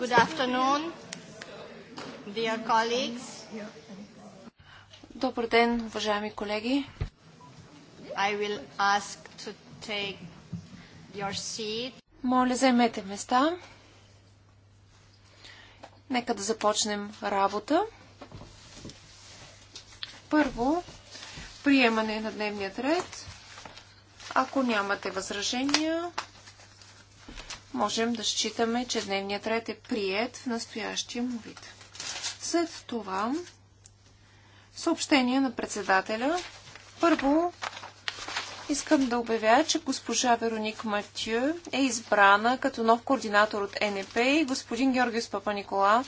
Good afternoon, dear colleagues. Добър ден, уважаеми колеги. I will ask to take your seat. Моля, заемете места. Нека да започнем работа. Първо, приемане на дневният ред. Ако нямате възражения, можем да считаме, че дневният ред е прият в настоящия му вид. След това съобщение на председателя. Първо, искам да обявя, че госпожа Вероник Матю е избрана като нов координатор от НП и господин Георгиус Папа Никола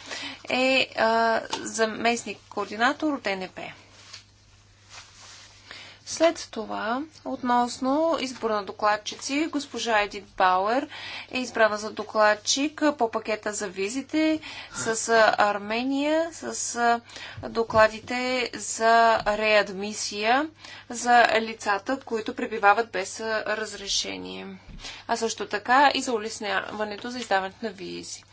е а, заместник координатор от НП. След това, относно избора на докладчици, госпожа Едит Бауер е избрана за докладчик по пакета за визите с Армения, с докладите за реадмисия за лицата, които пребивават без разрешение. А също така и за улесняването за издаването на визи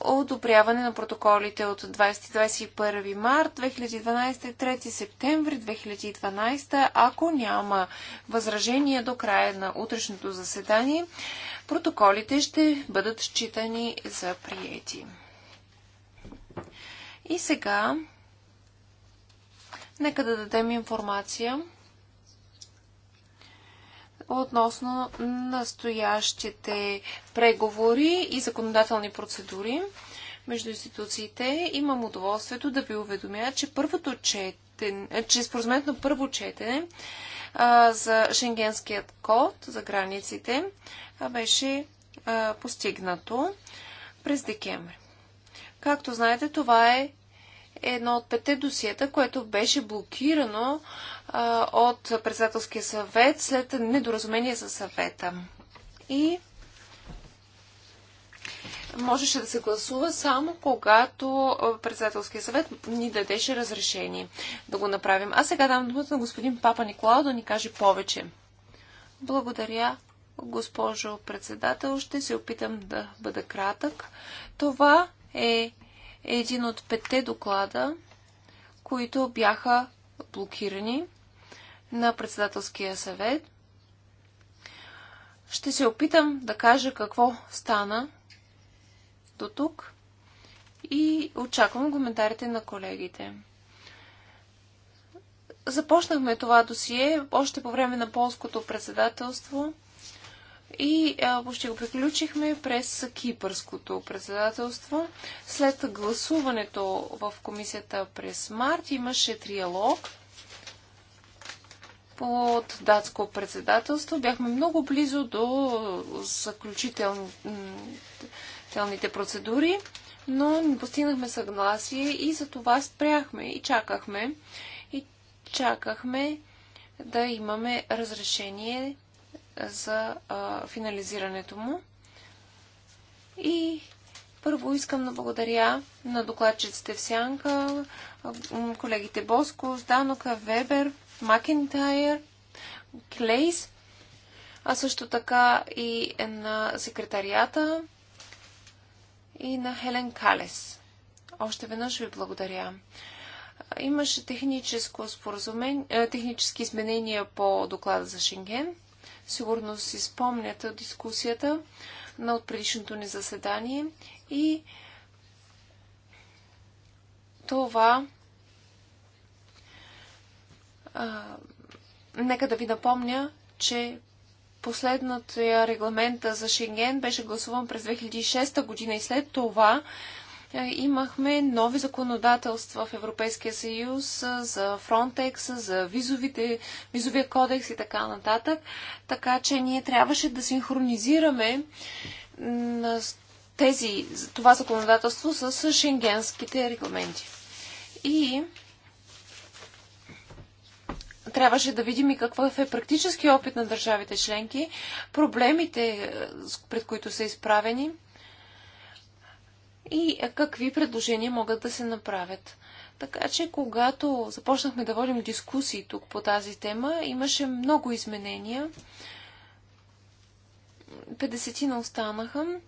одобряване на протоколите от 20-21 март 2012 3 септември 2012. Ако няма възражения до края на утрешното заседание, протоколите ще бъдат считани за приети. И сега, нека да дадем информация относно настоящите преговори и законодателни процедури между институциите. Имам удоволствието да ви уведомя, че първото четене, че споразумението първо четене а, за Шенгенският код, за границите, а, беше а, постигнато през декември. Както знаете, това е е едно от пете досиета, което беше блокирано а, от председателския съвет след недоразумение за съвета. И можеше да се гласува само когато председателския съвет ни дадеше разрешение да го направим. А сега дам думата на господин Папа Николао да ни каже повече. Благодаря, госпожо председател. Ще се опитам да бъда кратък. Това е е един от петте доклада, които бяха блокирани на председателския съвет. Ще се опитам да кажа какво стана до тук и очаквам коментарите на колегите. Започнахме това досие още по време на полското председателство и а, почти го приключихме през кипърското председателство. След гласуването в комисията през март имаше триалог под датско председателство. Бяхме много близо до заключителните процедури, но не постигнахме съгласие и за това спряхме и чакахме. И чакахме да имаме разрешение за а, финализирането му. И първо искам да благодаря на докладчиците в Сянка, колегите Боско, Данока, Вебер, Макентайр, Клейс, а също така и на секретарията и на Хелен Калес. Още веднъж ви благодаря. Имаше техническо споразумение, технически изменения по доклада за Шенген сигурно си спомняте дискусията на от предишното ни заседание и това а, нека да ви напомня, че последната регламента за Шенген беше гласуван през 2006 година и след това е, имахме нови законодателства в Европейския съюз е, за Frontex, е, за визовите, визовия кодекс и така нататък. Така че ние трябваше да синхронизираме тези, това законодателство с шенгенските регламенти. И трябваше да видим и какъв е практически опит на държавите членки, проблемите, пред които са изправени – и какви предложения могат да се направят. Така че, когато започнахме да водим дискусии тук по тази тема, имаше много изменения. 50 на останаха.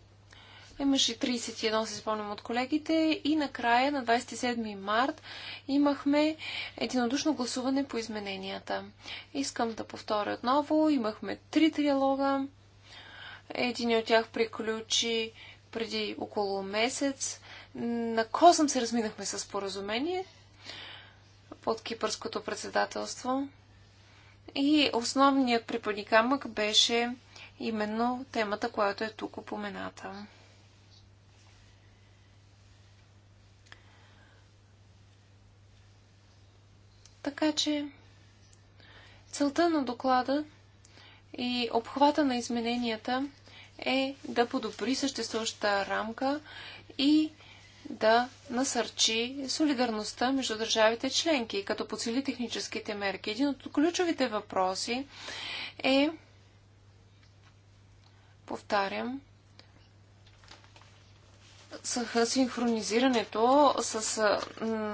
Имаше 31, се спомням от колегите. И накрая, на 27 март, имахме единодушно гласуване по измененията. Искам да повторя отново. Имахме три триалога. Един от тях приключи преди около месец. На Козъм се разминахме с споразумение под кипърското председателство. И основният преподникамък беше именно темата, която е тук упомената. Така че целта на доклада и обхвата на измененията – е да подобри съществуващата рамка и да насърчи солидарността между държавите членки, като подсили техническите мерки. Един от ключовите въпроси е, повтарям, синхронизирането с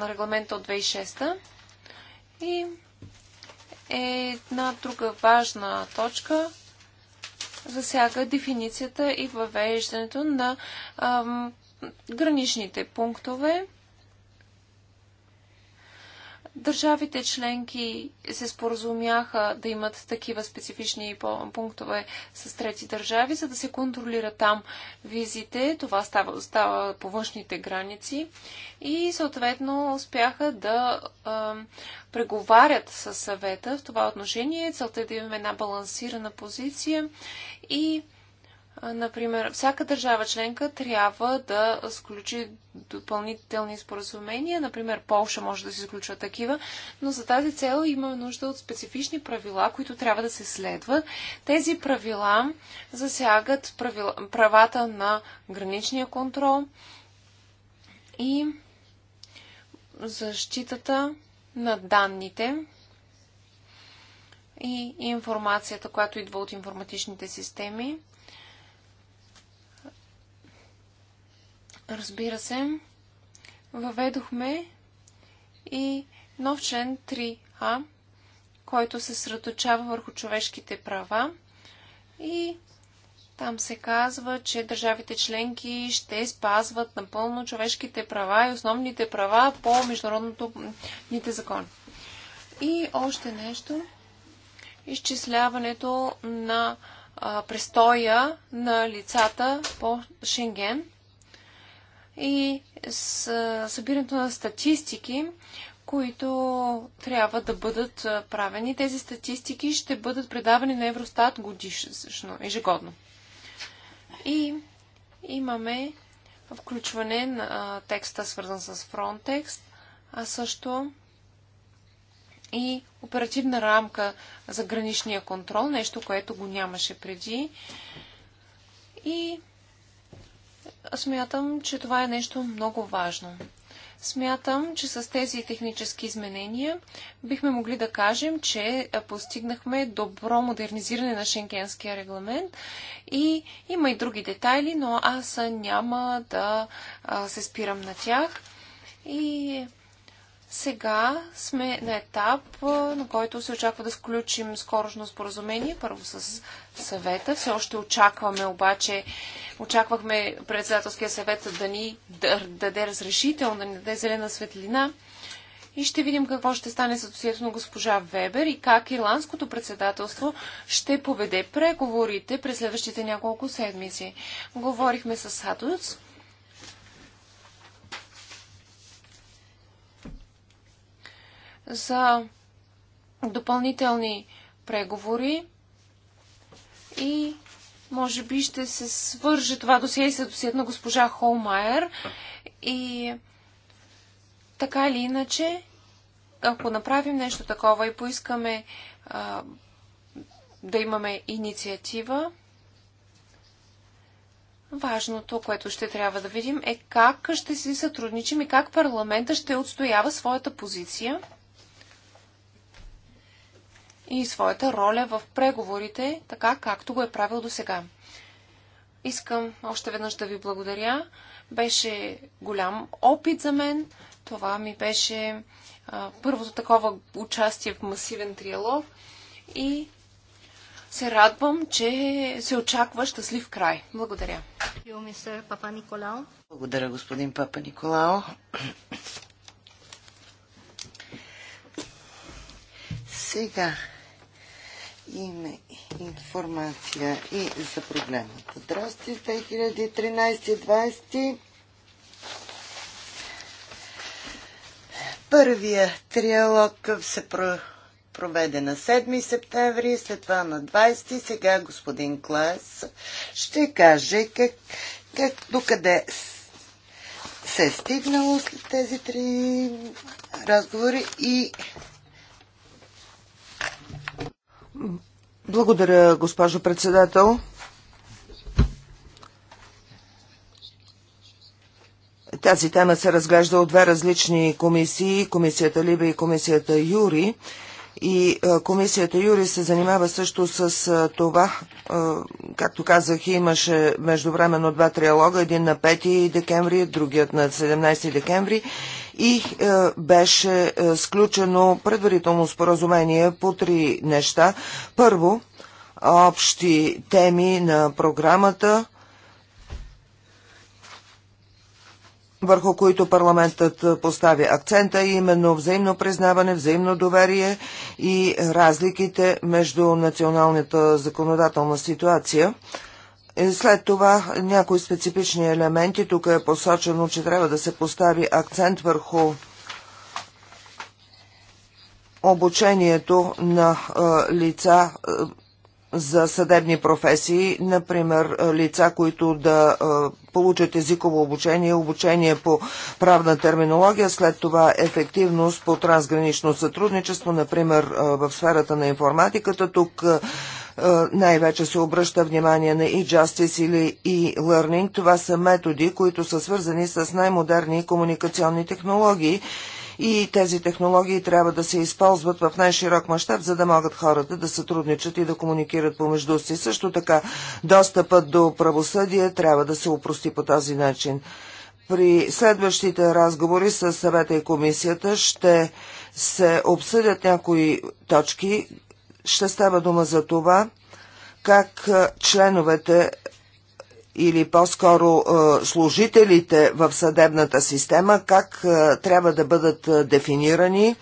регламента от 2006 и е една друга важна точка засяга дефиницията и въвеждането на ам, граничните пунктове Държавите членки се споразумяха да имат такива специфични пунктове с трети държави, за да се контролира там визите. Това става, става по външните граници и съответно успяха да а, преговарят с съвета в това отношение. Целта е да имаме една балансирана позиция и Например, всяка държава членка трябва да сключи допълнителни споразумения. Например, Полша може да се изключва такива, но за тази цел имаме нужда от специфични правила, които трябва да се следват. Тези правила засягат правила, правата на граничния контрол и защитата на данните и информацията, която идва от информатичните системи разбира се, въведохме и нов член 3А, който се средочава върху човешките права и там се казва, че държавите членки ще спазват напълно човешките права и основните права по международното ните закон. И още нещо. Изчисляването на а, престоя на лицата по Шенген – и с събирането на статистики, които трябва да бъдат правени. Тези статистики ще бъдат предавани на Евростат годишно, ежегодно. И имаме включване на текста, свързан с Frontex, а също и оперативна рамка за граничния контрол, нещо, което го нямаше преди. И смятам, че това е нещо много важно. Смятам, че с тези технически изменения бихме могли да кажем, че постигнахме добро модернизиране на шенгенския регламент и има и други детайли, но аз няма да се спирам на тях. И сега сме на етап, на който се очаква да сключим скорошно споразумение, първо с съвета. Все още очакваме обаче, очаквахме председателския съвет да ни даде разрешител, да ни даде зелена светлина. И ще видим какво ще стане с досието на госпожа Вебер и как ирландското председателство ще поведе преговорите през следващите няколко седмици. Говорихме с Сатуц. за допълнителни преговори и може би ще се свърже това досие и досиет на госпожа Холмайер и така или иначе, ако направим нещо такова и поискаме а, да имаме инициатива, важното, което ще трябва да видим е как ще си сътрудничим и как парламента ще отстоява своята позиция и своята роля в преговорите, така както го е правил до сега. Искам още веднъж да ви благодаря. Беше голям опит за мен. Това ми беше а, първото такова участие в масивен триалог и се радвам, че се очаква щастлив край. Благодаря. Благодаря, господин Папа Николао. Сега има информация и за проблема Здрасти 2013-2020. Първия триалог се про... проведе на 7 септември, след това на 20. Сега господин Клас ще каже как, как докъде се е стигнало след тези три разговори и благодаря, госпожо председател. Тази тема се разглежда от две различни комисии, комисията Либе и комисията Юри. И комисията Юри се занимава също с това, както казах, имаше междувременно два триалога, един на 5 декември, другият на 17 декември и е, беше е, сключено предварително споразумение по три неща. Първо, общи теми на програмата, върху които парламентът поставя акцента, именно взаимно признаване, взаимно доверие и разликите между националната законодателна ситуация – е, след това някои специфични елементи. Тук е посочено, че трябва да се постави акцент върху обучението на лица за съдебни професии, например лица, които да получат езиково обучение, обучение по правна терминология, след това ефективност по трансгранично сътрудничество, например в сферата на информатиката. Тук е, най-вече се обръща внимание на e-justice или e-learning. Това са методи, които са свързани с най-модерни комуникационни технологии и тези технологии трябва да се използват в най-широк мащаб, за да могат хората да сътрудничат и да комуникират помежду си. Също така, достъпът до правосъдие трябва да се упрости по този начин. При следващите разговори с съвета и комисията ще се обсъдят някои точки, ще става дума за това, как членовете или по-скоро служителите в съдебната система, как трябва да бъдат дефинирани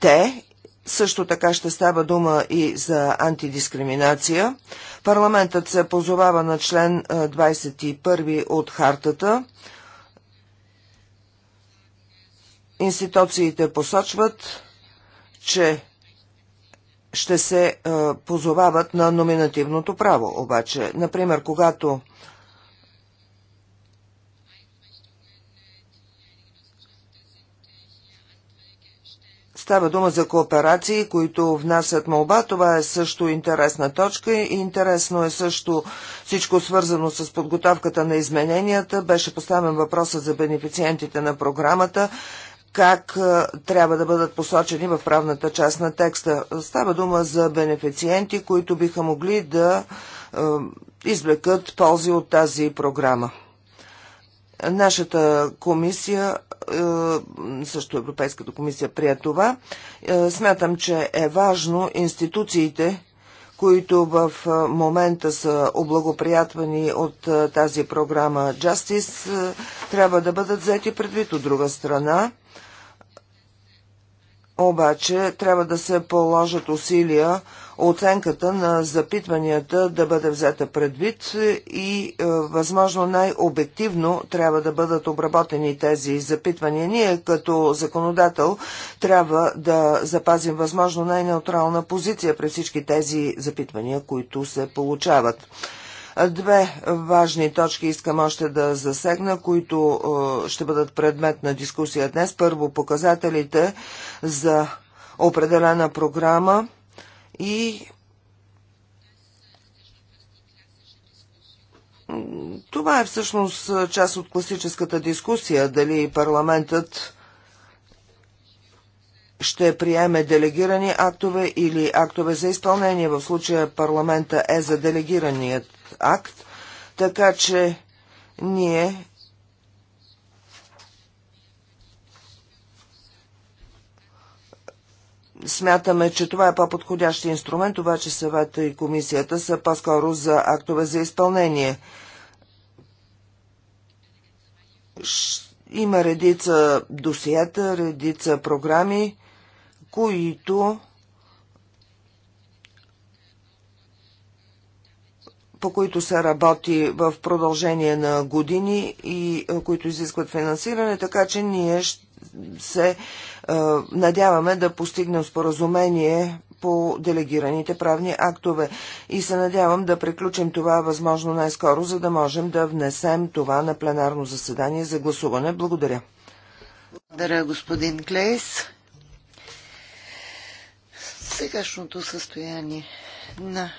те. Също така ще става дума и за антидискриминация. Парламентът се позовава на член 21 от хартата. Институциите посочват, че ще се е, позовават на номинативното право. Обаче, например, когато Става дума за кооперации, които внасят молба. Това е също интересна точка и интересно е също всичко свързано с подготовката на измененията. Беше поставен въпроса за бенефициентите на програмата как трябва да бъдат посочени в правната част на текста. Става дума за бенефициенти, които биха могли да извлекат ползи от тази програма. Нашата комисия, също Европейската комисия прия това. Смятам, че е важно институциите, които в момента са облагоприятвани от тази програма Justice, трябва да бъдат взети предвид от друга страна. Обаче трябва да се положат усилия оценката на запитванията да бъде взета предвид и е, възможно най-обективно трябва да бъдат обработени тези запитвания. Ние като законодател трябва да запазим възможно най-неутрална позиция при всички тези запитвания, които се получават. Две важни точки искам още да засегна, които е, ще бъдат предмет на дискусия днес. Първо, показателите за определена програма и това е всъщност част от класическата дискусия, дали парламентът ще приеме делегирани актове или актове за изпълнение. В случая парламента е за делегираният акт, така че ние смятаме, че това е по-подходящи инструмент, обаче съвета и комисията са по-скоро за актове за изпълнение. Има редица досиета, редица програми, които по които се работи в продължение на години и които изискват финансиране, така че ние се е, надяваме да постигнем споразумение по делегираните правни актове и се надявам да приключим това възможно най-скоро, за да можем да внесем това на пленарно заседание за гласуване. Благодаря. Благодаря, господин Клейс. Сегашното състояние на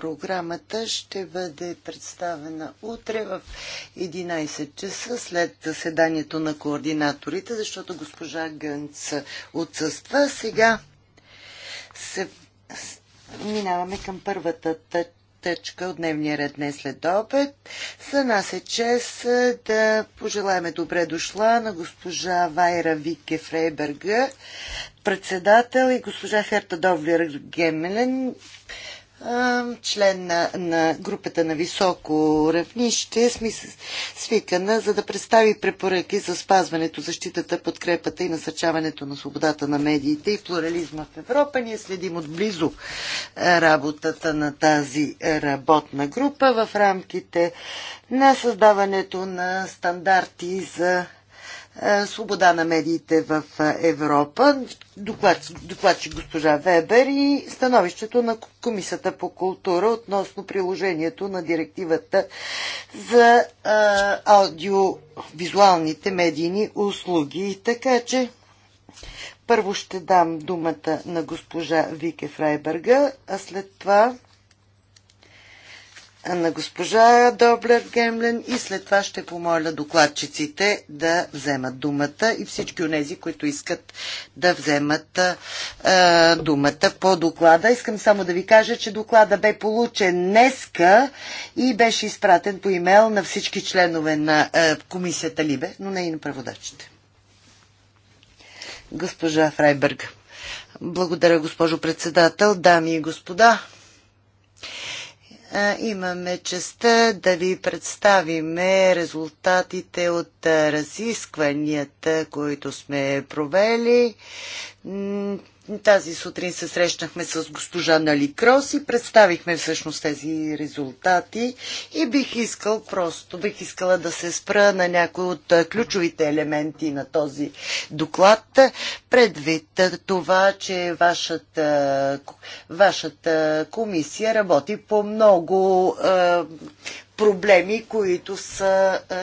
програмата ще бъде представена утре в 11 часа след заседанието на координаторите, защото госпожа Гънц отсъства. Сега се... минаваме към първата точка от дневния ред днес след обед. За нас е чест е, да пожелаеме добре дошла на госпожа Вайра Вике Фрейберга, председател и госпожа Херта Довлер Гемелен, член на, на групата на високо равнище, свикана, за да представи препоръки за спазването, защитата, подкрепата и насърчаването на свободата на медиите и плурализма в Европа. Ние следим отблизо работата на тази работна група в рамките на създаването на стандарти за е, свобода на медиите в е, Европа, доклад, докладчик госпожа Вебер и становището на Комисията по култура относно приложението на директивата за а, е, аудиовизуалните медийни услуги. Така че първо ще дам думата на госпожа Вике Фрайберга, а след това на госпожа Доблер Гемлен и след това ще помоля докладчиците да вземат думата и всички тези, които искат да вземат а, думата по доклада. Искам само да ви кажа, че доклада бе получен днеска и беше изпратен по имейл на всички членове на а, комисията Либе, но не и на преводачите. Госпожа Фрайберг. Благодаря, госпожо председател, дами и господа имаме честа да ви представиме резултатите от разискванията, които сме провели. Тази сутрин се срещнахме с госпожа Нали Крос и представихме всъщност тези резултати и бих искал просто, бих искала да се спра на някои от ключовите елементи на този доклад, предвид това, че вашата, вашата комисия работи по много е, проблеми, които са е,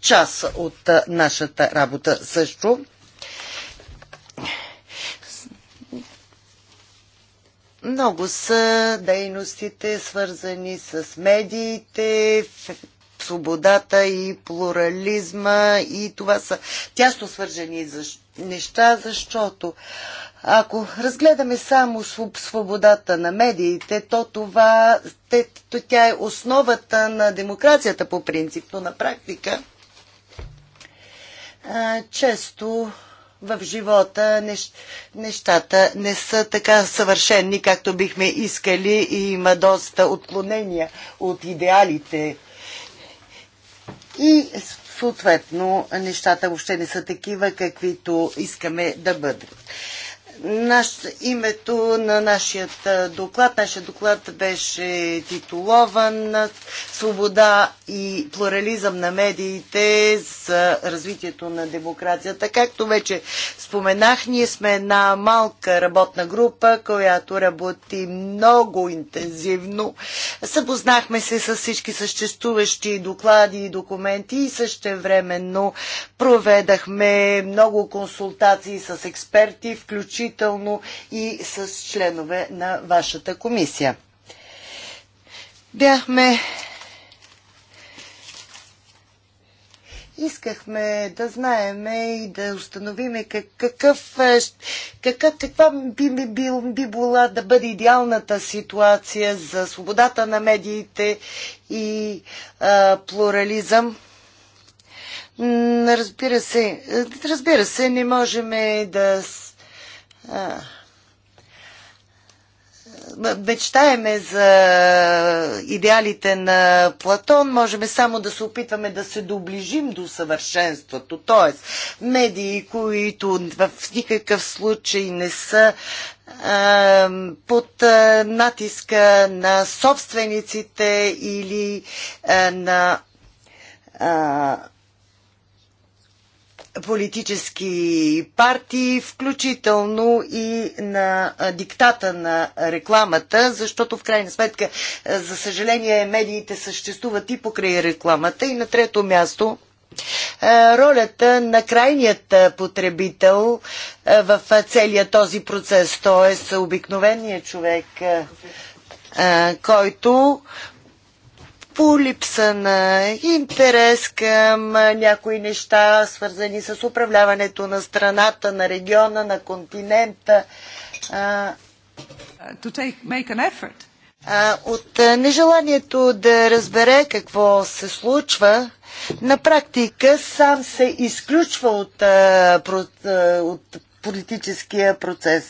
част от нашата работа също. Много са дейностите, свързани с медиите, свободата и плурализма и това са тясно свържени неща, защото ако разгледаме само свободата на медиите, то това тя е основата на демокрацията по принцип, но на практика често в живота нещ, нещата не са така съвършенни, както бихме искали и има доста отклонения от идеалите. И съответно нещата въобще не са такива, каквито искаме да бъдат. Наш, името на нашия доклад, нашия доклад беше титулован Свобода и плурализъм на медиите за развитието на демокрацията. Както вече споменах, ние сме една малка работна група, която работи много интензивно. Съпознахме се с всички съществуващи доклади и документи и същевременно проведахме много консултации с експерти, включително включително и с членове на вашата комисия. Бяхме искахме да знаеме и да установиме какъв, е, какъв, каква би, би, би била да бъде идеалната ситуация за свободата на медиите и а, плурализъм. Разбира се, разбира се, не можем да мечтаеме за идеалите на Платон, можем само да се опитваме да се доближим до съвършенството. т.е. медии, които в никакъв случай не са а, под а, натиска на собствениците или а, на политически партии, включително и на диктата на рекламата, защото в крайна сметка, за съжаление, медиите съществуват и покрай рекламата. И на трето място, ролята на крайният потребител в целия този процес, т.е. обикновения човек, който по липса на интерес към някои неща, свързани с управляването на страната, на региона, на континента. Take, от нежеланието да разбере какво се случва, на практика сам се изключва от, от политическия процес.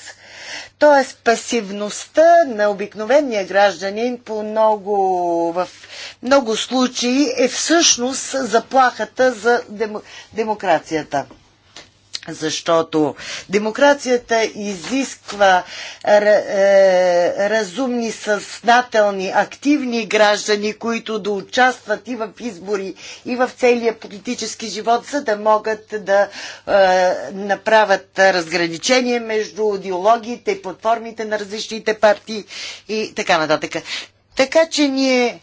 Тоест пасивността на обикновения гражданин по много, в много случаи е всъщност заплахата за демо, демокрацията защото демокрацията изисква е, разумни, съзнателни, активни граждани, които да участват и в избори, и в целия политически живот, за да могат да е, направят разграничение между идеологиите, платформите на различните партии и така нататък. Така че ние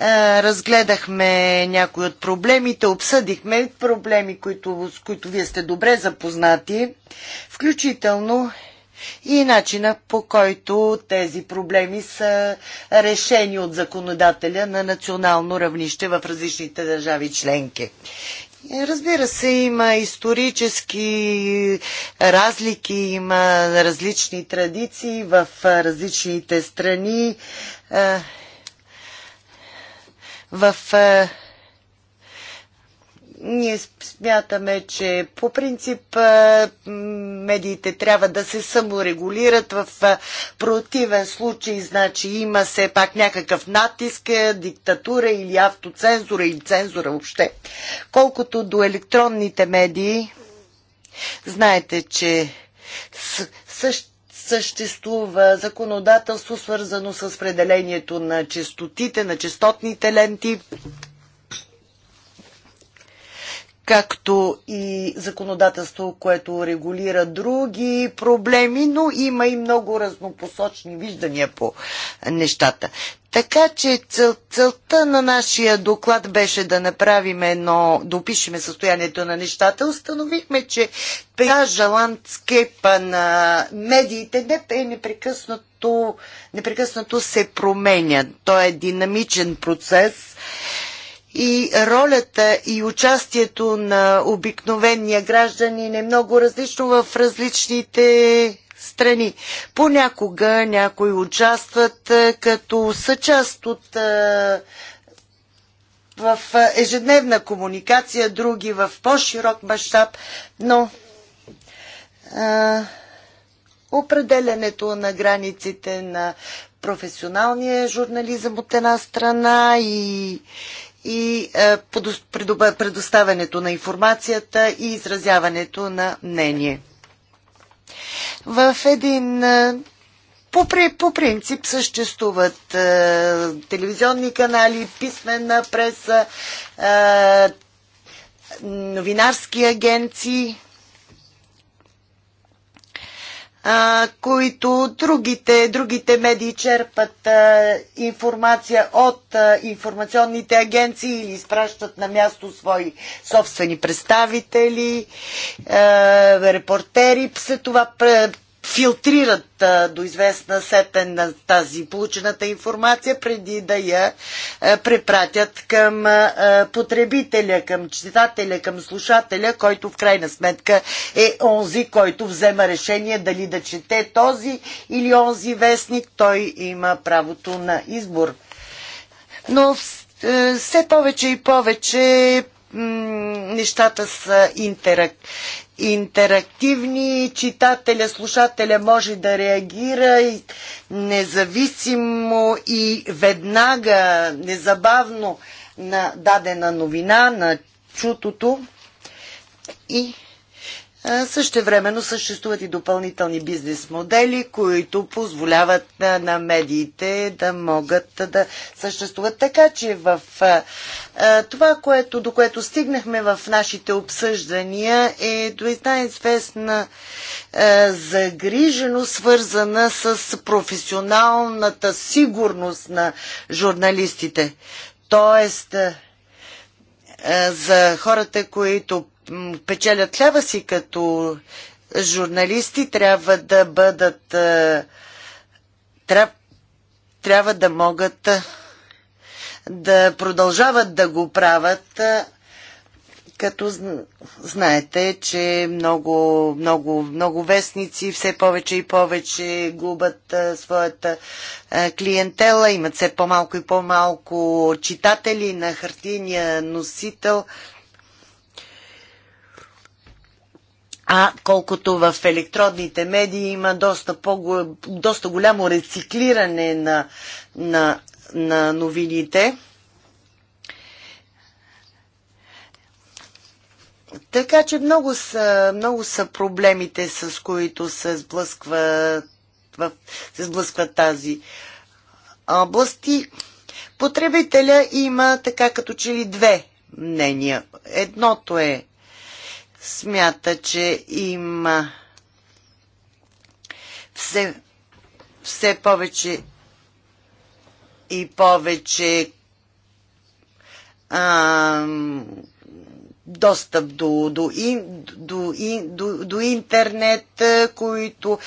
е, разгледахме някои от проблемите, обсъдихме проблеми, които, с които вие сте добре запознати, включително и начина по който тези проблеми са решени от законодателя на национално равнище в различните държави членки. Е, разбира се, има исторически разлики, има различни традиции в различните страни. Е, в е, ние смятаме, че по принцип е, медиите трябва да се саморегулират. В е, противен случай, значи, има се пак някакъв натиск, диктатура или автоцензура или цензура въобще. Колкото до електронните медии, знаете, че същ съществува законодателство, свързано с определението на частотите, на частотните ленти, както и законодателство, което регулира други проблеми, но има и много разнопосочни виждания по нещата. Така че цел, целта на нашия доклад беше да направим едно, да опишеме състоянието на нещата. Установихме, че така желан скепа на медиите не е непрекъснато, непрекъснато се променя. Той е динамичен процес и ролята и участието на обикновения гражданин е много различно в различните страни. Понякога някои участват е, като са част от е, в ежедневна комуникация, други в по-широк мащаб, но а, е, определянето на границите на професионалния журнализъм от една страна и, и а, предоставянето на информацията и изразяването на мнение. В един по, по принцип съществуват е, телевизионни канали, писмена преса, е, новинарски агенции а, които другите, другите медии черпат а, информация от а, информационните агенции или изпращат на място свои собствени представители, а, репортери. След това филтрират а, до известна сетен на тази получената информация, преди да я а, препратят към а, потребителя, към читателя, към слушателя, който в крайна сметка е онзи, който взема решение дали да чете този или онзи вестник. Той има правото на избор. Но е, все повече и повече нещата са интерак, интерактивни, читателя, слушателя може да реагира независимо и веднага, незабавно на дадена новина, на чутото и Същевременно съществуват и допълнителни бизнес модели, които позволяват на, на медиите да могат да съществуват. Така че в а, това, което, до което стигнахме в нашите обсъждания е до една известна а, загриженост, свързана с професионалната сигурност на журналистите. Тоест, за хората, които печелят хляба си като журналисти, трябва да бъдат. Е, трябва да могат е, да продължават да го правят, е, като знаете, че много, много, много вестници все повече и повече губят своята клиентела, имат все по-малко и по-малко читатели на хартиния носител – А колкото в електродните медии има доста, по, доста голямо рециклиране на, на, на новините. Така че много са, много са проблемите, с които се сблъсква, се сблъсква тази област. потребителя има така като че ли две мнения. Едното е смята, че има все, все повече и повече достъп до, до, ин, до, ин, до, до интернет, които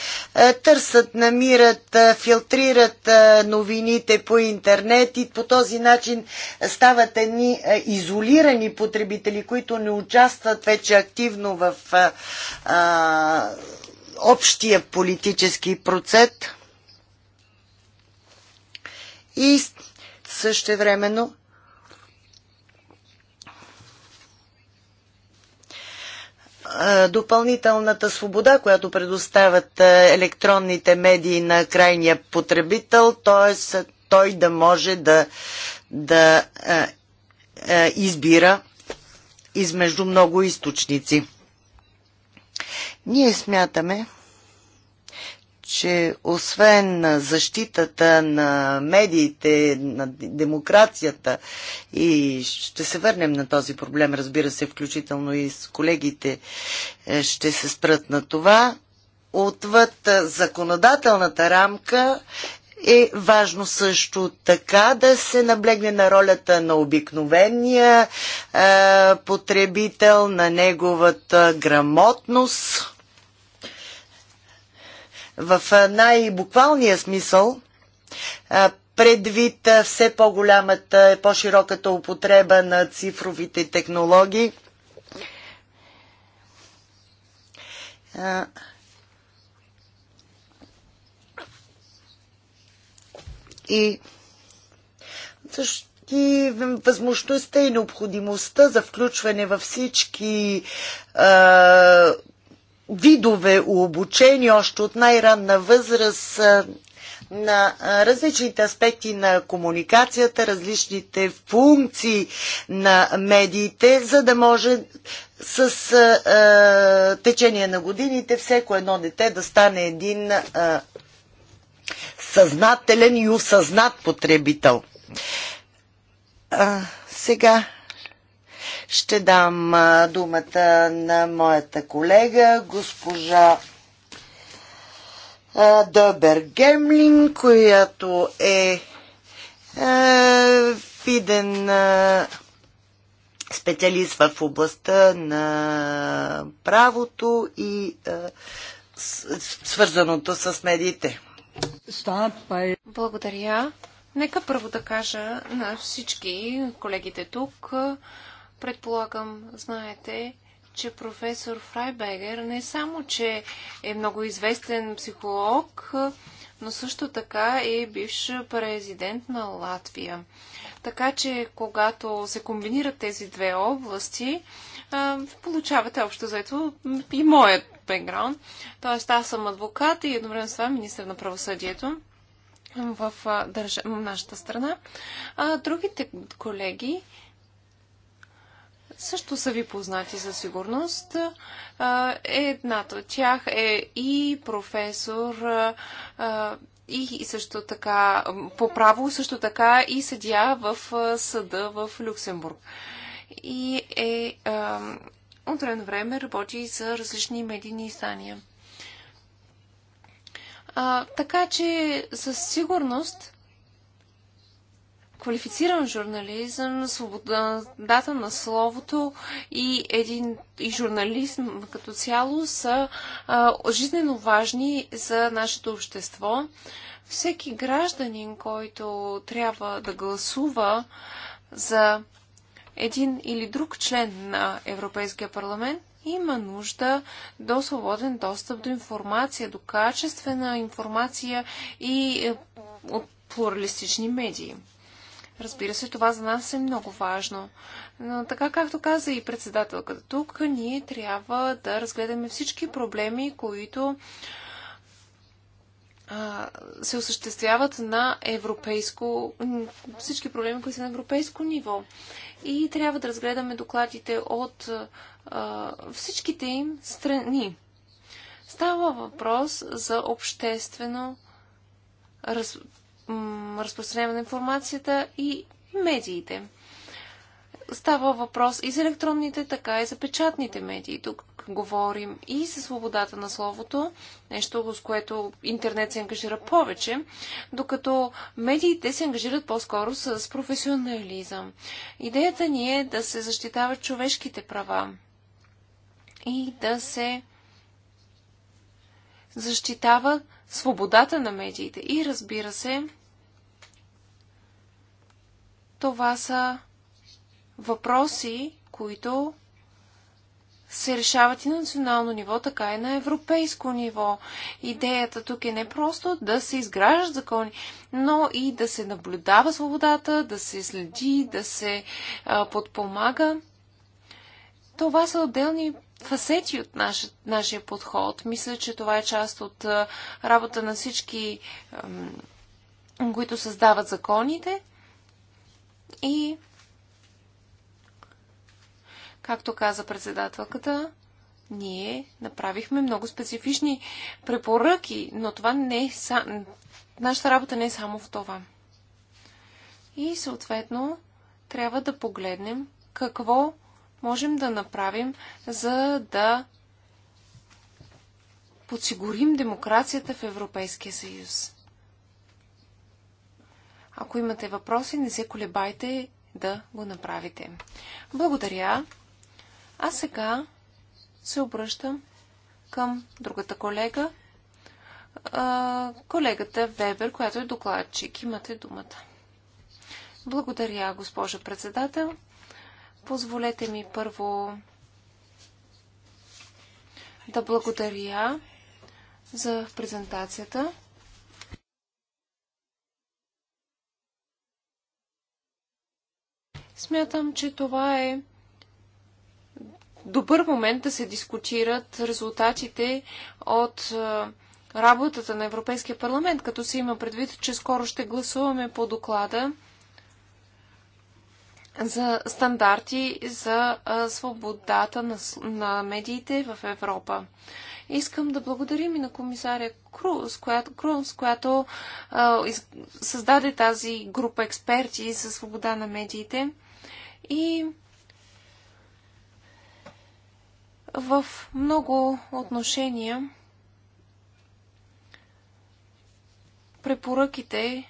търсят, намират, филтрират новините по интернет и по този начин стават едни изолирани потребители, които не участват вече активно в е, общия политически процес. И същевременно допълнителната свобода, която предоставят електронните медии на крайния потребител, т.е. той да може да, да избира измежду много източници. Ние смятаме, че освен защитата на медиите, на демокрацията и ще се върнем на този проблем, разбира се, включително и с колегите е, ще се спрат на това, отвъд е, законодателната рамка е важно също така да се наблегне на ролята на обикновения е, потребител, на неговата грамотност в най-буквалния смисъл, предвид все по-голямата, по-широката употреба на цифровите технологии. И също и възможността и необходимостта за включване във всички видове обучение още от най-ранна възраст на различните аспекти на комуникацията, различните функции на медиите, за да може с а, течение на годините всеко едно дете да стане един а, съзнателен и осъзнат потребител. А, сега ще дам думата на моята колега, госпожа Добер Гемлин, която е, виден специалист в областта на правото и свързаното с медиите. Благодаря. Нека първо да кажа на всички колегите тук, Предполагам, знаете, че професор Фрайбегер не само, че е много известен психолог, но също така е бивш президент на Латвия. Така че, когато се комбинират тези две области, получавате общо заето и моят бекграунд. Тоест, аз съм адвокат и едновременно с това министър на правосъдието в нашата страна. А другите колеги също са ви познати със сигурност. Едната от тях е и професор, и също така по право, също така и съдя в съда в Люксембург. И е от време време работи за различни медийни издания. така че със сигурност квалифициран журнализъм, свободата на словото и, един, и журнализъм като цяло са а, жизненно важни за нашето общество. Всеки гражданин, който трябва да гласува за един или друг член на Европейския парламент, има нужда до свободен достъп до информация, до качествена информация и е, от плуралистични медии. Разбира се, това за нас е много важно. Но така както каза и председателката тук, ние трябва да разгледаме всички проблеми, които а, се осъществяват на европейско, всички проблеми, които са на европейско ниво. И трябва да разгледаме докладите от а, всичките им страни. Става въпрос за обществено раз, разпространяване на информацията и медиите. Става въпрос и за електронните, така и за печатните медии. Тук говорим и за свободата на словото, нещо с което интернет се ангажира повече, докато медиите се ангажират по-скоро с професионализъм. Идеята ни е да се защитават човешките права и да се защитава свободата на медиите. И разбира се, това са въпроси, които се решават и на национално ниво, така и на европейско ниво. Идеята тук е не просто да се изграждат закони, но и да се наблюдава свободата, да се следи, да се а, подпомага. Това са отделни фасети от наш, нашия подход. Мисля, че това е част от работа на всички, които създават законите. И, както каза председателката, ние направихме много специфични препоръки, но това не е са... нашата работа не е само в това. И съответно трябва да погледнем какво можем да направим, за да подсигурим демокрацията в Европейския съюз? Ако имате въпроси, не се колебайте да го направите. Благодаря. А сега се обръщам към другата колега, колегата Вебер, която е докладчик. Имате думата. Благодаря, госпожо председател. Позволете ми първо да благодаря за презентацията. Смятам, че това е добър момент да се дискутират резултатите от работата на Европейския парламент, като се има предвид, че скоро ще гласуваме по доклада за стандарти за свободата на, на медиите в Европа. Искам да благодарим и на комисаря Круз, която, Крунс, която а, из, създаде тази група експерти за свобода на медиите. И в много отношения препоръките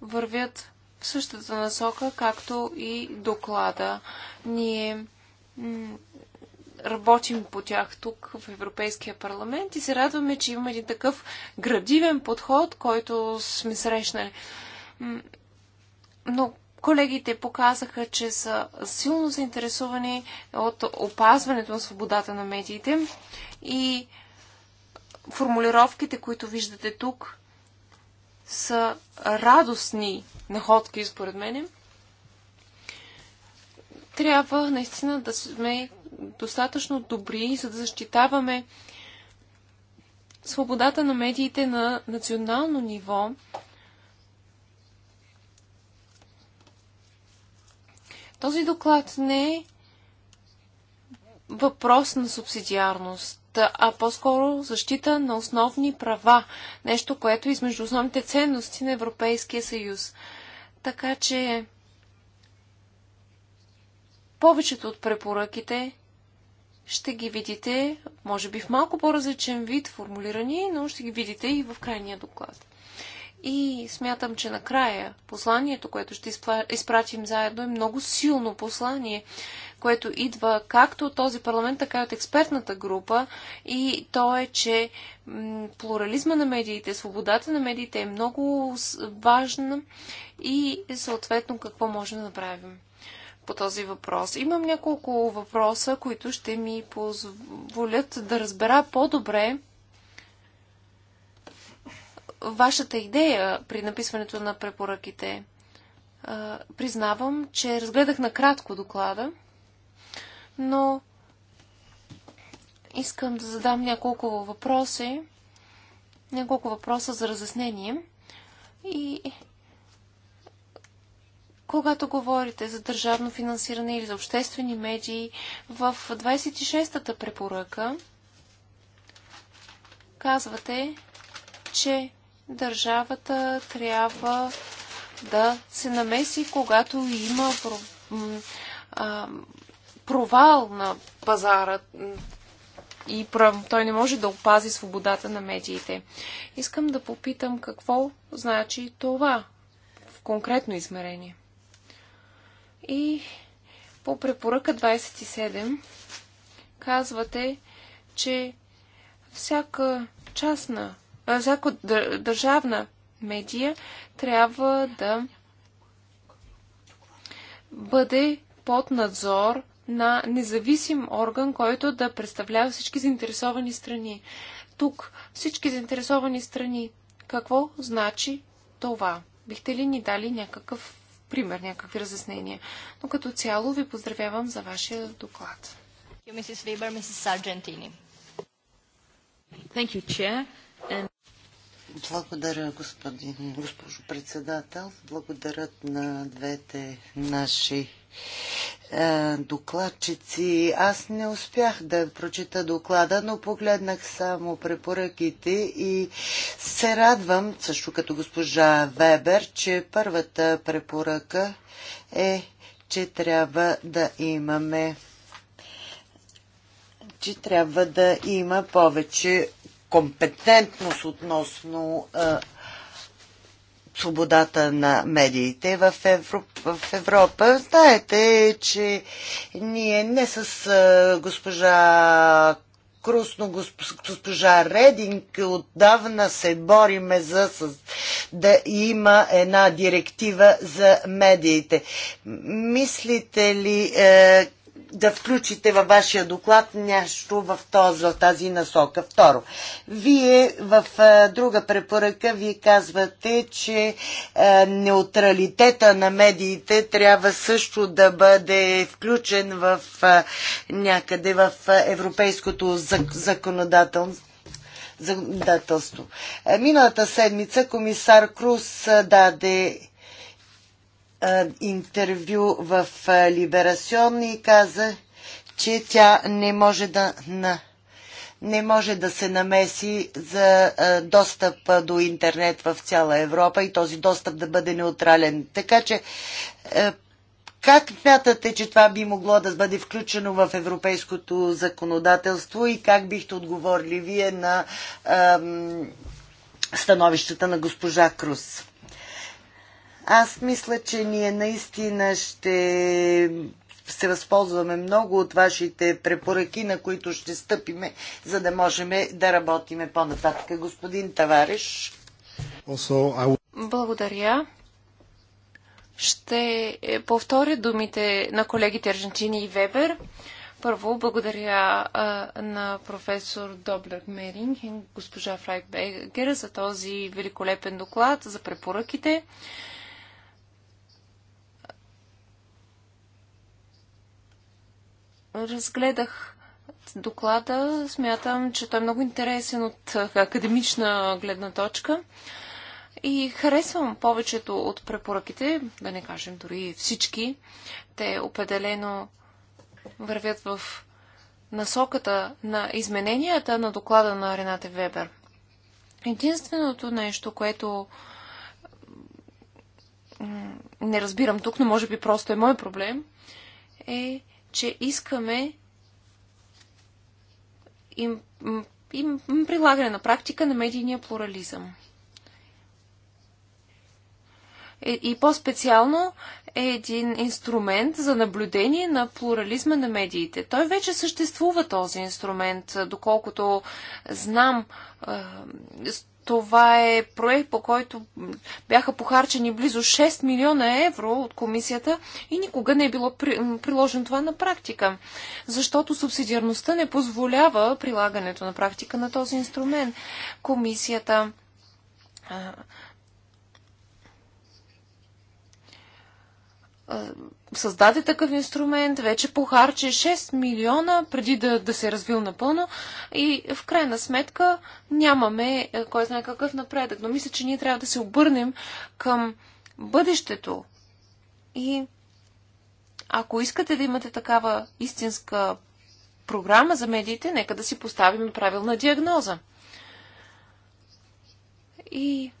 вървят в същата насока, както и доклада. Ние работим по тях тук в Европейския парламент и се радваме, че има един такъв градивен подход, който сме срещнали. Но колегите показаха, че са силно заинтересовани от опазването на свободата на медиите и формулировките, които виждате тук, са радостни находки, според мен, Трябва наистина да сме достатъчно добри, за да защитаваме свободата на медиите на национално ниво. Този доклад не е въпрос на субсидиарност а по-скоро защита на основни права. Нещо, което е измежду основните ценности на Европейския съюз. Така че повечето от препоръките ще ги видите, може би в малко по-различен вид формулирани, но ще ги видите и в крайния доклад. И смятам, че накрая посланието, което ще изпратим заедно е много силно послание, което идва както от този парламент, така и от експертната група. И то е, че плурализма на медиите, свободата на медиите е много важна и съответно какво можем да направим по този въпрос. Имам няколко въпроса, които ще ми позволят да разбера по-добре вашата идея при написването на препоръките. Признавам, че разгледах накратко доклада, но искам да задам няколко въпроси, няколко въпроса за разяснение. И когато говорите за държавно финансиране или за обществени медии, в 26-та препоръка казвате, че държавата трябва да се намеси, когато има провал на пазара и той не може да опази свободата на медиите. Искам да попитам какво значи това в конкретно измерение. И по препоръка 27 казвате, че всяка частна всяко държавна медия трябва да бъде под надзор на независим орган, който да представлява всички заинтересовани страни. Тук всички заинтересовани страни. Какво значи това? Бихте ли ни дали някакъв пример, някакви разяснения? Но като цяло ви поздравявам за вашия доклад. Thank you, Mrs. Weber, Mrs. Sargentini. Thank you, Chair. And... Благодаря, господин, госпожо председател. Благодарят на двете наши е, докладчици. Аз не успях да прочита доклада, но погледнах само препоръките и се радвам, също като госпожа Вебер, че първата препоръка е, че трябва да имаме че трябва да има повече компетентност относно а, е, свободата на медиите в, Европ, в Европа. Знаете, че ние не с а, е, госпожа Крусно, госпожа Рединг, отдавна се бориме за да има една директива за медиите. Мислите ли, А, е, да включите във вашия доклад нещо в, този, тази насока. Второ, вие в а, друга препоръка вие казвате, че а, неутралитета на медиите трябва също да бъде включен в а, някъде в европейското законодателство законодателство. Миналата седмица комисар Круз даде интервю в Либерасион и каза, че тя не може да, на, не може да се намеси за достъп до интернет в цяла Европа и този достъп да бъде неутрален. Така че как смятате, че това би могло да бъде включено в европейското законодателство и как бихте отговорили вие на а, становищата на госпожа Крус? Аз мисля, че ние наистина ще се възползваме много от вашите препоръки, на които ще стъпиме, за да можем да работиме по-нататък. Господин Тавариш. Благодаря. Ще повторя думите на колегите Аржентини и Вебер. Първо, благодаря а, на професор Доблер Меринг и госпожа Фрайбегер за този великолепен доклад, за препоръките. разгледах доклада. Смятам, че той е много интересен от е, академична гледна точка. И харесвам повечето от препоръките, да не кажем дори всички. Те определено вървят в насоката на измененията на доклада на Рената Вебер. Единственото нещо, което не разбирам тук, но може би просто е мой проблем, е, че искаме им, им прилагане на практика на медийния плурализъм. Е, и по-специално е един инструмент за наблюдение на плурализма на медиите. Той вече съществува този инструмент, доколкото знам. Е, това е проект, по който бяха похарчени близо 6 милиона евро от комисията и никога не е било приложено това на практика, защото субсидиарността не позволява прилагането на практика на този инструмент. Комисията създаде такъв инструмент, вече похарче 6 милиона преди да, да се е развил напълно и в крайна сметка нямаме е, кой знае какъв напредък. Но мисля, че ние трябва да се обърнем към бъдещето и ако искате да имате такава истинска програма за медиите, нека да си поставим правилна диагноза. И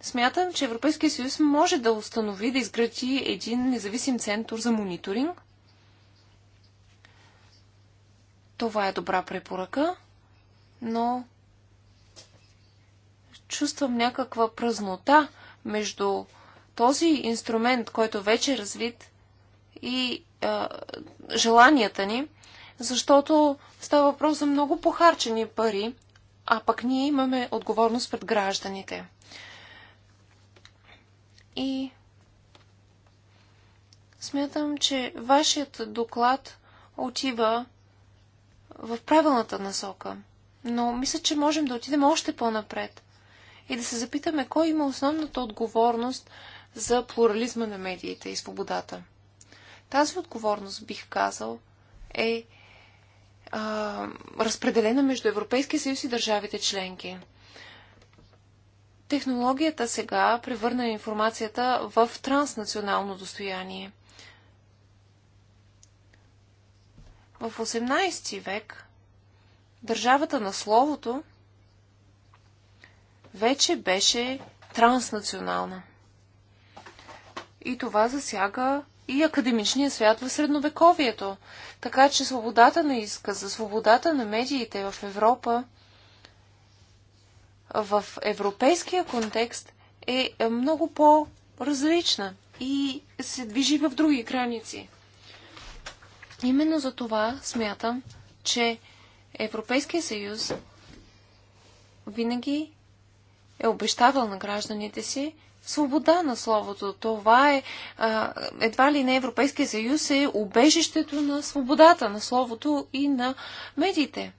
смятам, че Европейския съюз може да установи, да изгради един независим център за мониторинг. Това е добра препоръка, но чувствам някаква празнота между този инструмент, който е вече е развит, и а, желанията ни, защото става въпрос за много похарчени пари, а пък ние имаме отговорност пред гражданите. И смятам, че вашият доклад отива в правилната насока. Но мисля, че можем да отидем още по-напред и да се запитаме кой има основната отговорност за плурализма на медиите и свободата. Тази отговорност, бих казал, е а, разпределена между Европейския съюз и държавите членки. Технологията сега превърна информацията в транснационално достояние. В 18 век държавата на словото вече беше транснационална. И това засяга и академичния свят в средновековието. Така че свободата на изказа, свободата на медиите в Европа – в европейския контекст е много по-различна и се движи в други граници. Именно за това смятам, че Европейския съюз винаги е обещавал на гражданите си свобода на словото. Това е, едва ли не Европейския съюз е убежището на свободата на словото и на медиите.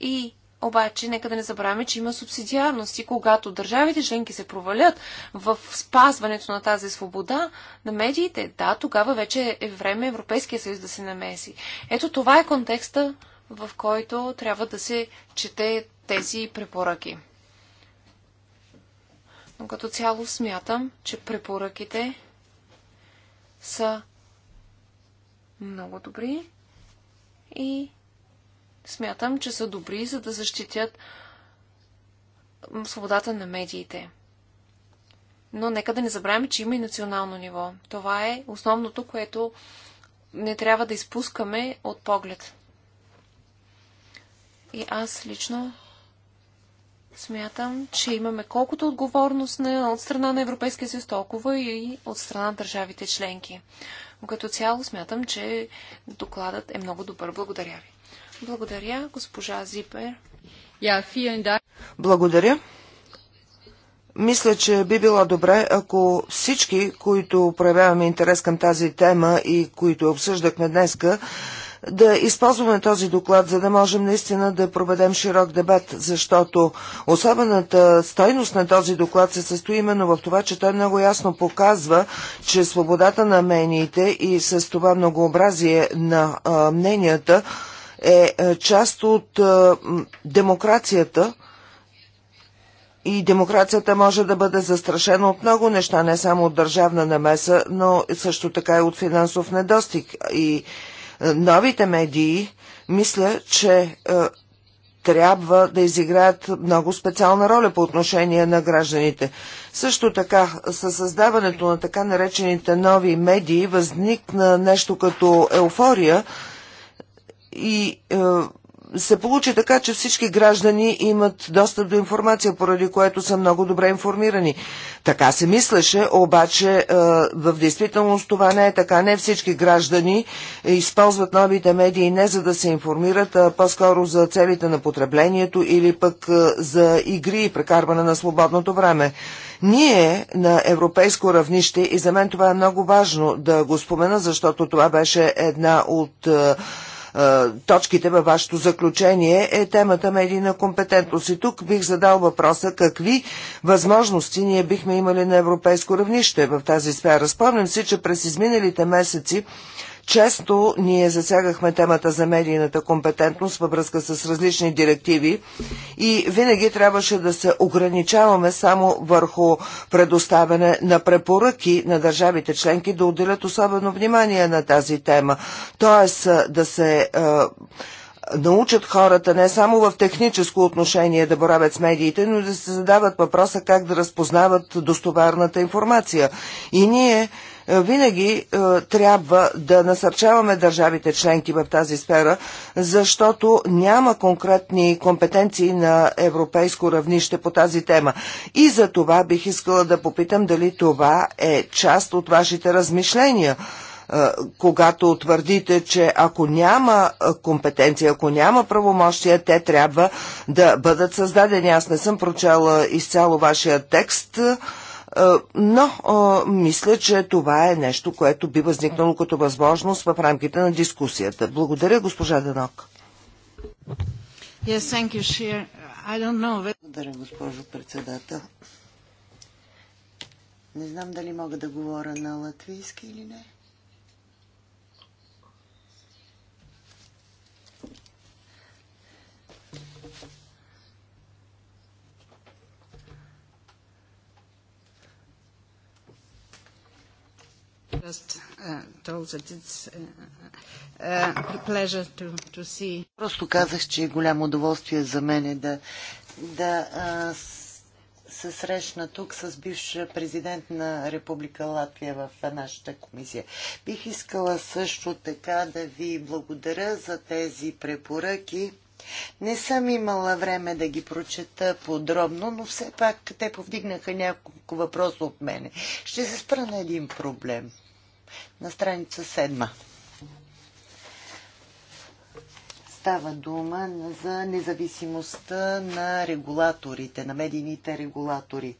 И обаче, нека да не забравяме, че има субсидиарност и когато държавите членки се провалят в спазването на тази свобода на медиите, да, тогава вече е време Европейския съюз да се намеси. Ето това е контекста, в който трябва да се чете тези препоръки. Но като цяло смятам, че препоръките са много добри и смятам, че са добри, за да защитят свободата на медиите. Но нека да не забравяме, че има и национално ниво. Това е основното, което не трябва да изпускаме от поглед. И аз лично смятам, че имаме колкото отговорност на, от страна на Европейския съюз, толкова и от страна на държавите членки. Но като цяло смятам, че докладът е много добър. Благодаря ви. Благодаря, госпожа Зипер. Благодаря. Мисля, че би било добре, ако всички, които проявяваме интерес към тази тема и които обсъждахме днеска, да използваме този доклад, за да можем наистина да проведем широк дебат, защото особената стойност на този доклад се състои именно в това, че той много ясно показва, че свободата на медиите и с това многообразие на а, мненията – е, е част от е, демокрацията и демокрацията може да бъде застрашена от много неща, не само от държавна намеса, но също така и от финансов недостиг. И е, новите медии, мисля, че трябва да изиграят много специална роля по отношение на гражданите. Също така, със създаването на така наречените нови медии възникна нещо като еуфория – и е, се получи така, че всички граждани имат достъп до информация, поради което са много добре информирани. Така се мислеше, обаче е, в действителност това не е така. Не всички граждани използват новите медии не за да се информират, а по-скоро за целите на потреблението или пък е, за игри и прекарване на свободното време. Ние на европейско равнище, и за мен това е много важно да го спомена, защото това беше една от е, е, точките във вашето заключение е темата медийна компетентност. И тук бих задал въпроса какви възможности ние бихме имали на европейско равнище в тази сфера. Спомням си, че през изминалите месеци често ние засягахме темата за медийната компетентност във връзка с различни директиви и винаги трябваше да се ограничаваме само върху предоставяне на препоръки на държавите членки да отделят особено внимание на тази тема. Тоест да се научат хората не само в техническо отношение да боравят с медиите, но да се задават въпроса как да разпознават достоверната информация. И ние е, винаги е, трябва да насърчаваме държавите членки в тази сфера, защото няма конкретни компетенции на европейско равнище по тази тема. И за това бих искала да попитам дали това е част от вашите размишления е, когато твърдите, че ако няма компетенция, ако няма правомощия, те трябва да бъдат създадени. Аз не съм прочела изцяло вашия текст. Е, но е, мисля, че това е нещо, което би възникнало като възможност в рамките на дискусията. Благодаря, госпожа Данок. Yes, thank you, I don't know. Благодаря, госпожо председател. Не знам дали мога да говоря на латвийски или не. Просто казах, че е голямо удоволствие за мене да, да се срещна тук с бивш президент на Република Латвия в нашата комисия. Бих искала също така да ви благодаря за тези препоръки. Не съм имала време да ги прочета подробно, но все пак те повдигнаха няколко въпроса от мене. Ще се спра на един проблем – на страница 7. Става дума за независимостта на регулаторите, на медийните регулатори.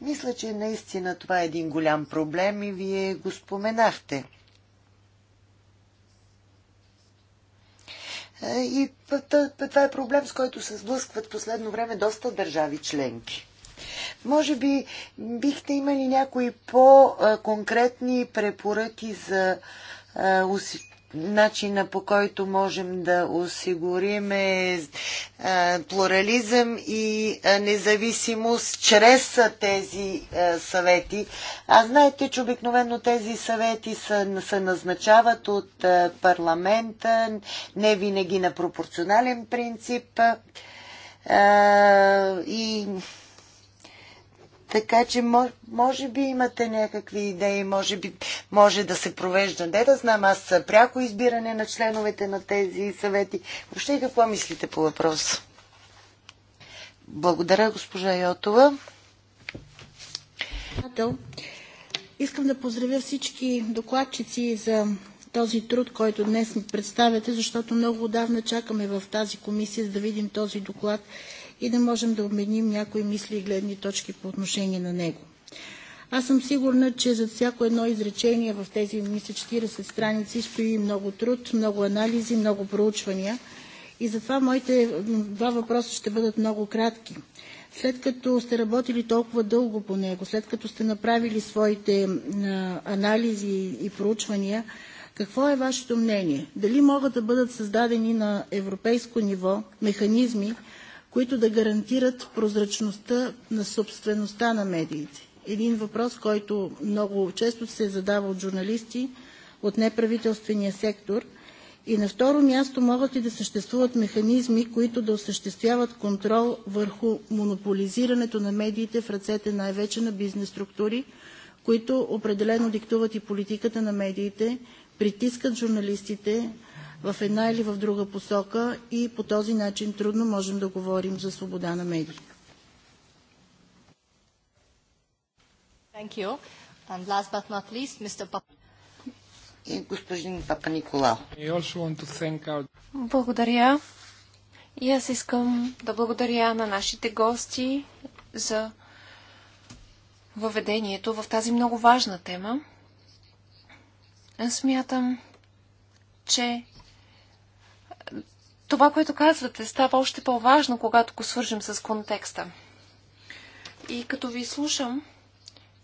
Мисля, че наистина това е един голям проблем и вие го споменахте. Е, и това е проблем, с който се сблъскват последно време доста държави членки. Може би бихте имали някои по-конкретни препоръки за начина по който можем да осигурим плурализъм и независимост чрез тези съвети. А знаете, че обикновено тези съвети се назначават от парламента, не винаги на пропорционален принцип и така че може би имате някакви идеи, може би може да се провежда. Не да знам, аз пряко избиране на членовете на тези съвети. Въобще какво мислите по въпроса? Благодаря, госпожа Йотова. Искам да поздравя всички докладчици за този труд, който днес ми представяте, защото много отдавна чакаме в тази комисия, за да видим този доклад и да можем да обменим някои мисли и гледни точки по отношение на него. Аз съм сигурна, че за всяко едно изречение в тези, мисля, 40 страници стои много труд, много анализи, много проучвания. И затова моите два въпроса ще бъдат много кратки. След като сте работили толкова дълго по него, след като сте направили своите анализи и проучвания, какво е вашето мнение? Дали могат да бъдат създадени на европейско ниво механизми, които да гарантират прозрачността на собствеността на медиите. Един въпрос, който много често се задава от журналисти, от неправителствения сектор. И на второ място могат ли да съществуват механизми, които да осъществяват контрол върху монополизирането на медиите в ръцете най-вече на бизнес структури, които определено диктуват и политиката на медиите, притискат журналистите, в една или в друга посока и по този начин трудно можем да говорим за свобода на медии. Thank you. And last but not least, Mr. И господин Папа Николао. Благодаря. И аз искам да благодаря на нашите гости за въведението в тази много важна тема. Аз смятам, че това, което казвате, става още по-важно, когато го свържим с контекста. И като ви слушам,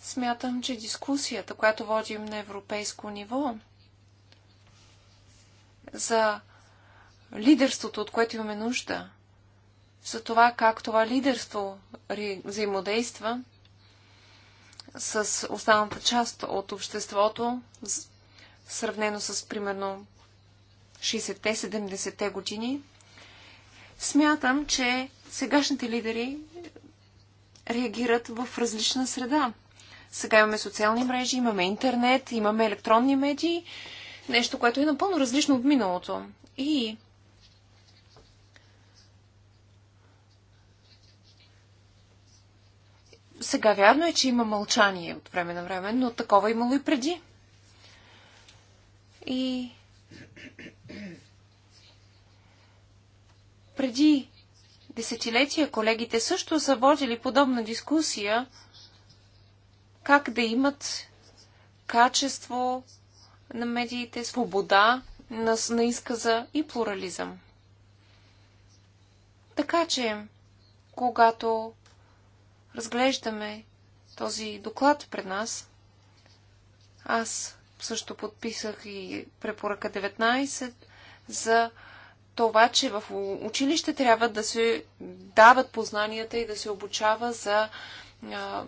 смятам, че дискусията, която водим на европейско ниво за лидерството, от което имаме нужда, за това как това лидерство взаимодейства с останалата част от обществото, сравнено с, примерно, 60 70-те години, смятам, че сегашните лидери реагират в различна среда. Сега имаме социални мрежи, имаме интернет, имаме електронни медии, нещо, което е напълно различно от миналото. И сега вярно е, че има мълчание от време на време, но такова имало и преди. И преди десетилетия колегите също са водили подобна дискусия как да имат качество на медиите, свобода на, на изказа и плурализъм. Така че, когато разглеждаме този доклад пред нас, аз също подписах и препоръка 19 за това, че в училище трябва да се дават познанията и да се обучава за а,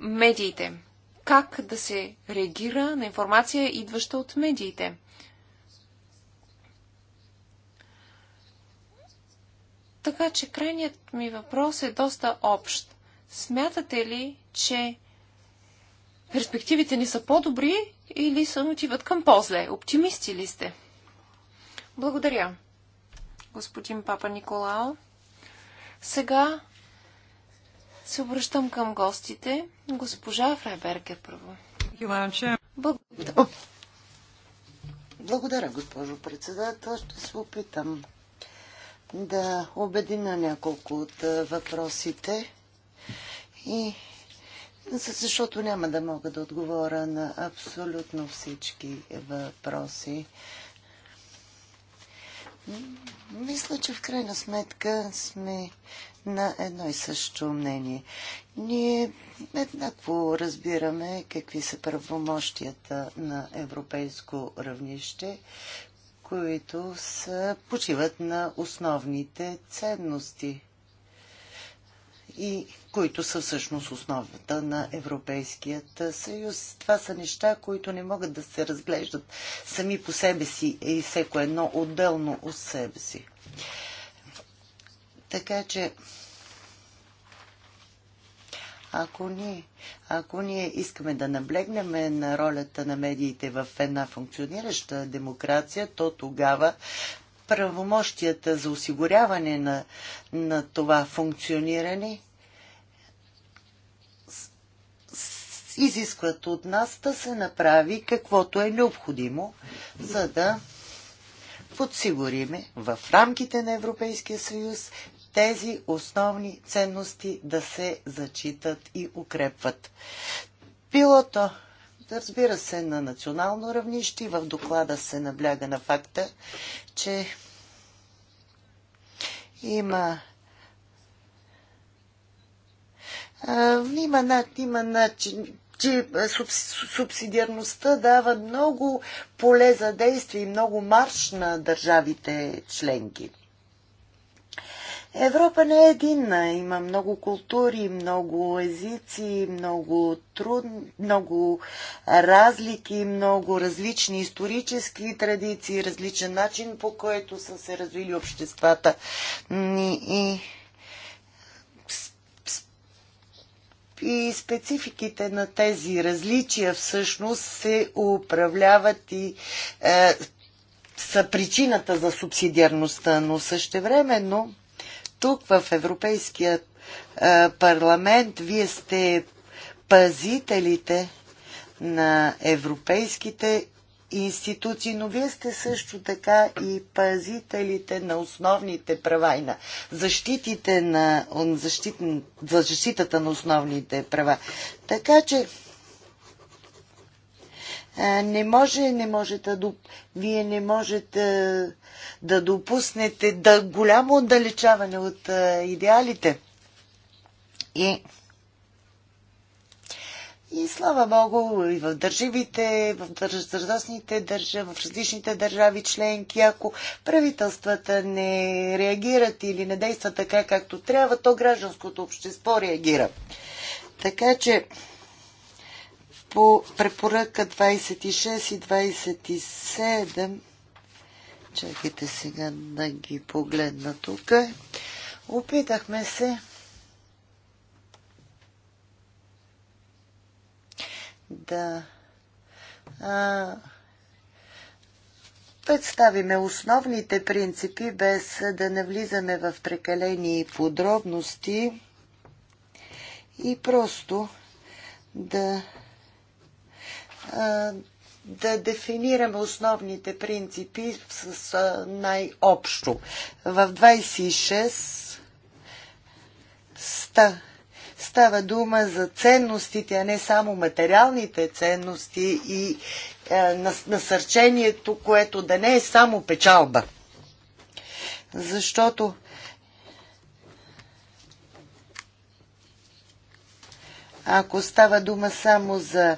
медиите. Как да се реагира на информация, идваща от медиите. Така че крайният ми въпрос е доста общ. Смятате ли, че перспективите ни са по-добри или са отиват към по-зле? Оптимисти ли сте? Благодаря, господин Папа Николао. Сега се обръщам към гостите. Госпожа е първо. Благодаря, госпожо председател. Ще се опитам да обедина няколко от въпросите и защото няма да мога да отговоря на абсолютно всички въпроси. Мисля, че в крайна сметка сме на едно и също мнение. Ние еднакво разбираме какви са правомощията на европейско равнище, които са, почиват на основните ценности. И които са всъщност основата на Европейският съюз. Това са неща, които не могат да се разглеждат сами по себе си и всеко едно отделно от себе си. Така че, ако ние, ако ние искаме да наблегнем на ролята на медиите в една функционираща демокрация, то тогава правомощията за осигуряване на, на това функциониране изискват от нас да се направи каквото е необходимо, за да подсигуриме в рамките на Европейския съюз тези основни ценности да се зачитат и укрепват. Пилото, разбира се, на национално равнище и в доклада се набляга на факта, че има има, има начин, че субсидиарността дава много поле за действие и много марш на държавите членки. Европа не е единна. Има много култури, много езици, много труд, много разлики, много различни исторически традиции, различен начин по който са се развили обществата ни и и спецификите на тези различия всъщност се управляват и е, са причината за субсидиарността, но същевременно тук в Европейския е, парламент вие сте пазителите на европейските институции, но вие сте също така и пазителите на основните права и на защитите на защит, защитата на основните права. Така че не може, не можете, вие не можете да допуснете да голямо отдалечаване от идеалите. И и слава Богу, и в държавите, в държавните държави, в различните държави членки, ако правителствата не реагират или не действат така, както трябва, то гражданското общество реагира. Така че по препоръка 26 и 27, чакайте сега да ги погледна тук, опитахме се да а, представиме основните принципи, без да навлизаме в прекалени подробности и просто да, а, да дефинираме основните принципи с най-общо. В 26 ста Става дума за ценностите, а не само материалните ценности и е, насърчението, което да не е само печалба. Защото ако става дума само за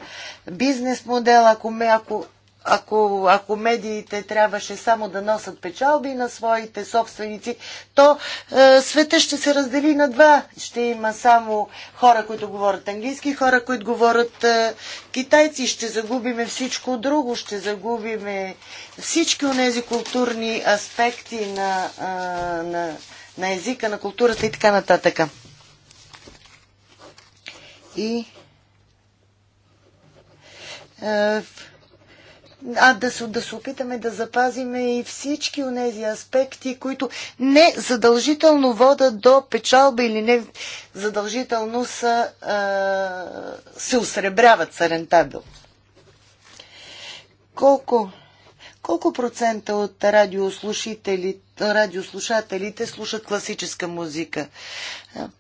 бизнес модел, ако, ме, ако ако, ако медиите трябваше само да носят печалби на своите собственици, то е, света ще се раздели на два. Ще има само хора, които говорят английски, хора, които говорят е, китайци. Ще загубиме всичко друго, ще загубиме всички от тези културни аспекти на, е, на, на езика, на културата и така нататък. И... Е, а да се, да се опитаме да запазиме и всички от тези аспекти, които не задължително водат до печалба или не задължително са, а, се усребряват са рентабилни. Колко колко процента от радиослушателите, радиослушателите слушат класическа музика? Е,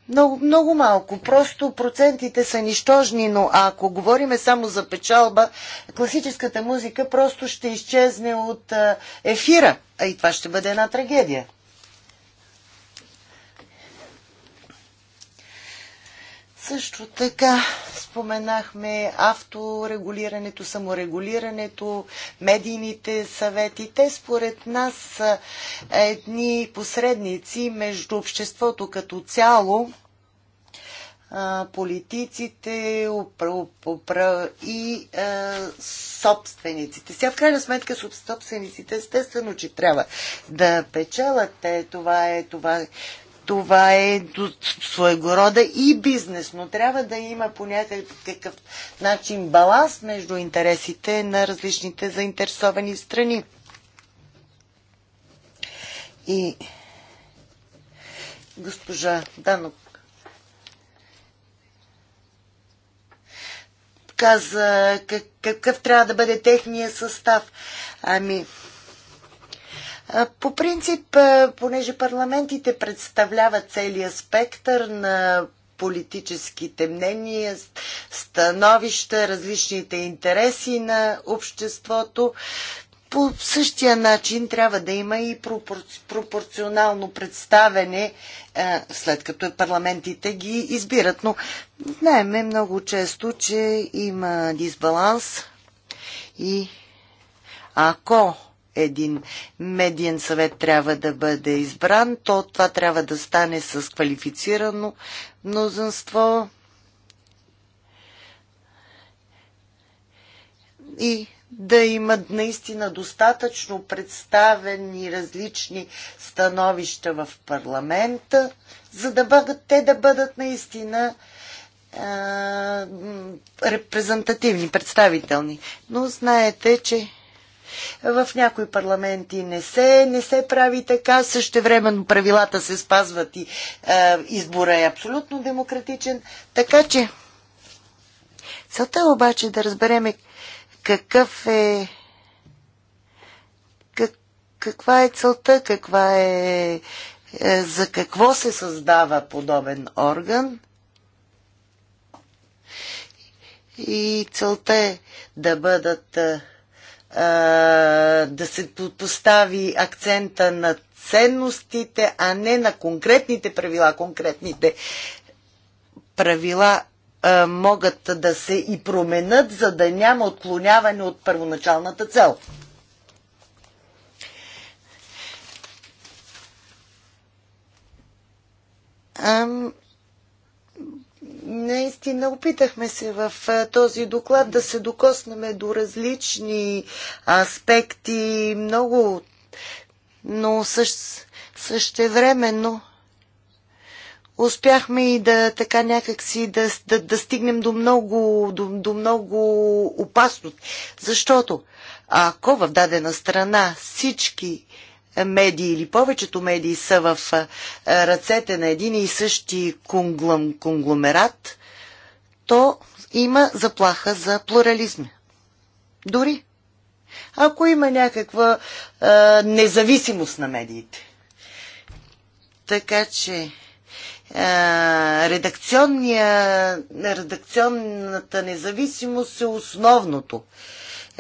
много, много малко. Просто процентите са нищожни, но ако говориме само за печалба, класическата музика просто ще изчезне от е, ефира. А и това ще бъде една трагедия. Също така споменахме авторегулирането, саморегулирането, медийните съвети. Те според нас са едни посредници между обществото като цяло, политиците и собствениците. Сега в крайна сметка собствениците естествено, че трябва да печелят. това е, това е това е своего рода и бизнес, но трябва да има по някакъв начин баланс между интересите на различните заинтересовани страни. И госпожа Данок каза какъв трябва да бъде техния състав. Ами, по принцип, понеже парламентите представляват целият спектър на политическите мнения, становища, различните интереси на обществото, по същия начин трябва да има и пропорционално представене, след като парламентите ги избират. Но знаеме много често, че има дисбаланс и ако един медиен съвет трябва да бъде избран, то това трябва да стане с квалифицирано мнозинство и да имат наистина достатъчно представени различни становища в парламента, за да бъдат те да бъдат наистина репрезентативни, представителни. Но знаете, че в някои парламенти не се, не се прави така, същевременно правилата се спазват и е, избора е абсолютно демократичен. Така че, целта е обаче да разбереме какъв е как, каква е целта, каква е, е за какво се създава подобен орган. И целта е да бъдат е, да се постави акцента на ценностите, а не на конкретните правила. Конкретните правила а, могат да се и променят, за да няма отклоняване от първоначалната цел. Ам, Наистина опитахме се в този доклад да се докоснем до различни аспекти, много, но също, същевременно успяхме и да така някакси да, да, да стигнем до много, до, до много опасност. Защото ако в дадена страна всички медии или повечето медии са в ръцете на един и същи конглом, конгломерат, то има заплаха за плурализм. Дори ако има някаква а, независимост на медиите. Така че редакционния, редакционната независимост е основното.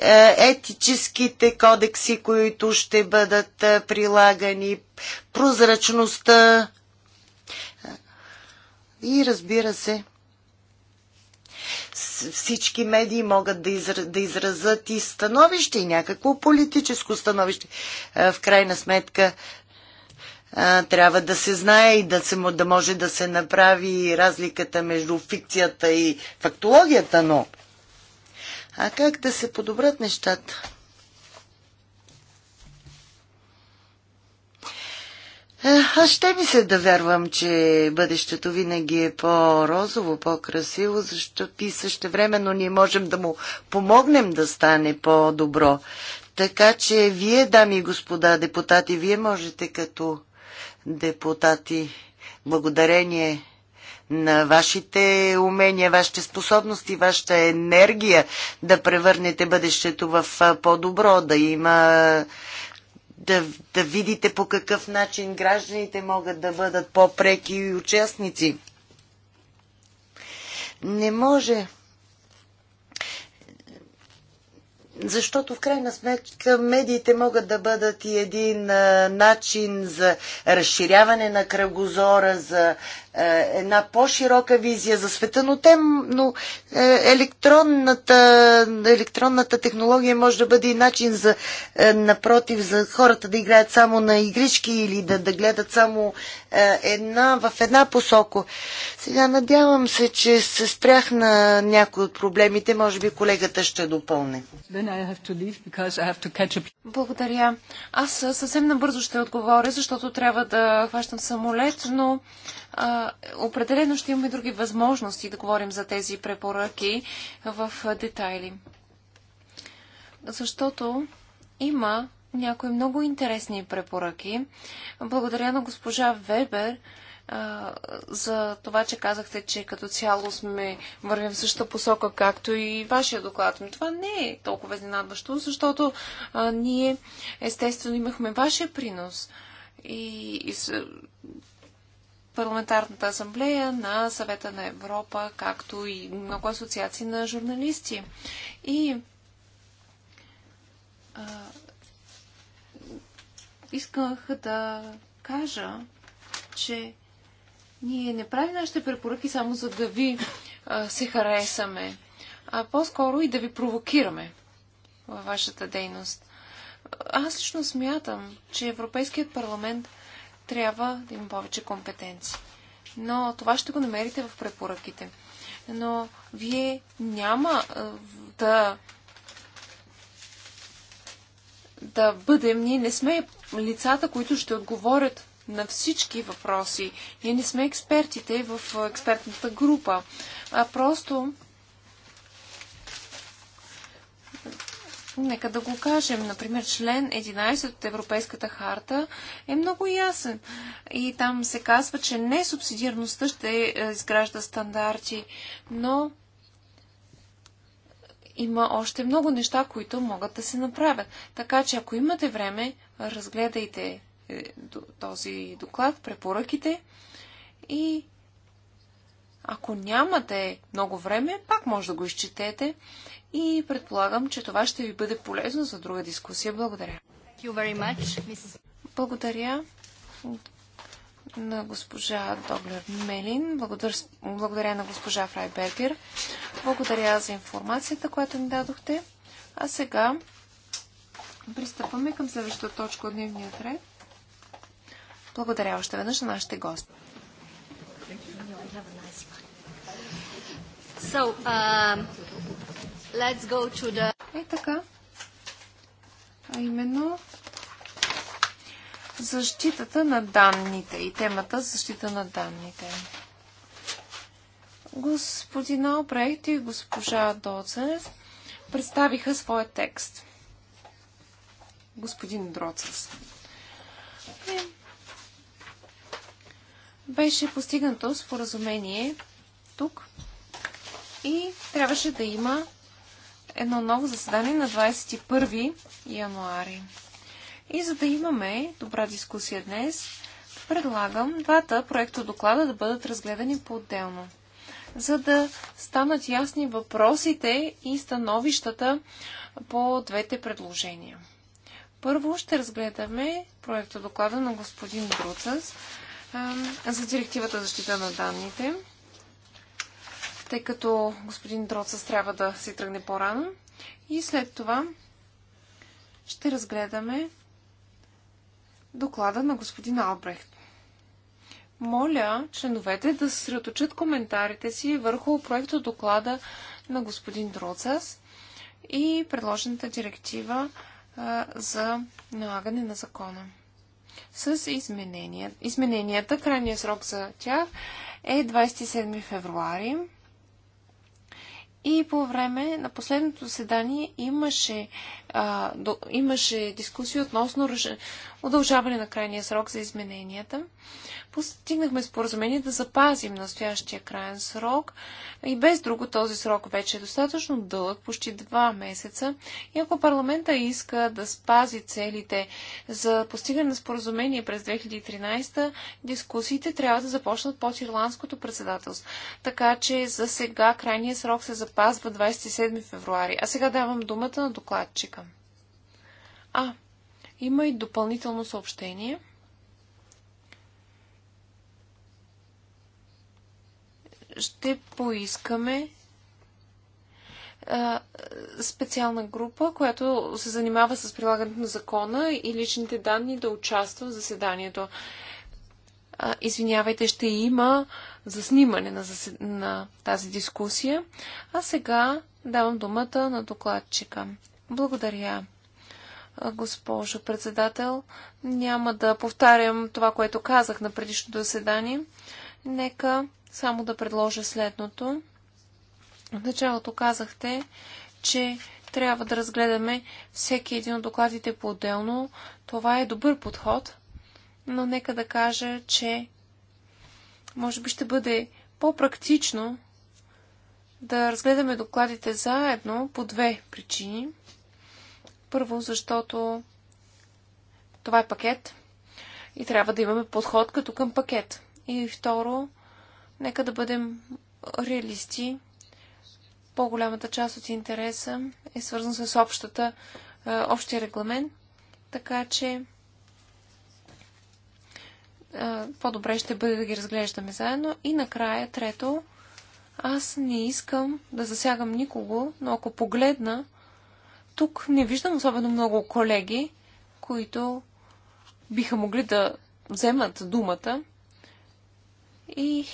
Е, етическите кодекси, които ще бъдат е, прилагани, прозрачността и разбира се, всички медии могат да, изр... да изразят и становище, и някакво политическо становище. Е, в крайна сметка трябва да се знае и да, се, да може да се направи разликата между фикцията и фактологията, но а как да се подобрат нещата? Аз ще ми се да вярвам, че бъдещето винаги е по-розово, по-красиво, защото и същевременно ние можем да му помогнем да стане по-добро. Така че вие, дами и господа депутати, вие можете като депутати, благодарение на вашите умения, вашите способности, вашата енергия да превърнете бъдещето в по-добро, да има да, да видите по какъв начин гражданите могат да бъдат по-преки и участници. Не може. Защото в крайна сметка медиите могат да бъдат и един а, начин за разширяване на кръгозора, за е, една по-широка визия за света, но, тем, но е, електронната, електронната технология може да бъде и начин за, е, напротив, за хората да играят само на игрички или да, да гледат само една, в една посока. Сега надявам се, че се спрях на някои от проблемите. Може би колегата ще допълне. Благодаря. Аз съвсем набързо ще отговоря, защото трябва да хващам самолет, но а, определено ще имаме други възможности да говорим за тези препоръки в детайли. Защото има някои много интересни препоръки. Благодаря на госпожа Вебер за това, че казахте, че като цяло сме вървим в същата посока, както и вашия доклад. Но това не е толкова изненадващо, защото а, ние естествено имахме вашия принос. И, и Парламентарната асамблея на Съвета на Европа, както и много асоциации на журналисти. И а, исках да кажа, че ние не правим нашите препоръки само за да ви а, се харесаме, а по-скоро и да ви провокираме във вашата дейност. Аз лично смятам, че Европейският парламент трябва да има повече компетенции. Но това ще го намерите в препоръките. Но вие няма да да бъдем, ние не сме лицата, които ще отговорят на всички въпроси. Ние не сме експертите в експертната група, а просто Нека да го кажем. Например, член 11 от Европейската харта е много ясен. И там се казва, че не субсидиарността ще е, изгражда стандарти, но има още много неща, които могат да се направят. Така че, ако имате време, разгледайте е, този доклад, препоръките и ако нямате много време, пак може да го изчетете и предполагам, че това ще ви бъде полезно за друга дискусия. Благодаря. Благодаря на госпожа Доглер Мелин. Благодаря, благодаря на госпожа Фрайбергер. Благодаря за информацията, която ни дадохте. А сега пристъпваме към следващата точка от дневния ред. Благодаря още веднъж на нашите гости. So, uh... Let's go to the... Е така. А именно защитата на данните и темата защита на данните. Господин Албрехт и госпожа Доцев представиха своя текст. Господин Дроцес. Беше постигнато споразумение тук и трябваше да има едно ново заседание на 21 януари. И за да имаме добра дискусия днес, предлагам двата проекта доклада да бъдат разгледани по-отделно, за да станат ясни въпросите и становищата по двете предложения. Първо ще разгледаме проекта доклада на господин Бруцас за директивата защита на данните – тъй като господин Дроцъс трябва да си тръгне по-рано. И след това ще разгледаме доклада на господин Албрехт. Моля членовете да съсредоточат коментарите си върху проекто доклада на господин Дроцас и предложената директива а, за налагане на закона. С изменения. измененията, крайният срок за тях е 27 февруари и по време на последното заседание имаше а, до, имаше дискусия относно удължаване на крайния срок за измененията. Постигнахме споразумение да запазим настоящия крайен срок и без друго този срок вече е достатъчно дълъг, почти два месеца. И ако парламента иска да спази целите за постигане на споразумение през 2013, дискусиите трябва да започнат под ирландското председателство. Така че за сега крайния срок се запазва 27 февруари. А сега давам думата на докладчика. А, има и допълнително съобщение. Ще поискаме специална група, която се занимава с прилагането на закона и личните данни да участва в заседанието. Извинявайте, ще има заснимане на, засед... на тази дискусия. А сега давам думата на докладчика. Благодаря госпожо председател. Няма да повтарям това, което казах на предишното заседание. Нека само да предложа следното. В началото казахте, че трябва да разгледаме всеки един от докладите по-отделно. Това е добър подход, но нека да кажа, че може би ще бъде по-практично да разгледаме докладите заедно по две причини – първо, защото това е пакет и трябва да имаме подход като към пакет. И второ, нека да бъдем реалисти. По-голямата част от интереса е свързан с общата, е, общия регламент, така че е, по-добре ще бъде да ги разглеждаме заедно. И накрая, трето, аз не искам да засягам никого, но ако погледна тук не виждам особено много колеги, които биха могли да вземат думата и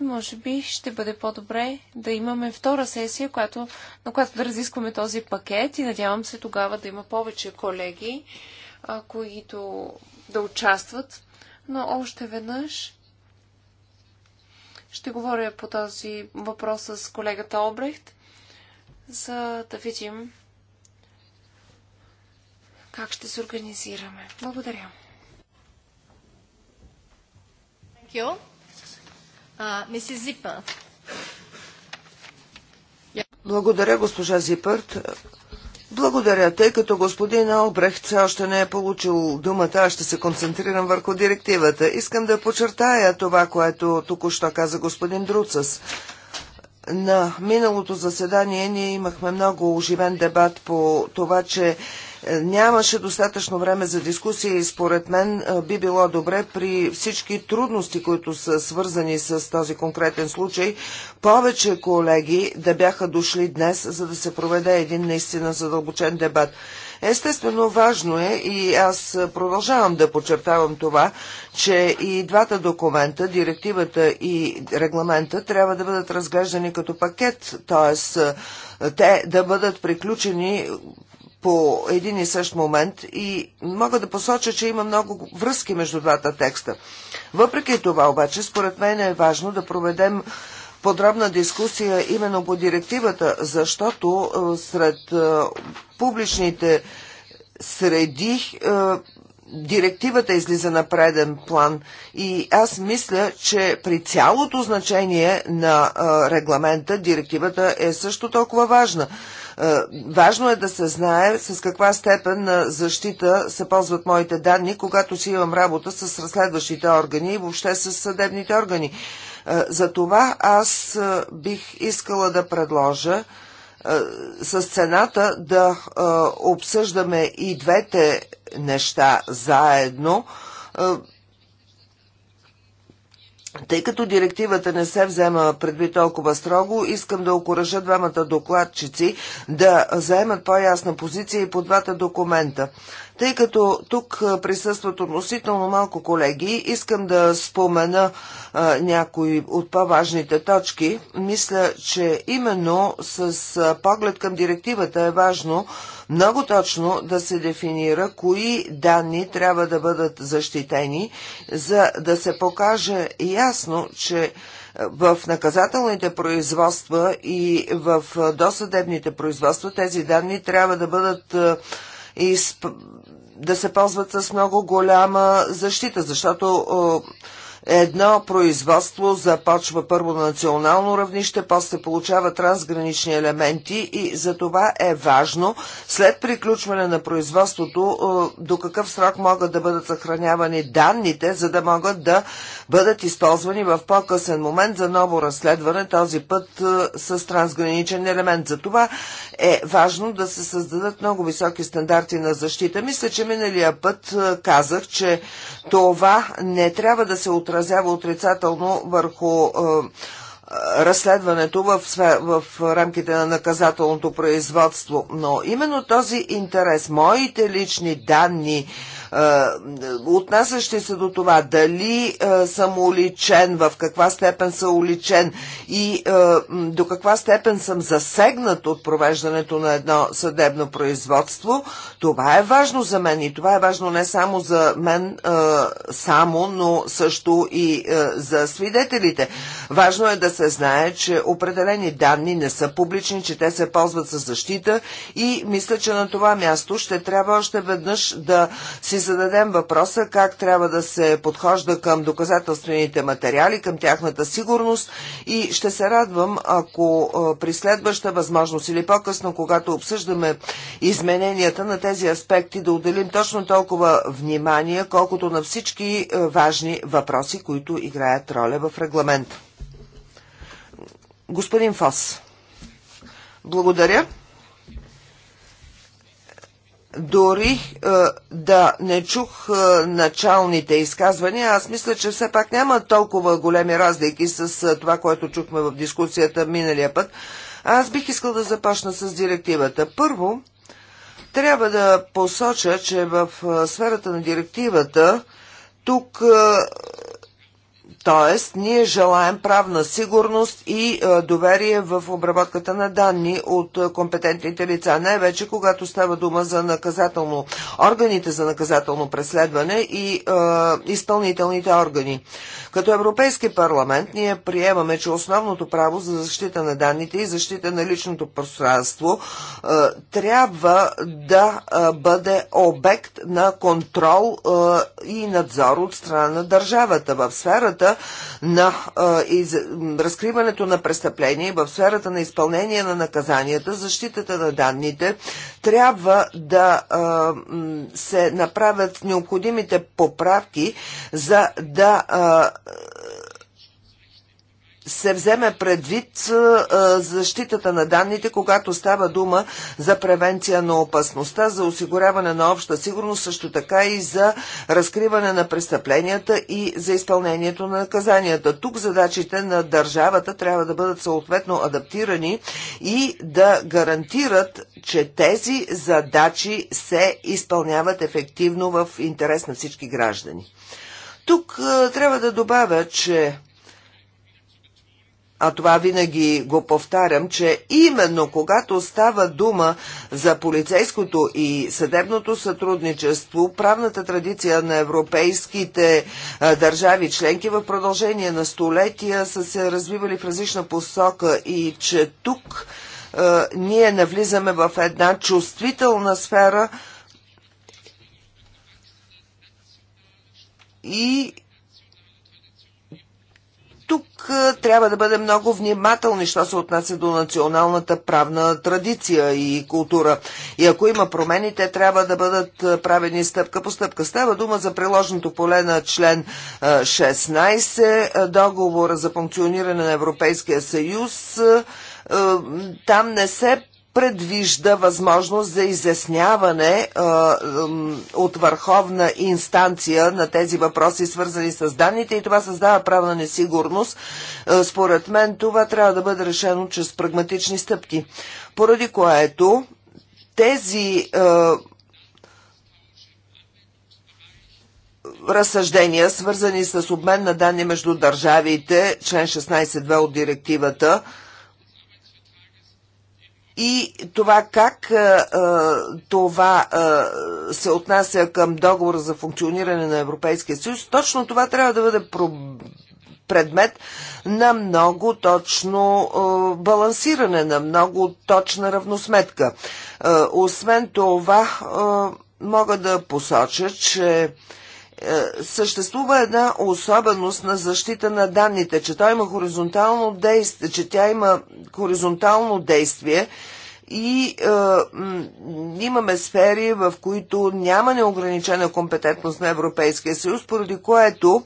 може би ще бъде по-добре да имаме втора сесия, която, на която да разискваме този пакет и надявам се тогава да има повече колеги, а, които да участват. Но още веднъж ще говоря по този въпрос с колегата Обрехт, за да видим как ще се организираме. Благодаря. Thank you. Uh, Благодаря, госпожа Зипърт. Благодаря, тъй като господин Албрехт все още не е получил думата, аз ще се концентрирам върху директивата. Искам да подчертая това, което току-що каза господин Друцас. На миналото заседание ние имахме много оживен дебат по това, че Нямаше достатъчно време за дискусия и според мен би било добре при всички трудности, които са свързани с този конкретен случай, повече колеги да бяха дошли днес, за да се проведе един наистина задълбочен дебат. Естествено, важно е и аз продължавам да подчертавам това, че и двата документа, директивата и регламента, трябва да бъдат разглеждани като пакет, т.е. те да бъдат приключени по един и същ момент и мога да посоча, че има много връзки между двата текста. Въпреки това обаче, според мен е важно да проведем подробна дискусия именно по директивата, защото е, сред е, публичните среди е, директивата излиза на преден план и аз мисля, че при цялото значение на регламента директивата е също толкова важна. Е, важно е да се знае с каква степен на защита се ползват моите данни, когато си имам работа с разследващите органи и въобще с съдебните органи. Е, за това аз е, бих искала да предложа с цената да обсъждаме и двете неща заедно тъй като директивата не се взема предвид толкова строго, искам да окоръжа двамата докладчици да заемат по-ясна позиция и по двата документа. Тъй като тук присъстват относително малко колеги, искам да спомена а, някои от по-важните точки. Мисля, че именно с поглед към директивата е важно много точно да се дефинира кои данни трябва да бъдат защитени, за да се покаже ясно, че в наказателните производства и в досъдебните производства тези данни трябва да бъдат изп да се ползват с много голяма защита, защото Едно производство започва първо на национално равнище, после получава трансгранични елементи и за това е важно след приключване на производството е, до какъв срок могат да бъдат съхранявани данните, за да могат да бъдат използвани в по-късен момент за ново разследване, този път е, с трансграничен елемент. За това е важно да се създадат много високи стандарти на защита. Мисля, че миналия път е, казах, че това не трябва да се отразява отразява отрицателно върху е, разследването в, в рамките на наказателното производство. Но именно този интерес, моите лични данни, отнасящи се до това дали съм уличен, в каква степен съм уличен и до каква степен съм засегнат от провеждането на едно съдебно производство, това е важно за мен и това е важно не само за мен само, но също и за свидетелите. Важно е да се знае, че определени данни не са публични, че те се ползват със защита и мисля, че на това място ще трябва още веднъж да си зададем въпроса как трябва да се подхожда към доказателствените материали, към тяхната сигурност и ще се радвам, ако при следваща възможност или по-късно, когато обсъждаме измененията на тези аспекти, да отделим точно толкова внимание, колкото на всички важни въпроси, които играят роля в регламента. Господин Фос. Благодаря дори е, да не чух е, началните изказвания, аз мисля, че все пак няма толкова големи разлики с е, това, което чухме в дискусията миналия път. Аз бих искал да започна с директивата. Първо, трябва да посоча, че в е, сферата на директивата тук е, Тоест, ние желаем правна сигурност и е, доверие в обработката на данни от е, компетентните лица, най-вече когато става дума за наказателно органите за наказателно преследване и е, изпълнителните органи. Като Европейски парламент ние приемаме, че основното право за защита на данните и защита на личното пространство е, трябва да е, бъде обект на контрол е, и надзор от страна на държавата в сферата на на из... разкриването на престъпление, в сферата на изпълнение на наказанията, защитата на данните, трябва да се направят необходимите поправки, за да се вземе предвид е, е, защитата на данните, когато става дума за превенция на опасността, за осигуряване на обща сигурност, също така и за разкриване на престъпленията и за изпълнението на наказанията. Тук задачите на държавата трябва да бъдат съответно адаптирани и да гарантират, че тези задачи се изпълняват ефективно в интерес на всички граждани. Тук е, трябва да добавя, че а това винаги го повтарям, че именно когато става дума за полицейското и съдебното сътрудничество, правната традиция на европейските държави членки в продължение на столетия са се развивали в различна посока и че тук е, ние навлизаме в една чувствителна сфера и тук трябва да бъдем много внимателни, що се отнася до националната правна традиция и култура. И ако има промени, те трябва да бъдат правени стъпка по стъпка. Става дума за приложното поле на член 16, договора за функциониране на Европейския съюз. Там не се предвижда възможност за изясняване а, от върховна инстанция на тези въпроси, свързани с данните и това създава правна несигурност. А, според мен това трябва да бъде решено чрез прагматични стъпки, поради което тези а, разсъждения, свързани с обмен на данни между държавите, член 16.2 от директивата, а, и това как това се отнася към договора за функциониране на Европейския съюз, точно това трябва да бъде предмет на много точно балансиране, на много точна равносметка. Освен това, мога да посоча, че е, съществува една особеност на защита на данните, че, той има хоризонтално действие, че тя има хоризонтално действие и е, имаме сфери, в които няма неограничена компетентност на Европейския съюз, поради което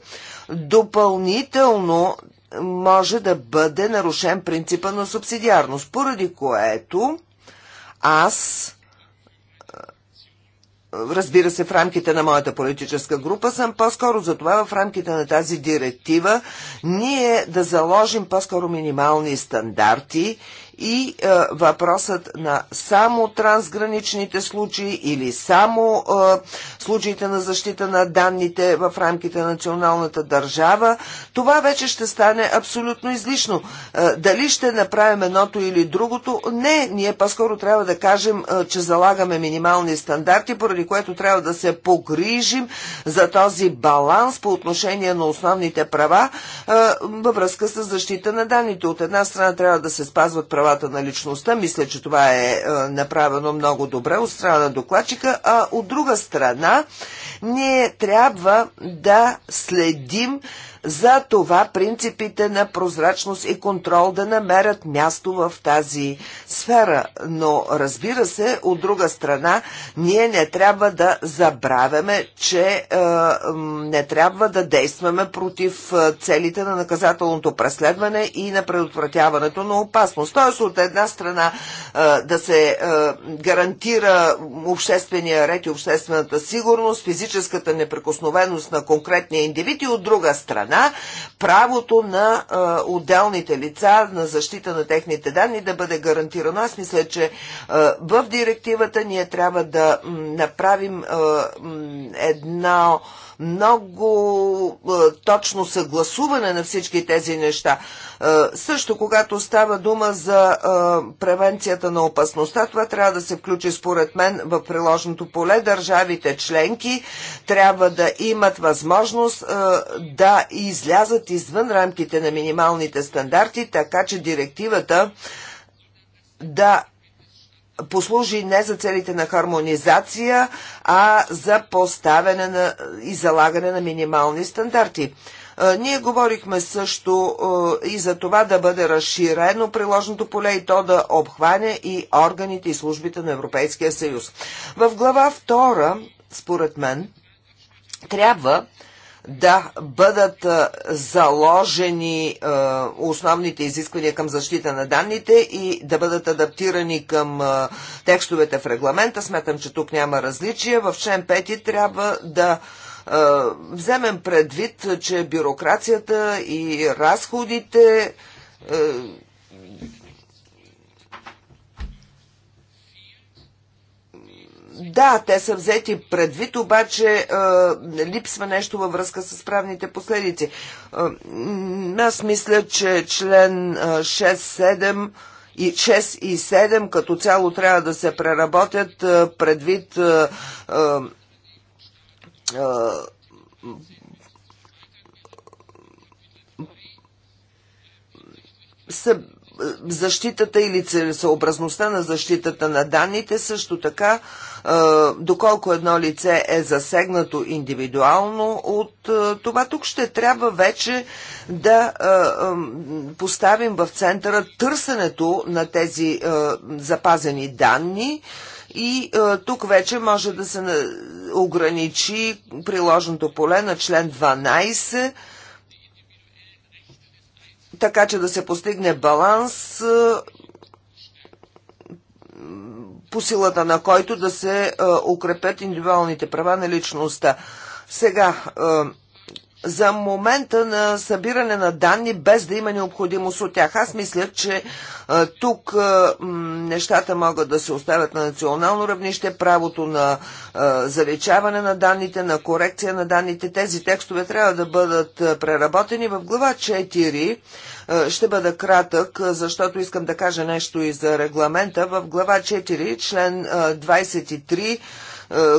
допълнително може да бъде нарушен принципа на субсидиарност, поради което аз разбира се, в рамките на моята политическа група съм по-скоро за това в рамките на тази директива ние да заложим по-скоро минимални стандарти и е, въпросът на само трансграничните случаи или само е, случаите на защита на данните в рамките на националната държава, това вече ще стане абсолютно излишно. Е, дали ще направим едното или другото, не, ние по-скоро трябва да кажем, е, че залагаме минимални стандарти, поради което трябва да се погрижим за този баланс по отношение на основните права е, във връзка с защита на данните. От една страна трябва да се спазват права правата на личността. Мисля, че това е, е направено много добре от страна на докладчика, а от друга страна ние трябва да следим за това принципите на прозрачност и контрол да намерят място в тази сфера. Но разбира се, от друга страна, ние не трябва да забравяме, че е, не трябва да действаме против е, целите на наказателното преследване и на предотвратяването на опасност. Тоест, от една страна е, да се е, гарантира обществения ред и обществената сигурност, физическата неприкосновеност на конкретния индивид и от друга страна страна правото на а, отделните лица на защита на техните данни да бъде гарантирано. Аз мисля, че а, в директивата ние трябва да направим а, една а, много е, точно съгласуване на всички тези неща. Е, също, когато става дума за е, превенцията на опасността, това трябва да се включи според мен в приложното поле. Държавите членки трябва да имат възможност да излязат извън рамките на минималните стандарти, така че директивата да послужи не за целите на хармонизация, а за поставяне на и залагане на минимални стандарти. Ние говорихме също и за това да бъде разширено приложното поле и то да обхване и органите и службите на Европейския съюз. В глава 2, според мен, трябва да бъдат заложени основните изисквания към защита на данните и да бъдат адаптирани към текстовете в регламента. Сметам, че тук няма различия. В член 5 трябва да вземем предвид, че бюрокрацията и разходите Да, те са взети предвид, обаче липсва нещо във връзка с правните последици. А, аз мисля, че член 6-7 и 6 и 7 като цяло трябва да се преработят предвид съ, защитата или целесъобразността на защитата на данните, също така доколко едно лице е засегнато индивидуално от това. Тук ще трябва вече да поставим в центъра търсенето на тези запазени данни. И е, тук вече може да се на... ограничи приложното поле на член 12, така че да се постигне баланс е, по силата на който да се е, укрепят индивидуалните права на личността. Сега, е, за момента на събиране на данни, без да има необходимост от тях. Аз мисля, че е, тук нещата могат да се оставят на национално равнище, правото на заличаване на данните, на корекция на данните. Тези текстове трябва да бъдат преработени в глава 4 е, ще бъда кратък, е, защото искам да кажа нещо и за регламента. В глава 4, член 23,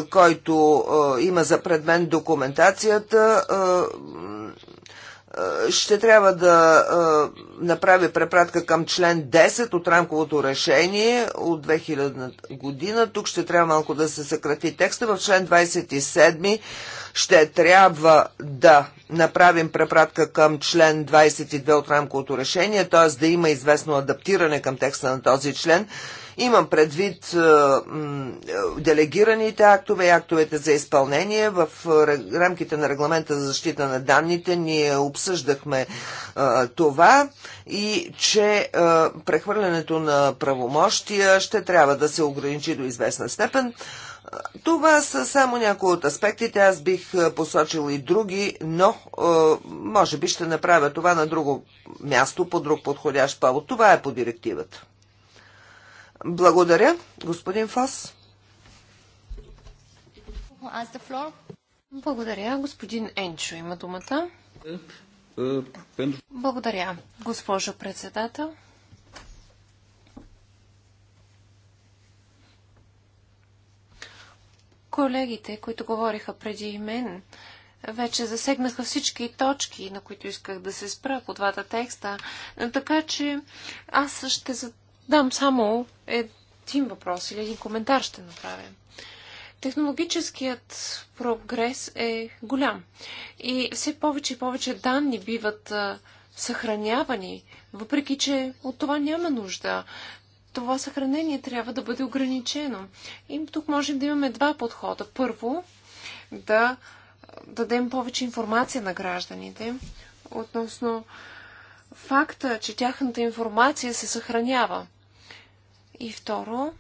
е, който има за предмен документацията, е, ще трябва да е, направи препратка към член 10 от рамковото решение от 2000 година. Тук ще трябва малко да се съкрати текста. В член 27 ще трябва да направим препратка към член 22 от рамковото решение, т.е. да има известно адаптиране към текста на този член. Имам предвид делегираните актове и актовете за изпълнение. В рамките на регламента за защита на данните ние обсъждахме това и че прехвърлянето на правомощия ще трябва да се ограничи до известна степен. Това са само някои от аспектите. Аз бих посочил и други, но може би ще направя това на друго място, по друг подходящ повод. Това е по директивата. Благодаря, господин Фас. Благодаря, господин Енчо има думата. Благодаря, госпожо председател. Колегите, които говориха преди мен, вече засегнаха всички точки, на които исках да се спра по двата текста. Така че аз ще дам само един въпрос или един коментар ще направя. Технологическият прогрес е голям и все повече и повече данни биват съхранявани, въпреки че от това няма нужда. Това съхранение трябва да бъде ограничено. И тук можем да имаме два подхода. Първо, да дадем повече информация на гражданите относно факта, че тяхната информация се съхранява. И второ,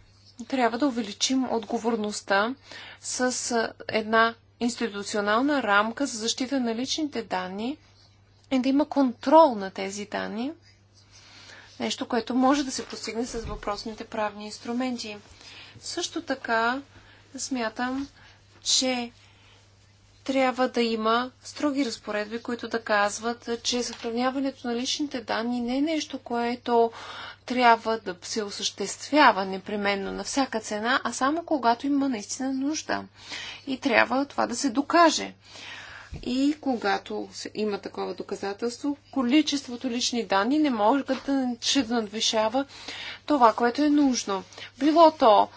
трябва да увеличим отговорността с една институционална рамка за защита на личните данни и да има контрол на тези данни. Нещо, което може да се постигне с въпросните правни инструменти. Също така смятам, че трябва да има строги разпоредби, които да казват, че съхраняването на личните данни не е нещо, което трябва да се осъществява непременно на всяка цена, а само когато има наистина нужда. И трябва това да се докаже. И когато има такова доказателство, количеството лични данни не може да, надвишава това, което е нужно. Било то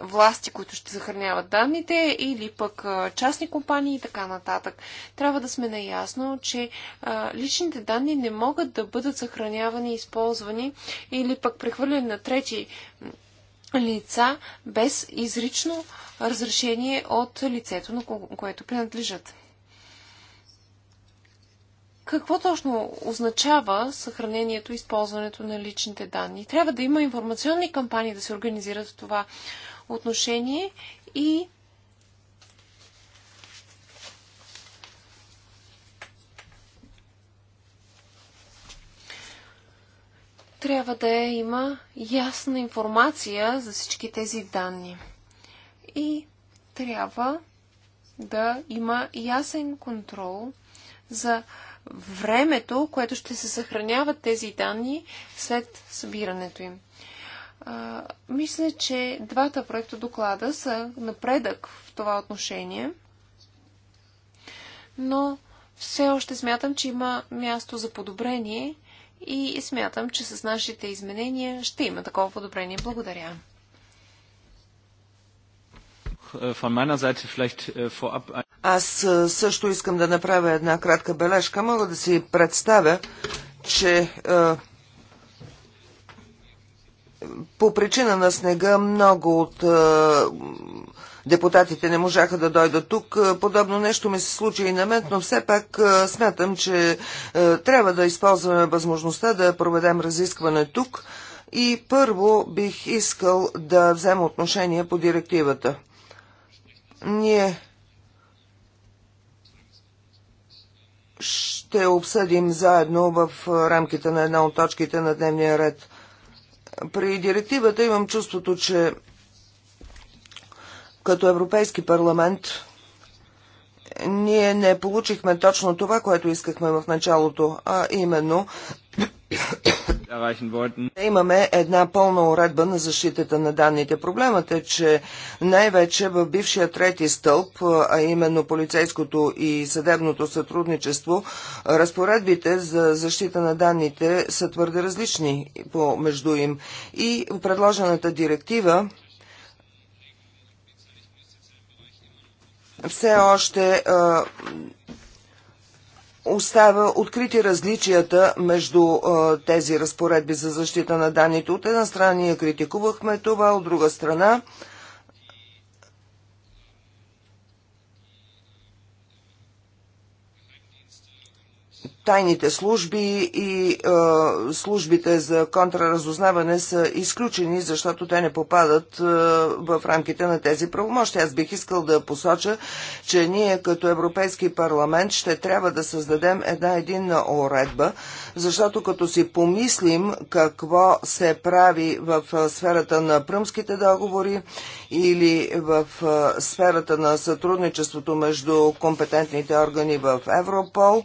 власти, които ще съхраняват данните или пък частни компании и така нататък. Трябва да сме наясно, че личните данни не могат да бъдат съхранявани, използвани или пък прехвърлени на трети лица без изрично разрешение от лицето, на което принадлежат. Какво точно означава съхранението и използването на личните данни? Трябва да има информационни кампании да се организират в това отношение и трябва да има ясна информация за всички тези данни. И трябва да има ясен контрол за времето, което ще се съхраняват тези данни след събирането им. А, мисля, че двата проекта доклада са напредък в това отношение, но все още смятам, че има място за подобрение и смятам, че с нашите изменения ще има такова подобрение. Благодаря. Äh, äh, Аз äh, също искам да направя една кратка бележка. Мога да си представя, че э, по причина на снега много от э, депутатите не можаха да дойдат тук. Подобно нещо ми се случи и на мен, но все пак э, смятам, че трябва да използваме възможността да проведем разискване тук. И първо бих искал да взема отношение по директивата. Ние ще обсъдим заедно в рамките на една от точките на дневния ред. При директивата имам чувството, че като Европейски парламент ние не получихме точно това, което искахме в началото, а именно Имаме една пълна уредба на защитата на данните. Проблемът е, че най-вече в бившия трети стълб, а именно полицейското и съдебното сътрудничество, разпоредбите за защита на данните са твърде различни между им. И предложената директива все още остава открити различията между а, тези разпоредби за защита на данните. От една страна ние критикувахме това, от друга страна а, тайните служби и е, службите за контраразузнаване са изключени, защото те не попадат е, в рамките на тези правомощи. Аз бих искал да посоча, че ние като Европейски парламент ще трябва да създадем една единна уредба, защото като си помислим какво се прави в сферата на пръмските договори или в сферата на сътрудничеството между компетентните органи в Европол,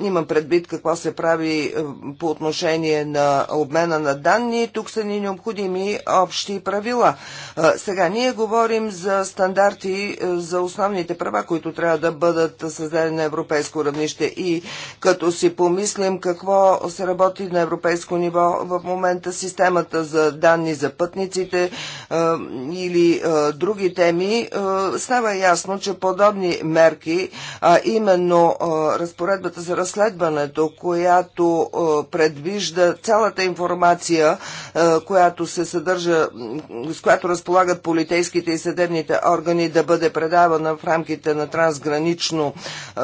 имам предвид какво се прави е, по отношение на обмена на данни. Тук са ни необходими общи правила. Е, сега ние говорим за стандарти е, за основните права, които трябва да бъдат създадени на европейско равнище и като си помислим какво се работи на европейско ниво в момента системата за данни за пътниците или други теми, става ясно, че подобни мерки, а именно разпоредбата за разследването, която е, предвижда цялата информация, е, която се съдържа, с която разполагат полицейските и съдебните органи да бъде предавана в рамките на трансгранично е,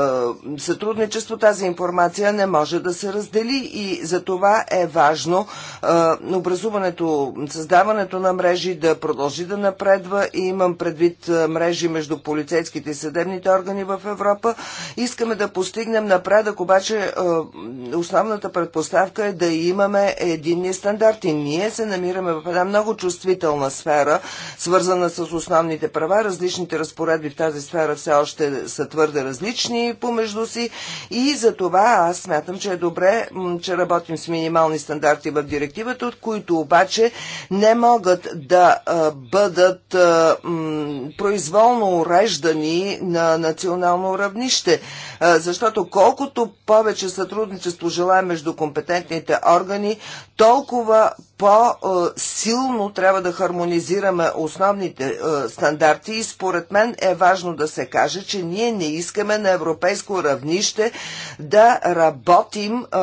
сътрудничество, тази информация не може да се раздели и за това е важно образуването, създаването на мрежи да продължи да напредва и имам предвид мрежи между полицейските и съдебните органи в Европа. Искаме да постигнем напредък обаче основната предпоставка е да имаме единни стандарти. Ние се намираме в една много чувствителна сфера, свързана с основните права. Различните разпоредби в тази сфера все още са твърде различни помежду си и за това аз смятам, че е добре, че работим с минимални стандарти в директивата, от които обаче не могат да бъдат произволно уреждани на национално равнище. Защото колкото повече сътрудничество желая между компетентните органи, толкова по-силно трябва да хармонизираме основните е, стандарти и според мен е важно да се каже, че ние не искаме на европейско равнище да работим е,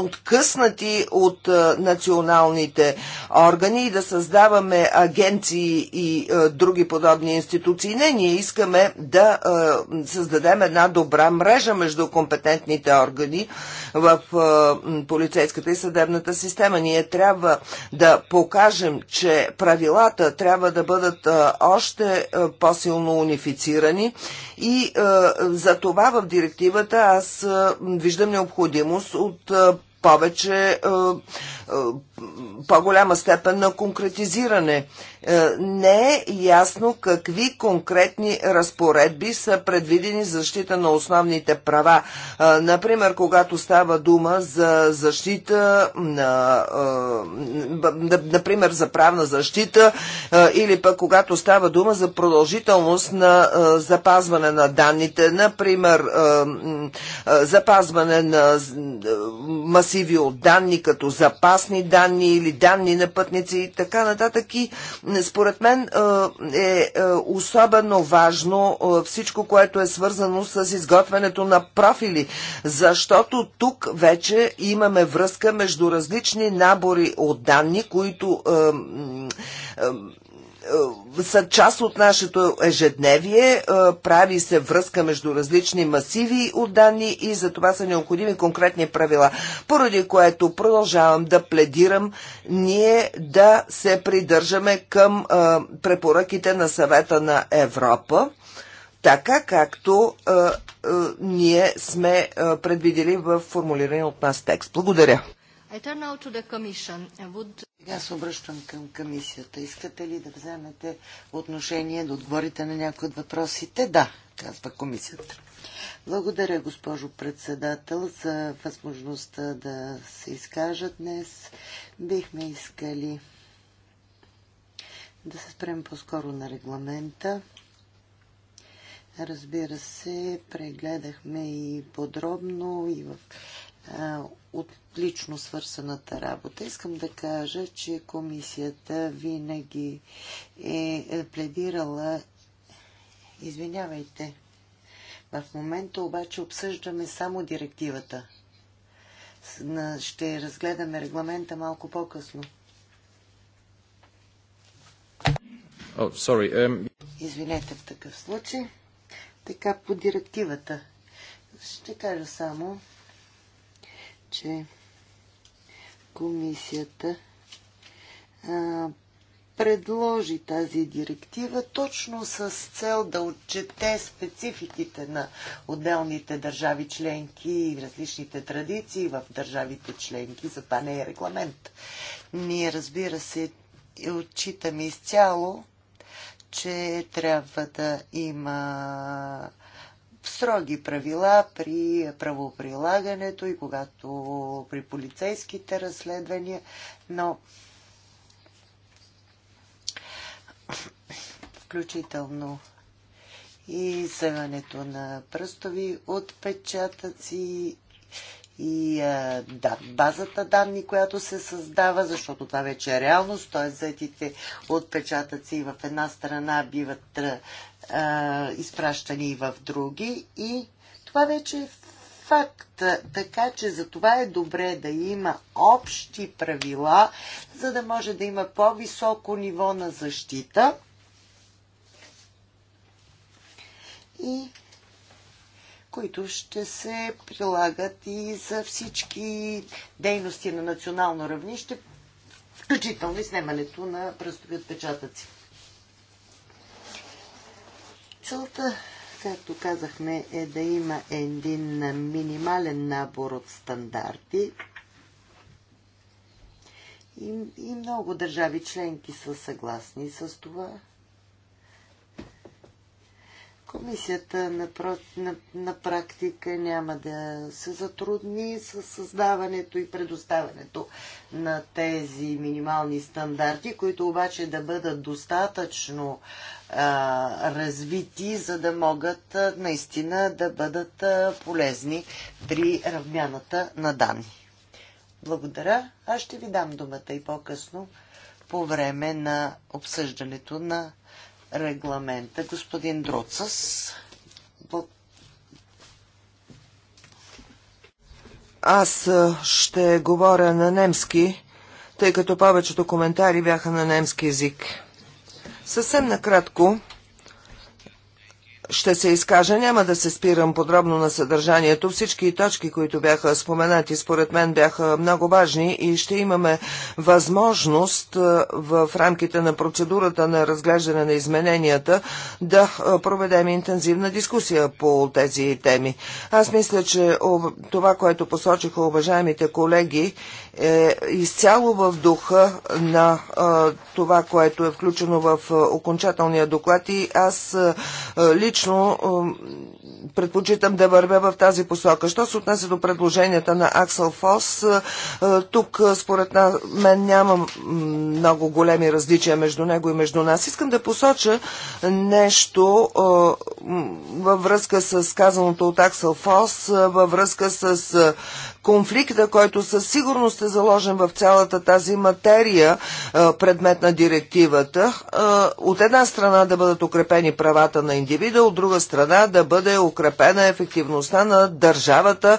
откъснати от е, националните органи и да създаваме агенции и други подобни институции. Не, ние искаме да създадем една добра мрежа между компетентните органи в полицейската и съдебната система. Ние трябва да покажем, че правилата трябва да бъдат още по-силно унифицирани и за това в директивата аз виждам необходимост от повече е, по-голяма степен на конкретизиране. Е, не е ясно какви конкретни разпоредби са предвидени за защита на основните права. Е, например, когато става дума за защита на, например, за правна защита или пък когато става дума за продължителност на запазване на данните, например, запазване на масиви от данни като запазване опасни данни или данни на пътници и така нататък. И според мен е, е, е особено важно е, всичко, което е свързано с изготвянето на профили, защото тук вече имаме връзка между различни набори от данни, които е, са част от нашето ежедневие, е, прави се връзка между различни масиви от данни и за това са необходими конкретни правила, поради което продължавам да пледирам ние да се придържаме към е, препоръките на съвета на Европа, така както ние сме предвидели в формулиране от нас текст. Благодаря. Сега се обръщам към комисията. Искате ли да вземете отношение, да отговорите на някои от въпросите? Да, казва комисията. Благодаря, госпожо председател, за възможността да се изкажа днес. Бихме искали да се спрем по-скоро на регламента. Разбира се, прегледахме и подробно и в от лично свързаната работа. Искам да кажа, че комисията винаги е, е пледирала. Извинявайте. В момента обаче обсъждаме само директивата. Ще разгледаме регламента малко по-късно. Oh, Um... Извинете в такъв случай. Така по директивата. Ще кажа само, че комисията а, предложи тази директива точно с цел да отчете спецификите на отделните държави членки и различните традиции в държавите членки. За това не е регламент. Ние, разбира се, отчитаме изцяло, че трябва да има строги правила при правоприлагането и когато при полицейските разследвания, но включително и съването на пръстови отпечатъци и да, базата данни, която се създава, защото това вече е реалност, т.е. заетите отпечатъци в една страна биват а, изпращани в други и това вече е факт. Така че за това е добре да има общи правила, за да може да има по-високо ниво на защита. И които ще се прилагат и за всички дейности на национално равнище, включително и снимането на пръстови отпечатъци. Целта, както казахме, е да има един минимален набор от стандарти. И, и много държави членки са съгласни с това. Комисията на, на, на практика няма да се затрудни с създаването и предоставянето на тези минимални стандарти, които обаче да бъдат достатъчно а, развити, за да могат а, наистина да бъдат а, полезни при равмяната на данни. Благодаря. Аз ще ви дам думата и по-късно по време на обсъждането на регламента. Господин Друцас. Аз ще говоря на немски, тъй като повечето коментари бяха на немски язик. Съвсем накратко ще се изкажа. Няма да се спирам подробно на съдържанието. Всички точки, които бяха споменати, според мен бяха много важни и ще имаме възможност в рамките на процедурата на разглеждане на измененията да проведем интензивна дискусия по тези теми. Аз мисля, че това, което посочиха уважаемите колеги, е изцяло в духа на а, това, което е включено в а, окончателния доклад и аз а, лично предпочитам да вървя в тази посока. Що се отнася до предложенията на Аксел Фос, тук според мен няма много големи различия между него и между нас. Искам да посоча нещо във връзка с казаното от Аксел Фос, във връзка с конфликта, който със сигурност е заложен в цялата тази материя, предмет на директивата, от една страна да бъдат укрепени правата на индивида, от друга страна да бъде укрепена ефективността на държавата,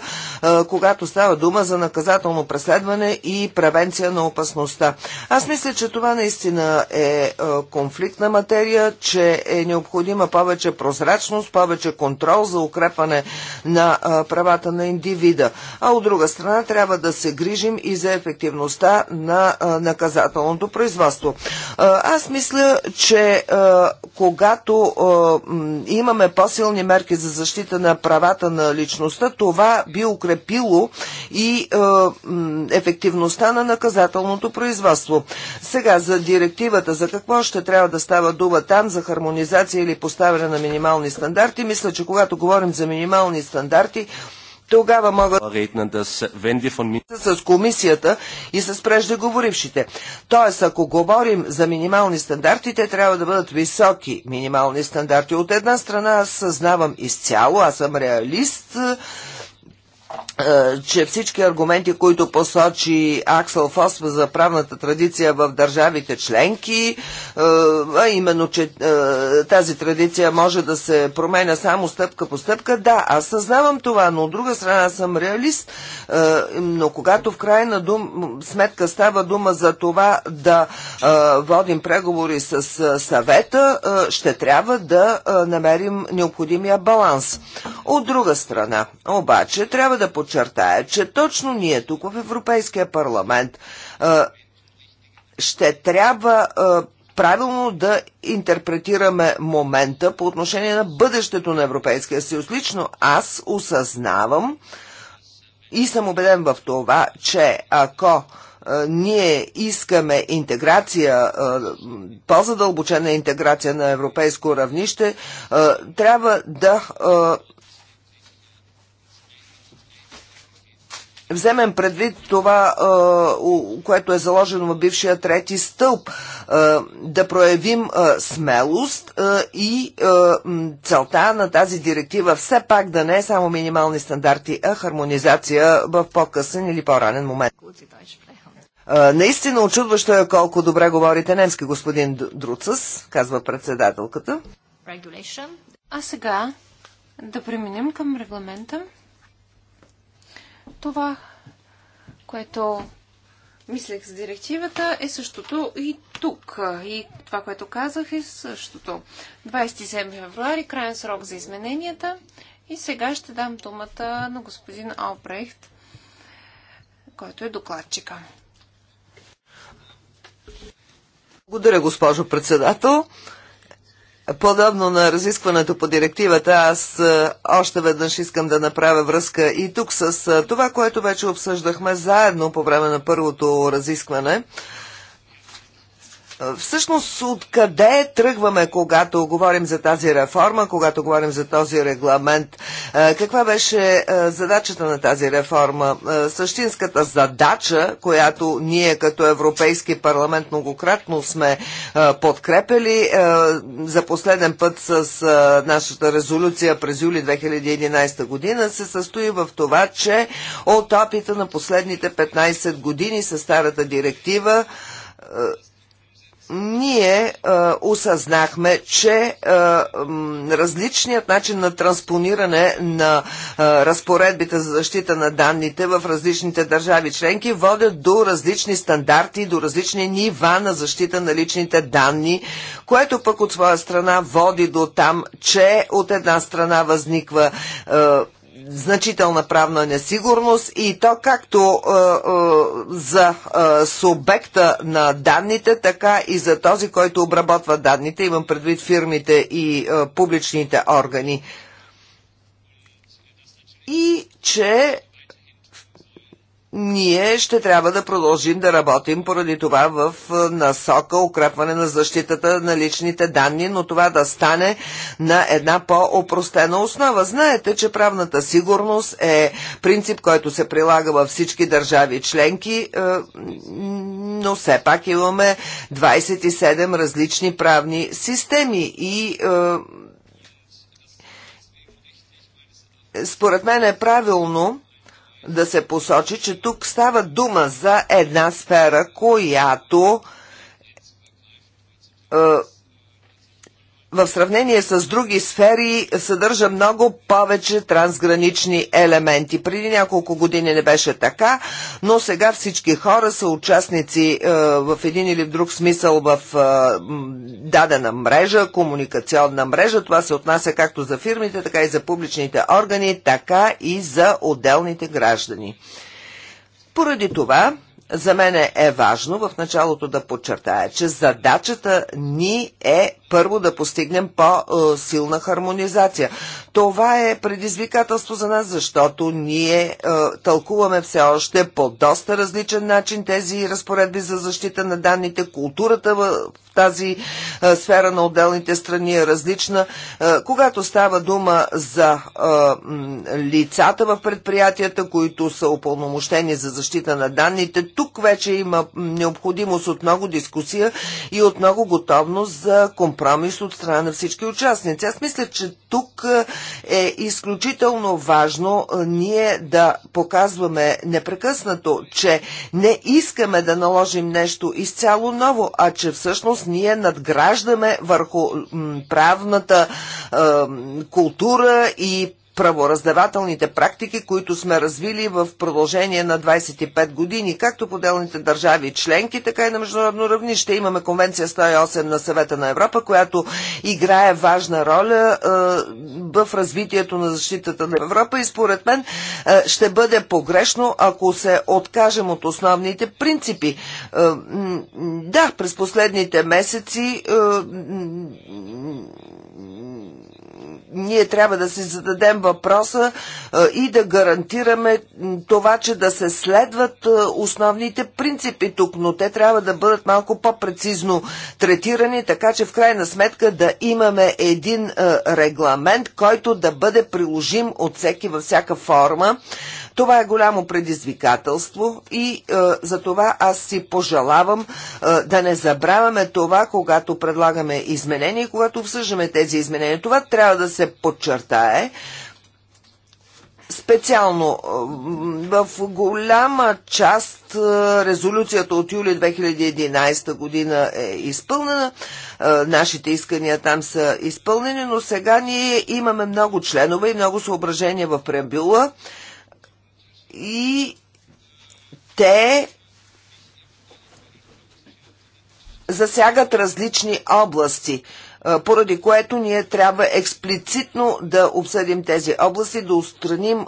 когато става дума за наказателно преследване и превенция на опасността. Аз мисля, че това наистина е конфликтна материя, че е необходима повече прозрачност, повече контрол за укрепване на правата на индивида. А от друга друга страна трябва да се грижим и за ефективността на наказателното производство. Аз мисля, че когато имаме по-силни мерки за защита на правата на личността, това би укрепило и ефективността на наказателното производство. Сега за директивата, за какво ще трябва да става дума там, за хармонизация или поставяне на минимални стандарти, мисля, че когато говорим за минимални стандарти, тогава могат с комисията и с преждеговорившите. Тоест, ако говорим за минимални стандарти, те трябва да бъдат високи минимални стандарти. От една страна аз съзнавам изцяло, аз съм реалист, е, че всички аргументи, които посочи Аксел Фос за правната традиция в държавите членки, е, а именно, че е, тази традиция може да се променя само стъпка по стъпка, да, аз съзнавам това, но от друга страна съм реалист, но когато в крайна дум, сметка става дума за това да водим преговори с съвета, ще трябва да намерим необходимия баланс. От друга страна, обаче, трябва трябва да подчертая, че точно ние тук в Европейския парламент ще трябва правилно да интерпретираме момента по отношение на бъдещето на Европейския съюз. Лично аз осъзнавам и съм убеден в това, че ако ние искаме интеграция, по-задълбочена интеграция на европейско равнище, трябва да вземем предвид това, което е заложено в бившия трети стълб, да проявим смелост и целта на тази директива все пак да не е само минимални стандарти, а хармонизация в по-късен или по-ранен момент. Наистина очудващо е колко добре говорите немски, господин Друцъс, казва председателката. А сега да преминем към регламента. Това, което мислех за директивата, е същото и тук. И това, което казах, е същото. 27 февруари, крайен срок за измененията. И сега ще дам думата на господин Албрехт, който е докладчика. Благодаря, госпожо председател. Подобно на разискването по директивата, аз е, още веднъж искам да направя връзка и тук с е, това, което вече обсъждахме заедно по време на първото разискване – Всъщност, откъде тръгваме, когато говорим за тази реформа, когато говорим за този регламент? Каква беше задачата на тази реформа? Същинската задача, която ние като Европейски парламент многократно сме подкрепили за последен път с нашата резолюция през юли 2011 година, се състои в това, че от опита на последните 15 години с старата директива ние а, е, осъзнахме, че е, м, различният начин на транспониране на а, е, разпоредбите за защита на данните в различните държави членки водят до различни стандарти, до различни нива на защита на личните данни, което пък от своя страна води до там, че от една страна възниква а, значителна правна несигурност и то както е, е, за е, субекта на данните, така и за този, който обработва данните, имам предвид фирмите и е, публичните органи. И че ние ще трябва да продължим да работим поради това в насока укрепване на защитата на личните данни, но това да стане на една по-опростена основа. Знаете, че правната сигурност е принцип, който се прилага във всички държави членки, е, но все пак имаме 27 различни правни системи и е, според мен е правилно да се посочи, че тук става дума за една сфера, която е, в сравнение с други сфери съдържа много повече трансгранични елементи. Преди няколко години не беше така, но сега всички хора са участници е, в един или в друг смисъл в е, дадена мрежа, комуникационна мрежа. Това се отнася както за фирмите, така и за публичните органи, така и за отделните граждани. Поради това, за мен е важно в началото да подчертая, че задачата ни е първо да постигнем по-силна хармонизация. Това е предизвикателство за нас, защото ние е, тълкуваме все още по доста различен начин тези разпоредби за защита на данните. Културата в тази е, сфера на отделните страни е различна. Е, когато става дума за лицата в предприятията, които са упълномощени за защита на данните, тук вече има необходимост от много дискусия и от много готовност за компромис компромис от страна на всички участници. Аз мисля, че тук е, е изключително важно е, ние да показваме непрекъснато, че не искаме да наложим нещо изцяло ново, а че всъщност ние надграждаме върху правната е, култура и правораздавателните практики, които сме развили в продължение на 25 години, както по делните държави членки, така и на международно равнище. Имаме Конвенция 108 на Съвета на Европа, която играе важна роля е, в развитието на защитата на Европа и според мен е, ще бъде погрешно, ако се откажем от основните принципи. Е, да, през последните месеци е, ние трябва да си зададем въпроса е, и да гарантираме това, че да се следват е, основните принципи тук, но те трябва да бъдат малко по-прецизно третирани, така че в крайна сметка да имаме един е, регламент, който да бъде приложим от всеки във всяка форма. Това е голямо предизвикателство и е, за това аз си пожелавам е, да не забравяме това, когато предлагаме изменения и когато обсъждаме тези изменения. Това трябва да се подчертае специално е, в голяма част е, резолюцията от юли 2011 година е изпълнена, е, нашите искания там са изпълнени, но сега ние имаме много членове и много съображения в преамбюла, и те засягат различни области, е, поради което ние трябва експлицитно да обсъдим тези области, да устраним е,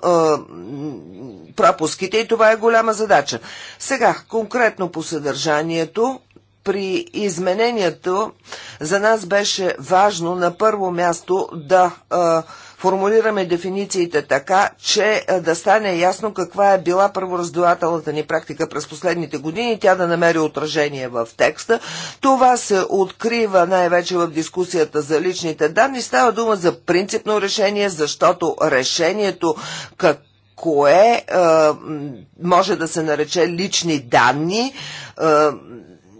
пропуските и това е голяма задача. Сега, конкретно по съдържанието, при изменението за нас беше важно на първо място да е, формулираме дефинициите така, че е, да стане ясно каква е била първораздавателната ни практика през последните години, тя да намери отражение в текста. Това се открива най-вече в дискусията за личните данни. Става дума за принципно решение, защото решението като кое е, може да се нарече лични данни, е,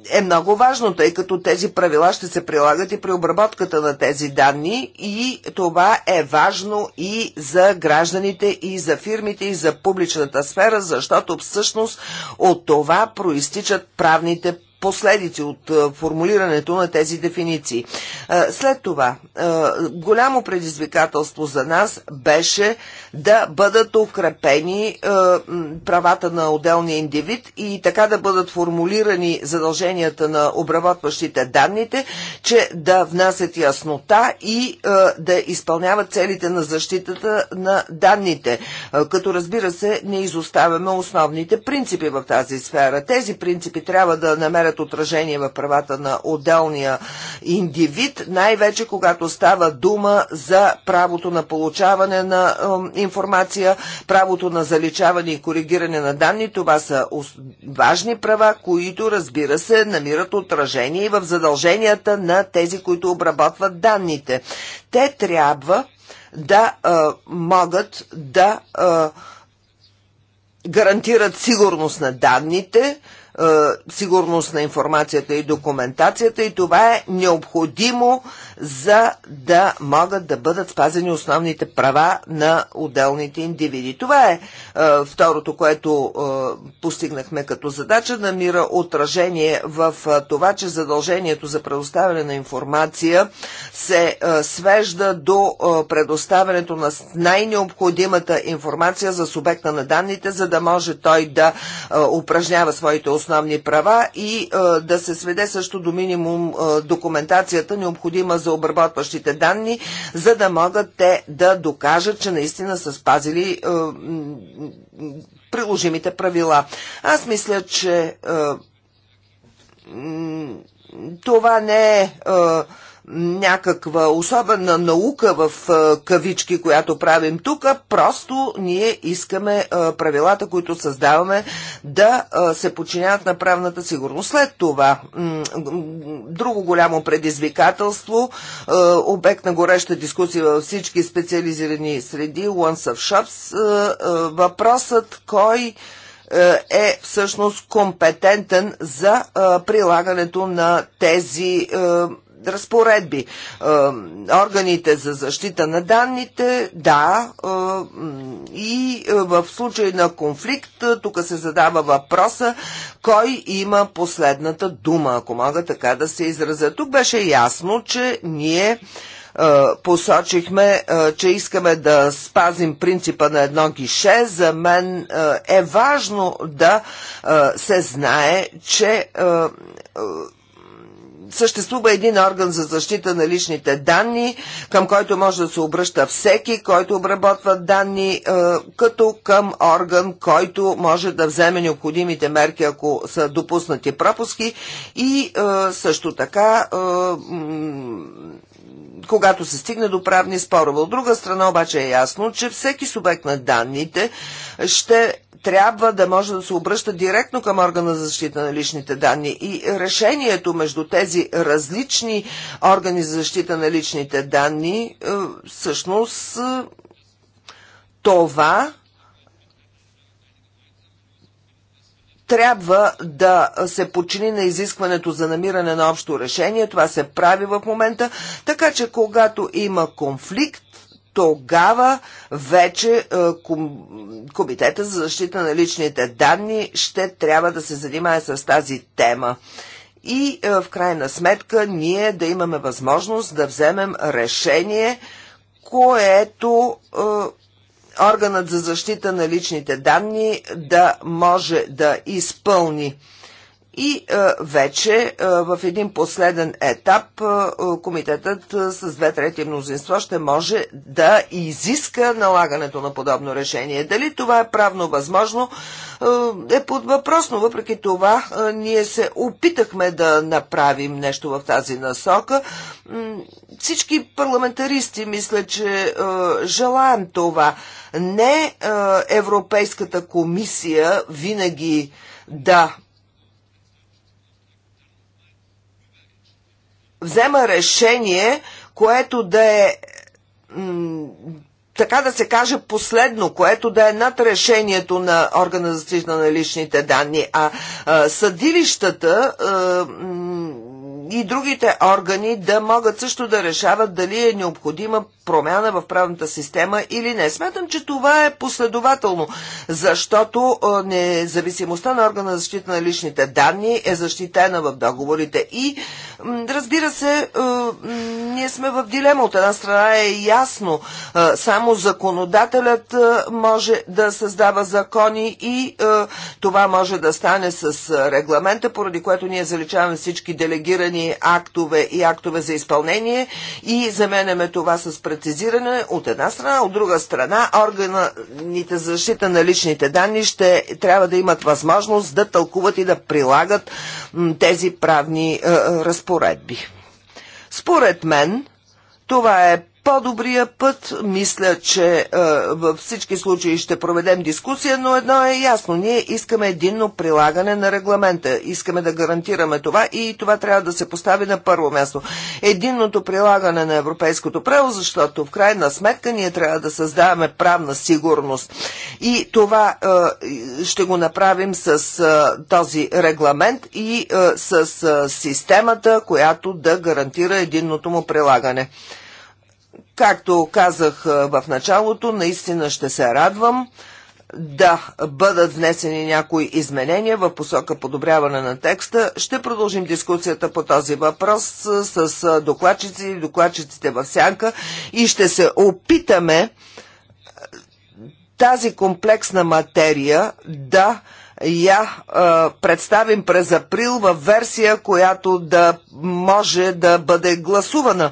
е много важно, тъй като тези правила ще се прилагат и при обработката на тези данни и това е важно и за гражданите, и за фирмите, и за публичната сфера, защото всъщност от това проистичат правните последици от формулирането на тези дефиниции. След това, голямо предизвикателство за нас беше да бъдат укрепени правата на отделния индивид и така да бъдат формулирани задълженията на обработващите данните, че да внасят яснота и да изпълняват целите на защитата на данните. Като разбира се, не изоставяме основните принципи в тази сфера. Тези принципи трябва да намерят намерят отражение в правата на отделния индивид, най-вече когато става дума за правото на получаване на е, информация, правото на заличаване и коригиране на данни. Това са важни права, които, разбира се, намират отражение и в задълженията на тези, които обработват данните. Те трябва да а, е, могат да а, е, гарантират сигурност на данните, е, сигурност на информацията и документацията и това е необходимо за да могат да бъдат спазени основните права на отделните индивиди. Това е, е второто, което е, постигнахме като задача, намира отражение в е, това, че задължението за предоставяне на информация се е, свежда до е, предоставянето на най-необходимата информация за субекта на данните, за да може той да е, упражнява своите основни права и е, да се сведе също до минимум е, документацията необходима за за обработващите данни, за да могат те да докажат, че наистина са спазили е, приложимите правила. Аз мисля, че е, това не е. е някаква особена наука в кавички, която правим тук, просто ние искаме правилата, които създаваме, да се подчиняват на правната сигурност. След това, друго голямо предизвикателство, обект на гореща дискусия във всички специализирани среди, Once of Shops, въпросът кой е всъщност компетентен за прилагането на тези разпоредби. Е, органите за защита на данните, да, е, и е, в случай на конфликт, тук се задава въпроса, кой има последната дума, ако мога така да се изразя. Тук беше ясно, че ние посочихме, че искаме да спазим принципа на едно гише. За мен е важно да се знае, че съществува един орган за защита на личните данни, към който може да се обръща всеки, който обработва данни, е, като към орган, който може да вземе необходимите мерки, ако са допуснати пропуски и е, също така е, когато се стигне до правни спорове. От друга страна обаче е ясно, че всеки субект на данните ще трябва да може да се обръща директно към органа за защита на личните данни. И решението между тези различни органи за защита на личните данни, е, всъщност е, това трябва да се почини на изискването за намиране на общо решение. Това се прави в момента, така че когато има конфликт, тогава вече е, Комитета за защита на личните данни ще трябва да се занимае с тази тема. И е, в крайна сметка ние да имаме възможност да вземем решение, което е, органът за защита на личните данни да може да изпълни. И е, вече е, в един последен етап е, комитетът с две трети мнозинство ще може да изиска налагането на подобно решение. Дали това е правно възможно е под въпрос, но въпреки това ние се опитахме да направим нещо в тази насока. Всички парламентаристи мисля, че желаем това. Не Европейската комисия винаги да взема решение, което да е така да се каже последно, което да е над решението на органа за защита на личните данни, а, а съдилищата а, и другите органи да могат също да решават дали е необходима промяна в правната система или не. Смятам, че това е последователно, защото независимостта на органа за защита на личните данни е защитена в договорите. И разбира се, ние сме в дилема. От една страна е ясно, само законодателят може да създава закони и това може да стане с регламента, поради което ние заличаваме всички делегирани делегирани актове и актове за изпълнение и заменяме това с прецизиране от една страна, от друга страна органите за защита на личните данни ще трябва да имат възможност да тълкуват и да прилагат тези правни е, е, разпоредби. Според мен това е по-добрия път. Мисля, че е, във всички случаи ще проведем дискусия, но едно е ясно. Ние искаме единно прилагане на регламента. Искаме да гарантираме това и това трябва да се постави на първо място. Единното прилагане на европейското право, защото в крайна сметка ние трябва да създаваме правна сигурност. И това е, ще го направим с е, този регламент и с системата, която да гарантира единното му прилагане. Както казах в началото, наистина ще се радвам да бъдат внесени някои изменения в посока подобряване на текста. Ще продължим дискусията по този въпрос с, с докладчици и докладчиците в сянка и ще се опитаме тази комплексна материя да я е, представим през април в версия, която да може да бъде гласувана.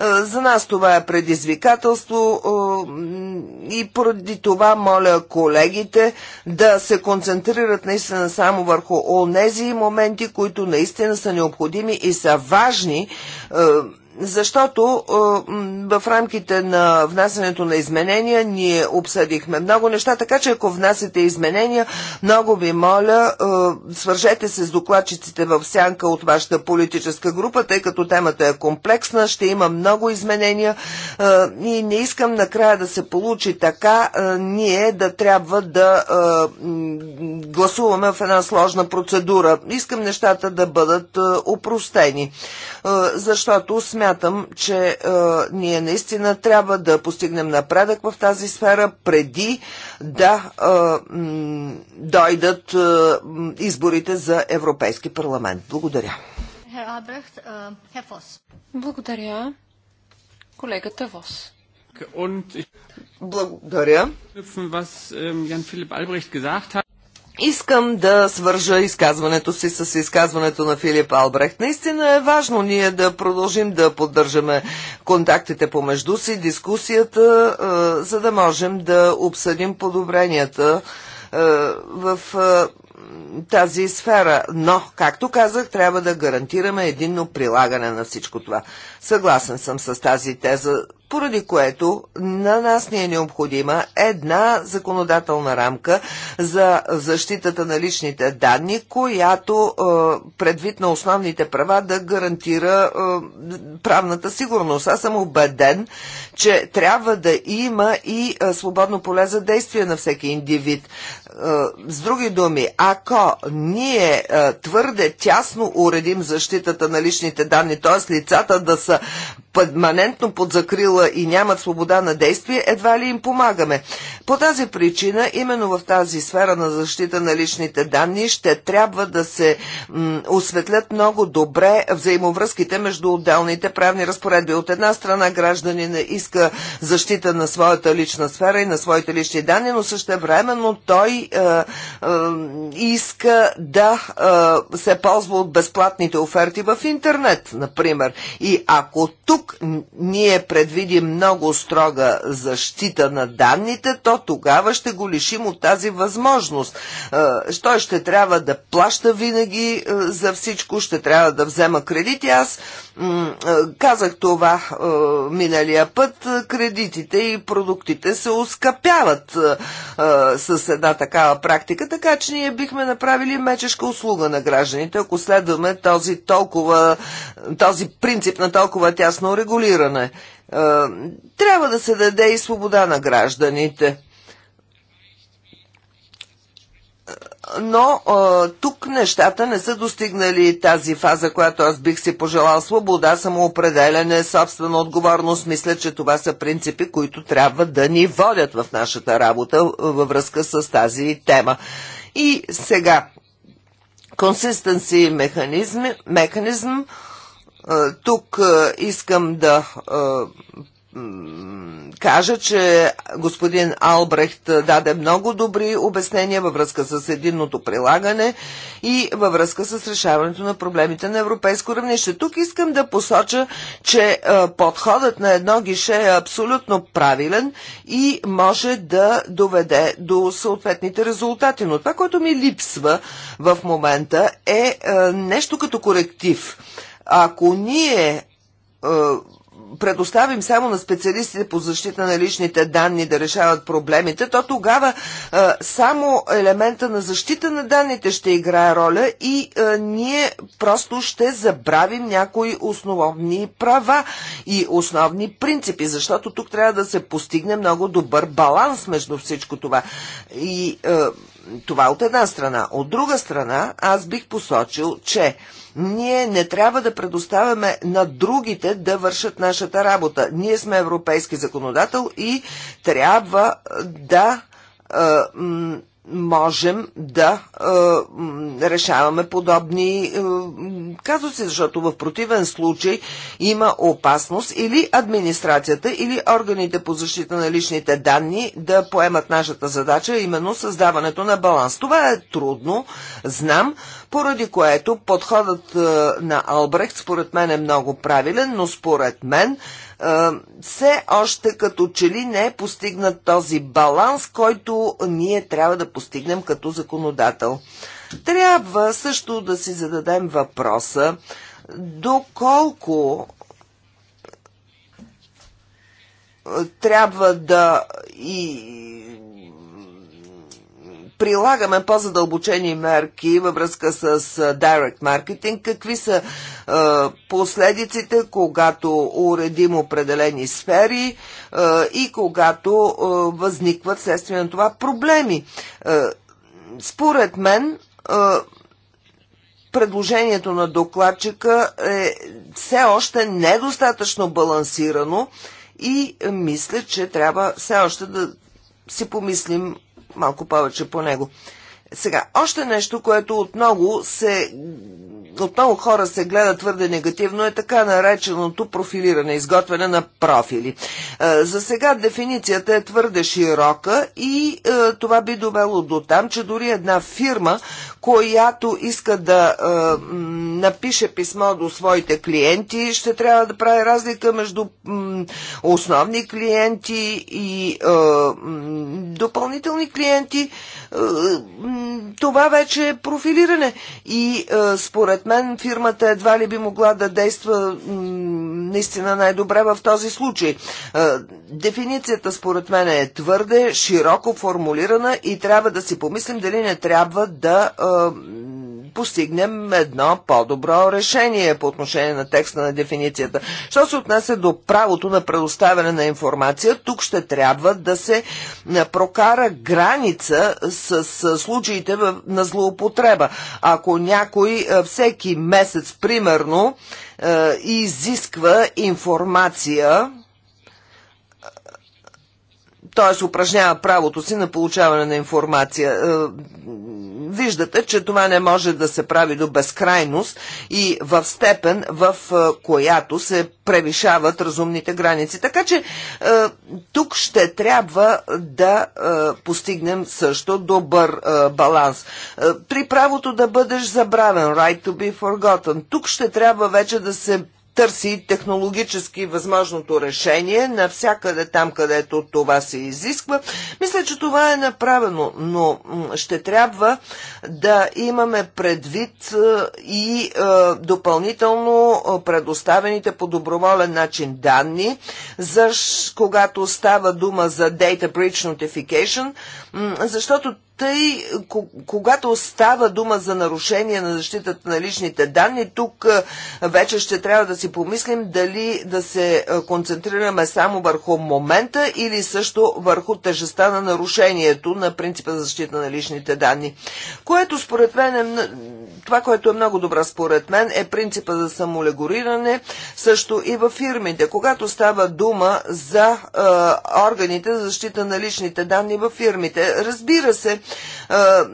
Е, за нас това е предизвикателство е, и поради това моля колегите да се концентрират наистина само върху онези моменти, които наистина са необходими и са важни е, защото е, в рамките на внасянето на изменения ние обсъдихме много неща, така че ако внасяте изменения, много ви моля, е, свържете се с докладчиците в сянка от вашата политическа група, тъй като темата е комплексна, ще има много изменения е, и не искам накрая да се получи така, ние да трябва да гласуваме в една сложна процедура. Искам нещата да бъдат упростени, защото смятам, смятам, че е, ние наистина трябва да постигнем напредък в тази сфера преди да е, м, дойдат е, изборите за Европейски парламент. Благодаря. Е, Благодаря. Колегата Вос. Благодаря. Ähm, Искам да свържа изказването си с изказването на Филип Албрехт. Наистина е важно ние да продължим да поддържаме контактите помежду си, дискусията, за да можем да обсъдим подобренията в тази сфера. Но, както казах, трябва да гарантираме единно прилагане на всичко това. Съгласен съм с тази теза поради което на нас ни е необходима една законодателна рамка за защитата на личните данни, която е, предвид на основните права да гарантира е, правната сигурност. Аз съм убеден, че трябва да има и е, свободно поле за действие на всеки индивид. С други думи, ако ние твърде тясно уредим защитата на личните данни, т.е. лицата да са перманентно под закрила сила и нямат свобода на действие, едва ли им помагаме. По тази причина, именно в тази сфера на защита на личните данни, ще трябва да се осветлят много добре взаимовръзките между отделните правни разпоредби. От една страна гражданина иска защита на своята лична сфера и на своите лични данни, но също времено той е, е, иска да е, се ползва от безплатните оферти в интернет, например. И ако тук ние предвидим винаги много строга защита на данните, то тогава ще го лишим от тази възможност. Той е, ще трябва да плаща винаги е, за всичко, ще трябва да взема кредити. Аз е, казах това миналия път. Кредитите и продуктите се ускъпяват с една такава практика, така че ние бихме направили мечешка услуга на гражданите, ако следваме този, толкова, този принцип на толкова тясно регулиране. Трябва да се даде и свобода на гражданите. но а, тук нещата не са достигнали тази фаза, която аз бих си пожелал. Свобода, самоопределяне, собствена отговорност. Мисля, че това са принципи, които трябва да ни водят в нашата работа във връзка с тази тема. И сега, консистенци механизм, механизм тук искам да кажа, че господин Албрехт даде много добри обяснения във връзка с единното прилагане и във връзка с решаването на проблемите на европейско равнище. Тук искам да посоча, че подходът на едно гише е абсолютно правилен и може да доведе до съответните резултати. Но това, което ми липсва в момента е нещо като коректив – ако ние е, предоставим само на специалистите по защита на личните данни да решават проблемите, то тогава е, само елемента на защита на данните ще играе роля и е, ние просто ще забравим някои основни права и основни принципи, защото тук трябва да се постигне много добър баланс между всичко това. И е, това от една страна. От друга страна, аз бих посочил, че ние не трябва да предоставяме на другите да вършат нашата работа. Ние сме европейски законодател и трябва да е, можем да е, решаваме подобни е, казуси, защото в противен случай има опасност или администрацията, или органите по защита на личните данни да поемат нашата задача, именно създаването на баланс. Това е трудно, знам, поради което подходът е, на Албрехт според мен е много правилен, но според мен все още като че ли не е постигнат този баланс, който ние трябва да постигнем като законодател. Трябва също да си зададем въпроса доколко трябва да и прилагаме по-задълбочени мерки във връзка с Direct Marketing, какви са последиците, когато уредим определени сфери и когато възникват следствие на това проблеми. Според мен, предложението на докладчика е все още недостатъчно балансирано и мисля, че трябва все още да си помислим малко повече по него. Сега, още нещо, което отново се от много хора се гледа твърде негативно е така нареченото профилиране, изготвяне на профили. Е, за сега дефиницията е твърде широка и е, това би довело до там, че дори една фирма, която иска да е, напише писмо до своите клиенти, ще трябва да прави разлика между основни клиенти и допълнителни клиенти това вече е профилиране. И е, според мен фирмата едва ли би могла да действа наистина най-добре в този случай. Е, дефиницията според мен е твърде широко формулирана и трябва да си помислим дали не трябва да е, постигнем едно по-добро решение по отношение на текста на дефиницията. Що се отнесе до правото на предоставяне на информация, тук ще трябва да се прокара граница с, с случаите на злоупотреба. Ако някой е, всеки месец, примерно, е, изисква информация, т.е. упражнява правото си на получаване на информация. Е, виждате, че това не може да се прави до безкрайност и в степен, в е, която се превишават разумните граници. Така че е, тук ще трябва да постигнем също добър баланс. При правото да бъдеш забравен, right to be forgotten, тук ще трябва вече да се търси технологически възможното решение навсякъде там, където това се изисква. Мисля, че това е направено, но ще трябва да имаме предвид е, и е, допълнително е, предоставените по доброволен начин данни, за когато става дума за Data Breach Notification, защото тъй, когато става дума за нарушение на защитата на личните данни, тук вече ще трябва да си помислим дали да се концентрираме само върху момента или също върху тежестта на нарушението на принципа за защита на личните данни. Което според мен е това, което е много добра според мен, е принципа за самолегориране, също и във фирмите. Когато става дума за е, органите за защита на личните данни във фирмите, разбира се, е,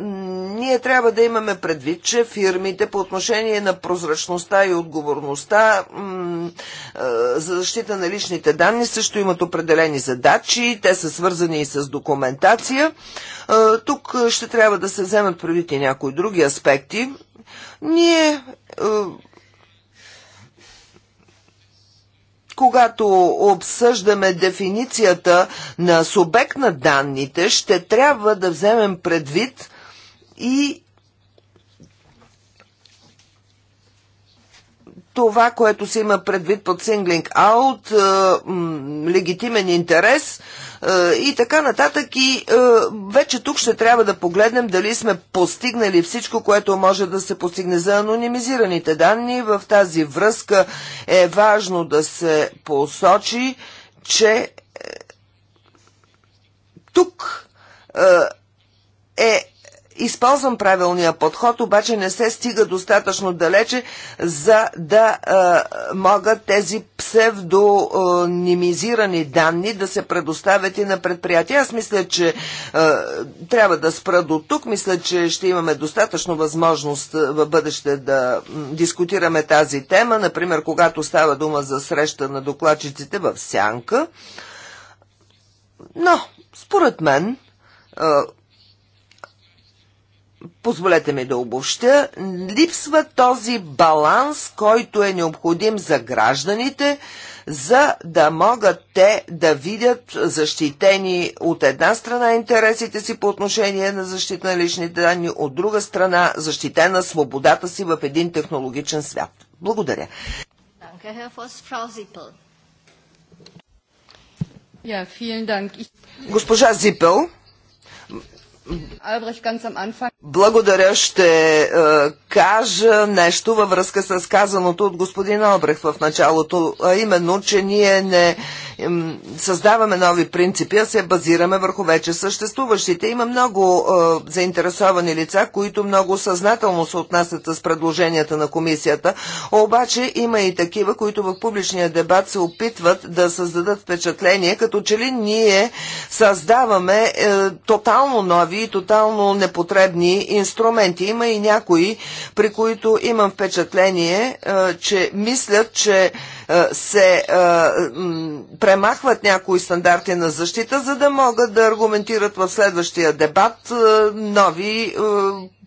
ние трябва да имаме предвид, че фирмите по отношение на прозрачността и отговорността е, за защита на личните данни също имат определени задачи, те са свързани и с документация. Тук ще трябва да се вземат предвид и някои други аспекти. Ние е, когато обсъждаме дефиницията на субект на данните, ще трябва да вземем предвид и това, което се има предвид под синглинг аут, е, легитимен интерес е, и така нататък. И е, вече тук ще трябва да погледнем дали сме постигнали всичко, което може да се постигне за анонимизираните данни. В тази връзка е важно да се посочи, че тук е използвам правилния подход, обаче не се стига достатъчно далече, за да е, могат тези псевдонимизирани данни да се предоставят и на предприятия. Аз мисля, че е, трябва да спра до тук. Мисля, че ще имаме достатъчно възможност в бъдеще да дискутираме тази тема, например, когато става дума за среща на докладчиците в Сянка. Но, според мен, е, позволете ми да обобща. липсва този баланс, който е необходим за гражданите, за да могат те да видят защитени от една страна интересите си по отношение на защита на личните данни, от друга страна защитена свободата си в един технологичен свят. Благодаря. Госпожа Зипел. Благодаря, ще е, кажа нещо във връзка с казаното от господин Обрех в началото, а именно, че ние не създаваме нови принципи, а се базираме върху вече съществуващите. Има много е, заинтересовани лица, които много съзнателно се отнасят с предложенията на комисията, обаче има и такива, които в публичния дебат се опитват да създадат впечатление, като че ли ние създаваме е, тотално нови и тотално непотребни инструменти. Има и някои, при които имам впечатление, е, че мислят, че е, се е, премахват някои стандарти на защита, за да могат да аргументират в следващия дебат е, нови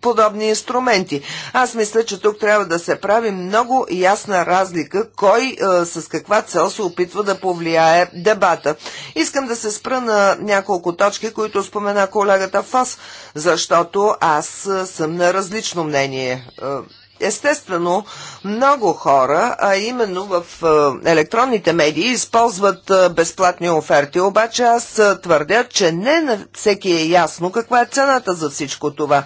подобни инструменти. Аз мисля, че тук трябва да се прави много ясна разлика, кой а, с каква цел се опитва да повлияе дебата. Искам да се спра на няколко точки, които спомена колегата Фос, защото аз съм на различно мнение Естествено, много хора, а именно в електронните медии, използват безплатни оферти, обаче аз твърдя, че не на всеки е ясно каква е цената за всичко това.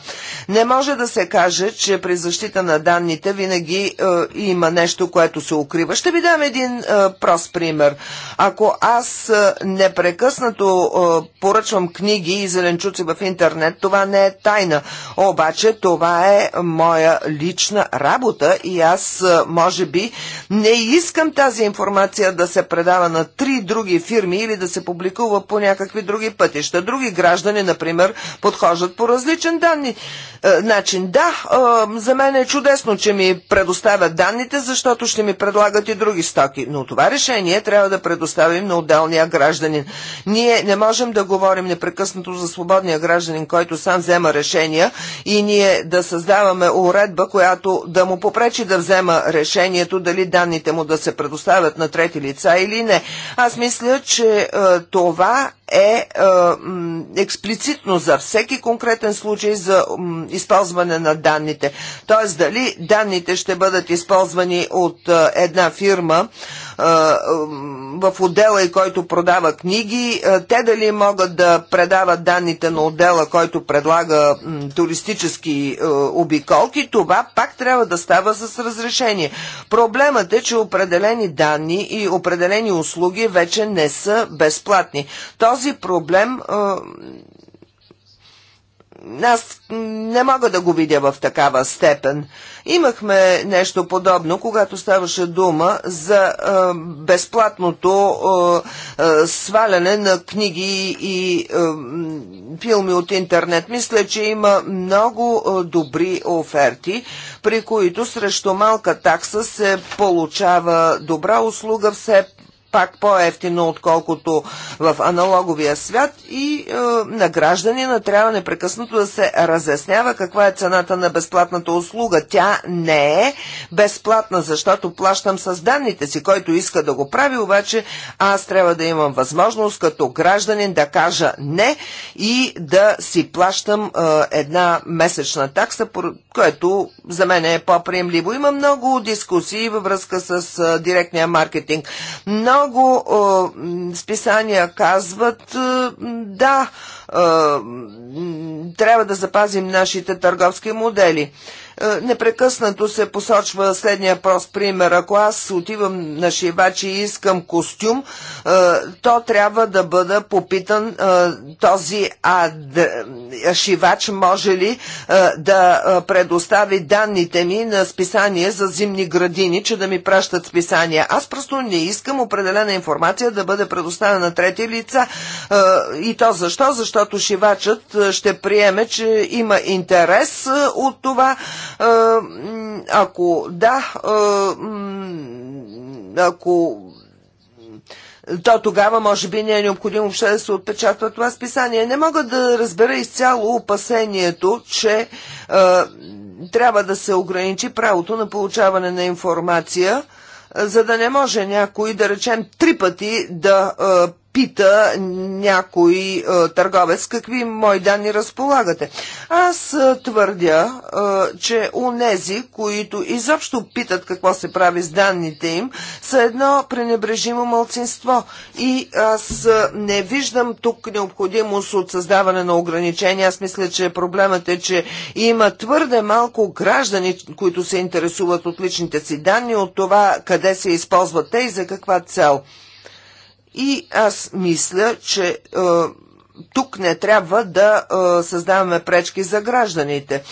Не може да се каже, че при защита на данните винаги е, има нещо, което се укрива. Ще ви дам един е, прост пример. Ако аз непрекъснато е, поръчвам книги и зеленчуци в интернет, това не е тайна. Обаче това е моя лична на работа и аз може би не искам тази информация да се предава на три други фирми или да се публикува по някакви други пътища. Други граждани, например, подхождат по различен данни, е, начин. Да, е, за мен е чудесно, че ми предоставят данните, защото ще ми предлагат и други стоки. Но това решение трябва да предоставим на отделния гражданин. Ние не можем да говорим непрекъснато за свободния гражданин, който сам взема решения и ние да създаваме уредба, която което да му попречи да взема решението дали данните му да се предоставят на трети лица или не. Аз мисля, че е, това е, е експлицитно за всеки конкретен случай за използване на данните. Тоест дали данните ще бъдат използвани от е, една фирма, в отдела и който продава книги, те дали могат да предават данните на отдела, който предлага туристически обиколки, това пак трябва да става с разрешение. Проблемът е, че определени данни и определени услуги вече не са безплатни. Този проблем аз не мога да го видя в такава степен. Имахме нещо подобно, когато ставаше дума за е, безплатното е, е, сваляне на книги и е, филми от интернет. Мисля, че има много е, добри оферти, при които срещу малка такса се получава добра услуга все пак по-ефтино, отколкото в аналоговия свят и е, на гражданина трябва непрекъснато да се разяснява каква е цената на безплатната услуга. Тя не е безплатна, защото плащам с данните си, който иска да го прави, обаче аз трябва да имам възможност като гражданин да кажа не и да си плащам е, една месечна такса, което за мен е по-приемливо. Има много дискусии във връзка с е, директния маркетинг. Но много е, списания казват, е, да, е, трябва да запазим нашите търговски модели. Е, непрекъснато се посочва следния прост пример. Ако аз отивам на шивач и искам костюм, е, то трябва да бъда попитан е, този шивач може ли да предостави данните ми на списание за зимни градини, че да ми пращат списания. Аз просто не искам определена информация да бъде предоставена на трети лица. И то защо? Защото шивачът ще приеме, че има интерес от това ако да, ако то тогава може би не е необходимо въобще да се отпечатва това списание. Не мога да разбера изцяло опасението, че е, трябва да се ограничи правото на получаване на информация, за да не може някой, да речем, три пъти да е, пита някой е, търговец какви мои данни разполагате. Аз е, твърдя, е, че унези, които изобщо питат какво се прави с данните им, са едно пренебрежимо мълцинство. И аз е, не виждам тук необходимост от създаване на ограничения. Аз мисля, че проблемът е, че има твърде малко граждани, които се интересуват от личните си данни, от това къде се използват те и за каква цел. И аз мисля, че е, тук не трябва да е, създаваме пречки за гражданите. Е,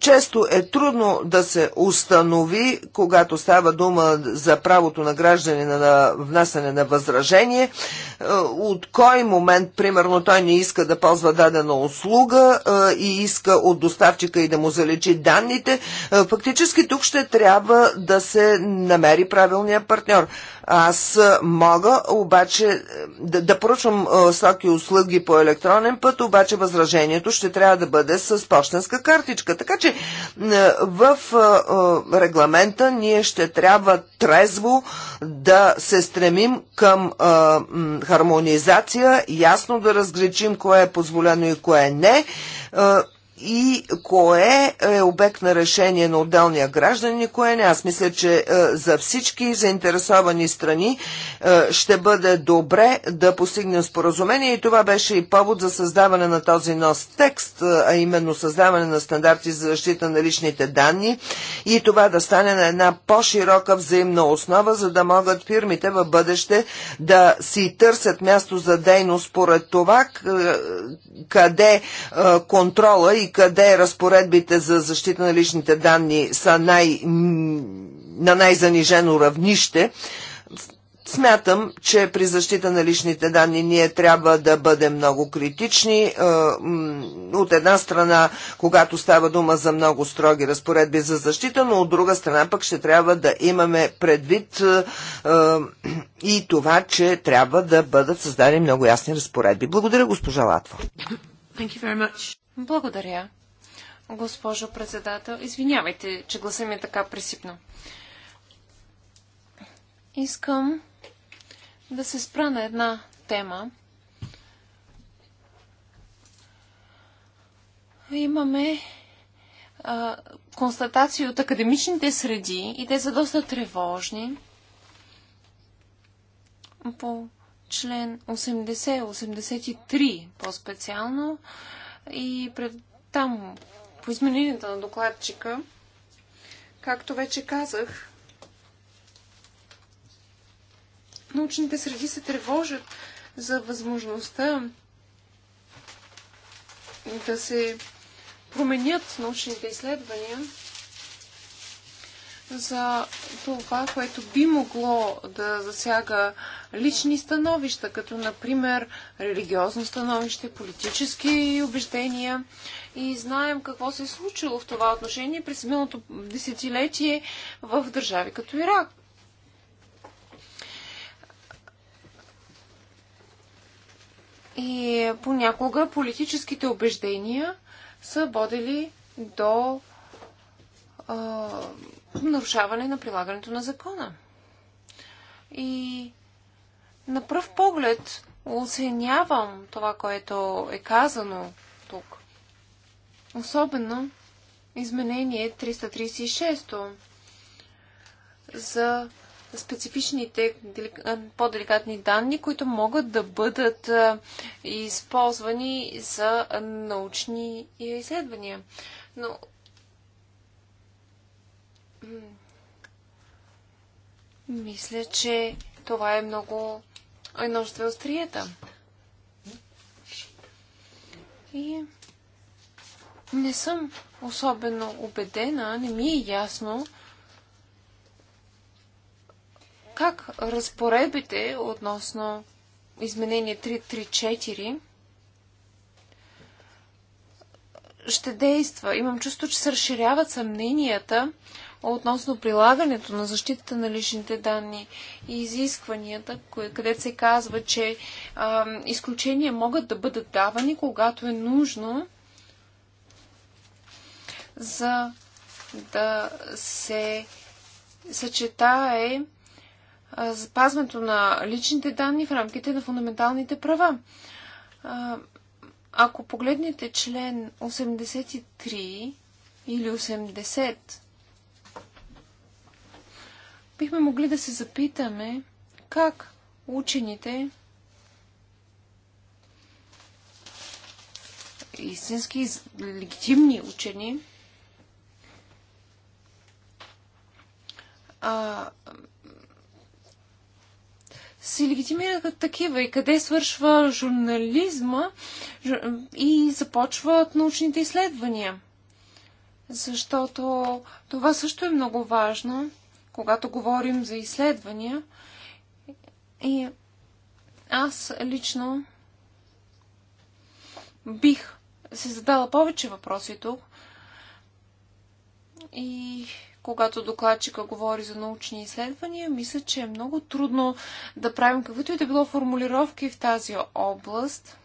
често е трудно да се установи, когато става дума за правото на гражданина на внасяне на възражение, е, от кой момент, примерно, той не иска да ползва дадена услуга е, и иска от доставчика и да му залечи данните. Е, фактически тук ще трябва да се намери правилния партньор. Е, аз мога обаче е, да, да поръчвам стоки услуги по електронен път, обаче възражението ще трябва да бъде с почтенска картичка. Така че е, в регламента ние ще трябва трезво да се стремим към хармонизация, ясно да разгречим кое е позволено и кое не и кое е обект на решение на отделния граждан, и кое не. Аз мисля, че е, за всички заинтересовани страни е, ще бъде добре да постигнем споразумение и това беше и повод за създаване на този нос текст, е, а именно създаване на стандарти за защита на личните данни и това да стане на една по-широка взаимна основа, за да могат фирмите в бъдеще да си търсят място за дейност според това, къде контрола и къде разпоредбите за защита на личните данни са най, на най-занижено равнище, Смятам, че при защита на личните данни ние трябва да бъдем много критични. Е, от една страна, когато става дума за много строги разпоредби за защита, но от друга страна пък ще трябва да имаме предвид е, е, и това, че трябва да бъдат създадени много ясни разпоредби. Благодаря, госпожа Латва. Благодаря, госпожо председател. Извинявайте, че гласа ми е така пресипна. Искам да се спра на една тема. Имаме а, констатации от академичните среди и те са доста тревожни. По член 80-83 по-специално и пред, там, по измененията на докладчика, както вече казах, научните среди се тревожат за възможността да се променят научните изследвания за това, което би могло да засяга лични становища, като например религиозно становище, политически убеждения. И знаем какво се е случило в това отношение през миналото десетилетие в държави като Ирак. И понякога политическите убеждения са водили до а, нарушаване на прилагането на закона. И на пръв поглед оценявам това, което е казано тук. Особено изменение 336 за специфичните по-деликатни данни, които могат да бъдат използвани за научни изследвания. Но мисля, че това е много едножестве острията. Е И не съм особено убедена, не ми е ясно как разпоредбите относно изменение 334 ще действа. Имам чувство, че се разширяват съмненията относно прилагането на защитата на личните данни и изискванията, където се казва, че а, изключения могат да бъдат давани, когато е нужно за да се съчетае запазването на личните данни в рамките на фундаменталните права. Ако погледнете член 83 или 80 бихме могли да се запитаме как учените истински легитимни учени а, се легитимират като такива и къде свършва журнализма и започват научните изследвания. Защото това също е много важно когато говорим за изследвания. И аз лично бих се задала повече въпроси тук. И когато докладчика говори за научни изследвания, мисля, че е много трудно да правим каквито и да било формулировки в тази област.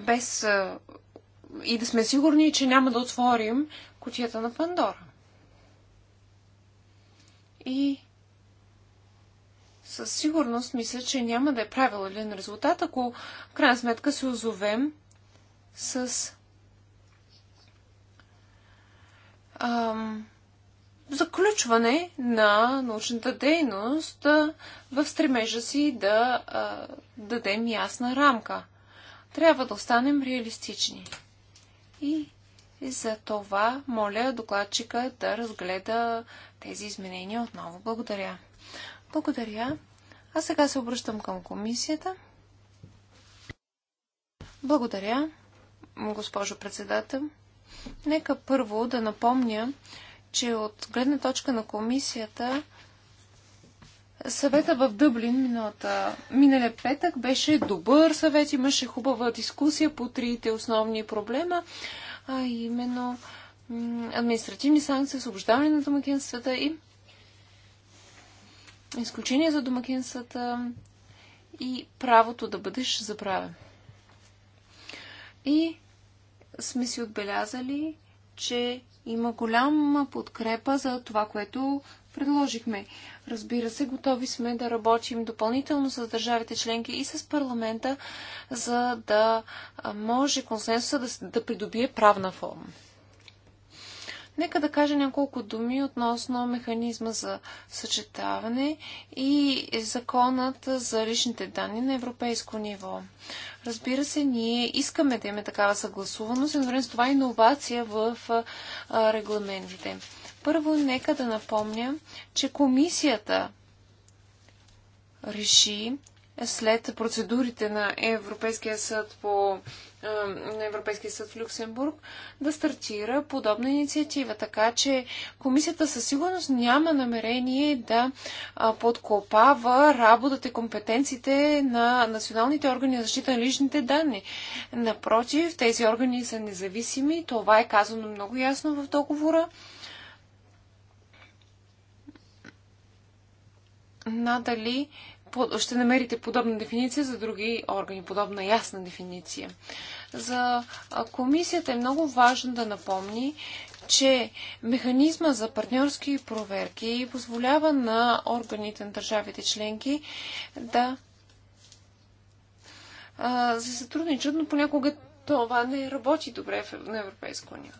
Без и да сме сигурни, че няма да отворим кутията на Пандора. И със сигурност мисля, че няма да е правилен резултат, ако в крайна сметка се озовем с ам, заключване на научната дейност в стремежа си да а, дадем ясна рамка. Трябва да останем реалистични. И за това моля докладчика да разгледа тези изменения отново. Благодаря. Благодаря. А сега се обръщам към комисията. Благодаря, госпожо председател. Нека първо да напомня, че от гледна точка на комисията Съвета в Дъблин миналата, миналия петък беше добър съвет, имаше хубава дискусия по трите основни проблема, а именно административни санкции, освобождаване на домакинствата и изключение за домакинствата и правото да бъдеш забравен. И сме си отбелязали, че има голяма подкрепа за това, което предложихме. Разбира се, готови сме да работим допълнително с държавите членки и с парламента, за да може консенсуса да, да придобие правна форма. Нека да кажа няколко думи относно механизма за съчетаване и законът за личните данни на европейско ниво. Разбира се, ние искаме да имаме такава съгласуваност, едновременно с това иновация в регламентите. Първо, нека да напомня, че комисията реши след процедурите на Европейския съд по на Европейския съд в Люксембург да стартира подобна инициатива. Така че комисията със сигурност няма намерение да подкопава работата и компетенциите на националните органи за защита на личните данни. Напротив, тези органи са независими. Това е казано много ясно в договора. надали ще намерите подобна дефиниция за други органи, подобна ясна дефиниция. За комисията е много важно да напомни, че механизма за партньорски проверки позволява на органите на държавите членки да се сътрудничат, но понякога това не работи добре на Европейско ниво.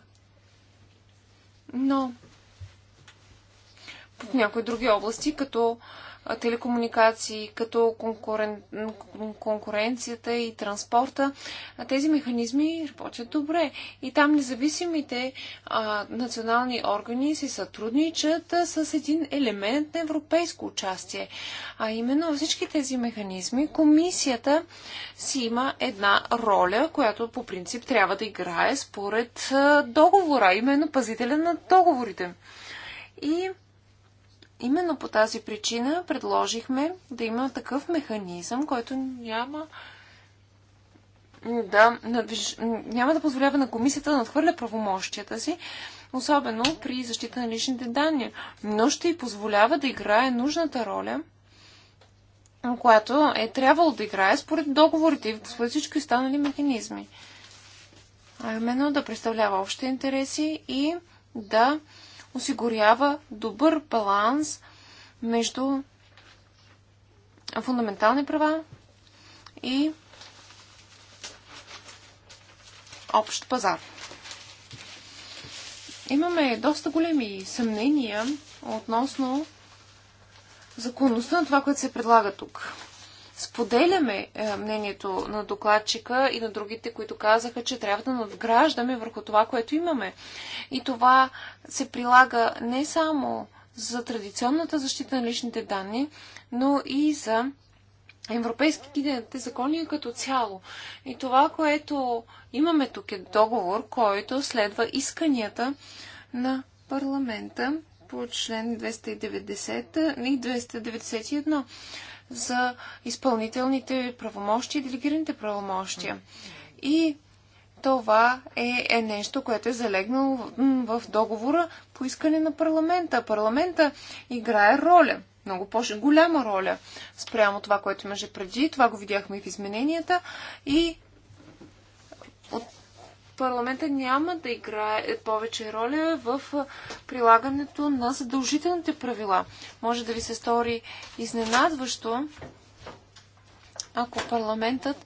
Но в някои други области, като телекомуникации, като конкурен... конкуренцията и транспорта, тези механизми работят добре. И там независимите а, национални органи си сътрудничат с един елемент на европейско участие. А именно във всички тези механизми комисията си има една роля, която по принцип трябва да играе според договора, именно пазителя на договорите. И Именно по тази причина предложихме да има такъв механизъм, който няма да, надвиж... няма да позволява на комисията да надхвърля правомощията си, особено при защита на личните данни, но ще й позволява да играе нужната роля, която е трябвало да играе според договорите и според всички останали механизми. А именно да представлява общи интереси и да осигурява добър баланс между фундаментални права и общ пазар. Имаме доста големи съмнения относно законността на това, което се предлага тук. Споделяме е, мнението на докладчика и на другите, които казаха, че трябва да надграждаме върху това, което имаме. И това се прилага не само за традиционната защита на личните данни, но и за европейските закони като цяло. И това, което имаме тук е договор, който следва исканията на парламента по член 290 и 291 за изпълнителните правомощи и делегираните правомощия. И това е, е нещо, което е залегнало в договора по искане на парламента. Парламента играе роля, много по-голяма роля спрямо това, което имаше преди. Това го видяхме и в измененията. И парламента няма да играе повече роля в прилагането на задължителните правила. Може да ви се стори изненадващо, ако парламентът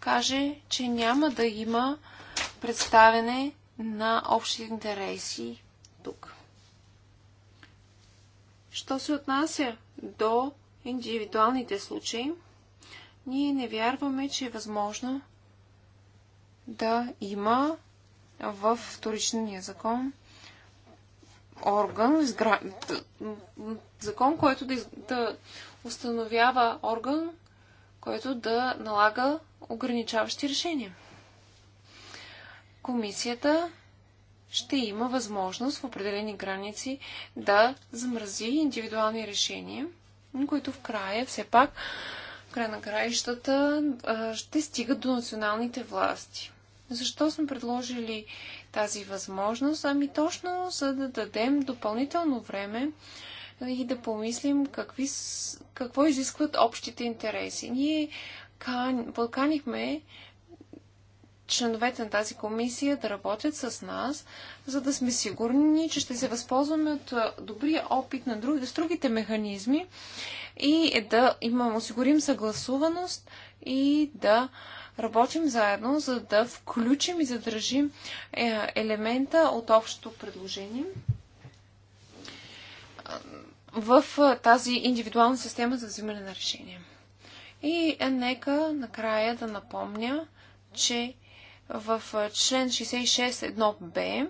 каже, че няма да има представене на общи интереси тук. Що се отнася до индивидуалните случаи, ние не вярваме, че е възможно да има в вторичния закон орган, изгра... закон, който да, из... да установява орган, който да налага ограничаващи решения. Комисията ще има възможност в определени граници да замрази индивидуални решения, които в края все пак, в края на краищата, ще стигат до националните власти. Защо сме предложили тази възможност? Ами точно за да дадем допълнително време и да помислим какви, какво изискват общите интереси. Ние поканихме членовете на тази комисия да работят с нас, за да сме сигурни, че ще се възползваме от добрия опит на други, с другите механизми и е да имам, осигурим съгласуваност и да а, работим заедно, за да включим и задържим е, елемента от общото предложение в е, тази индивидуална система за взимане на решения. И е, нека накрая да напомня, че в член 66.1b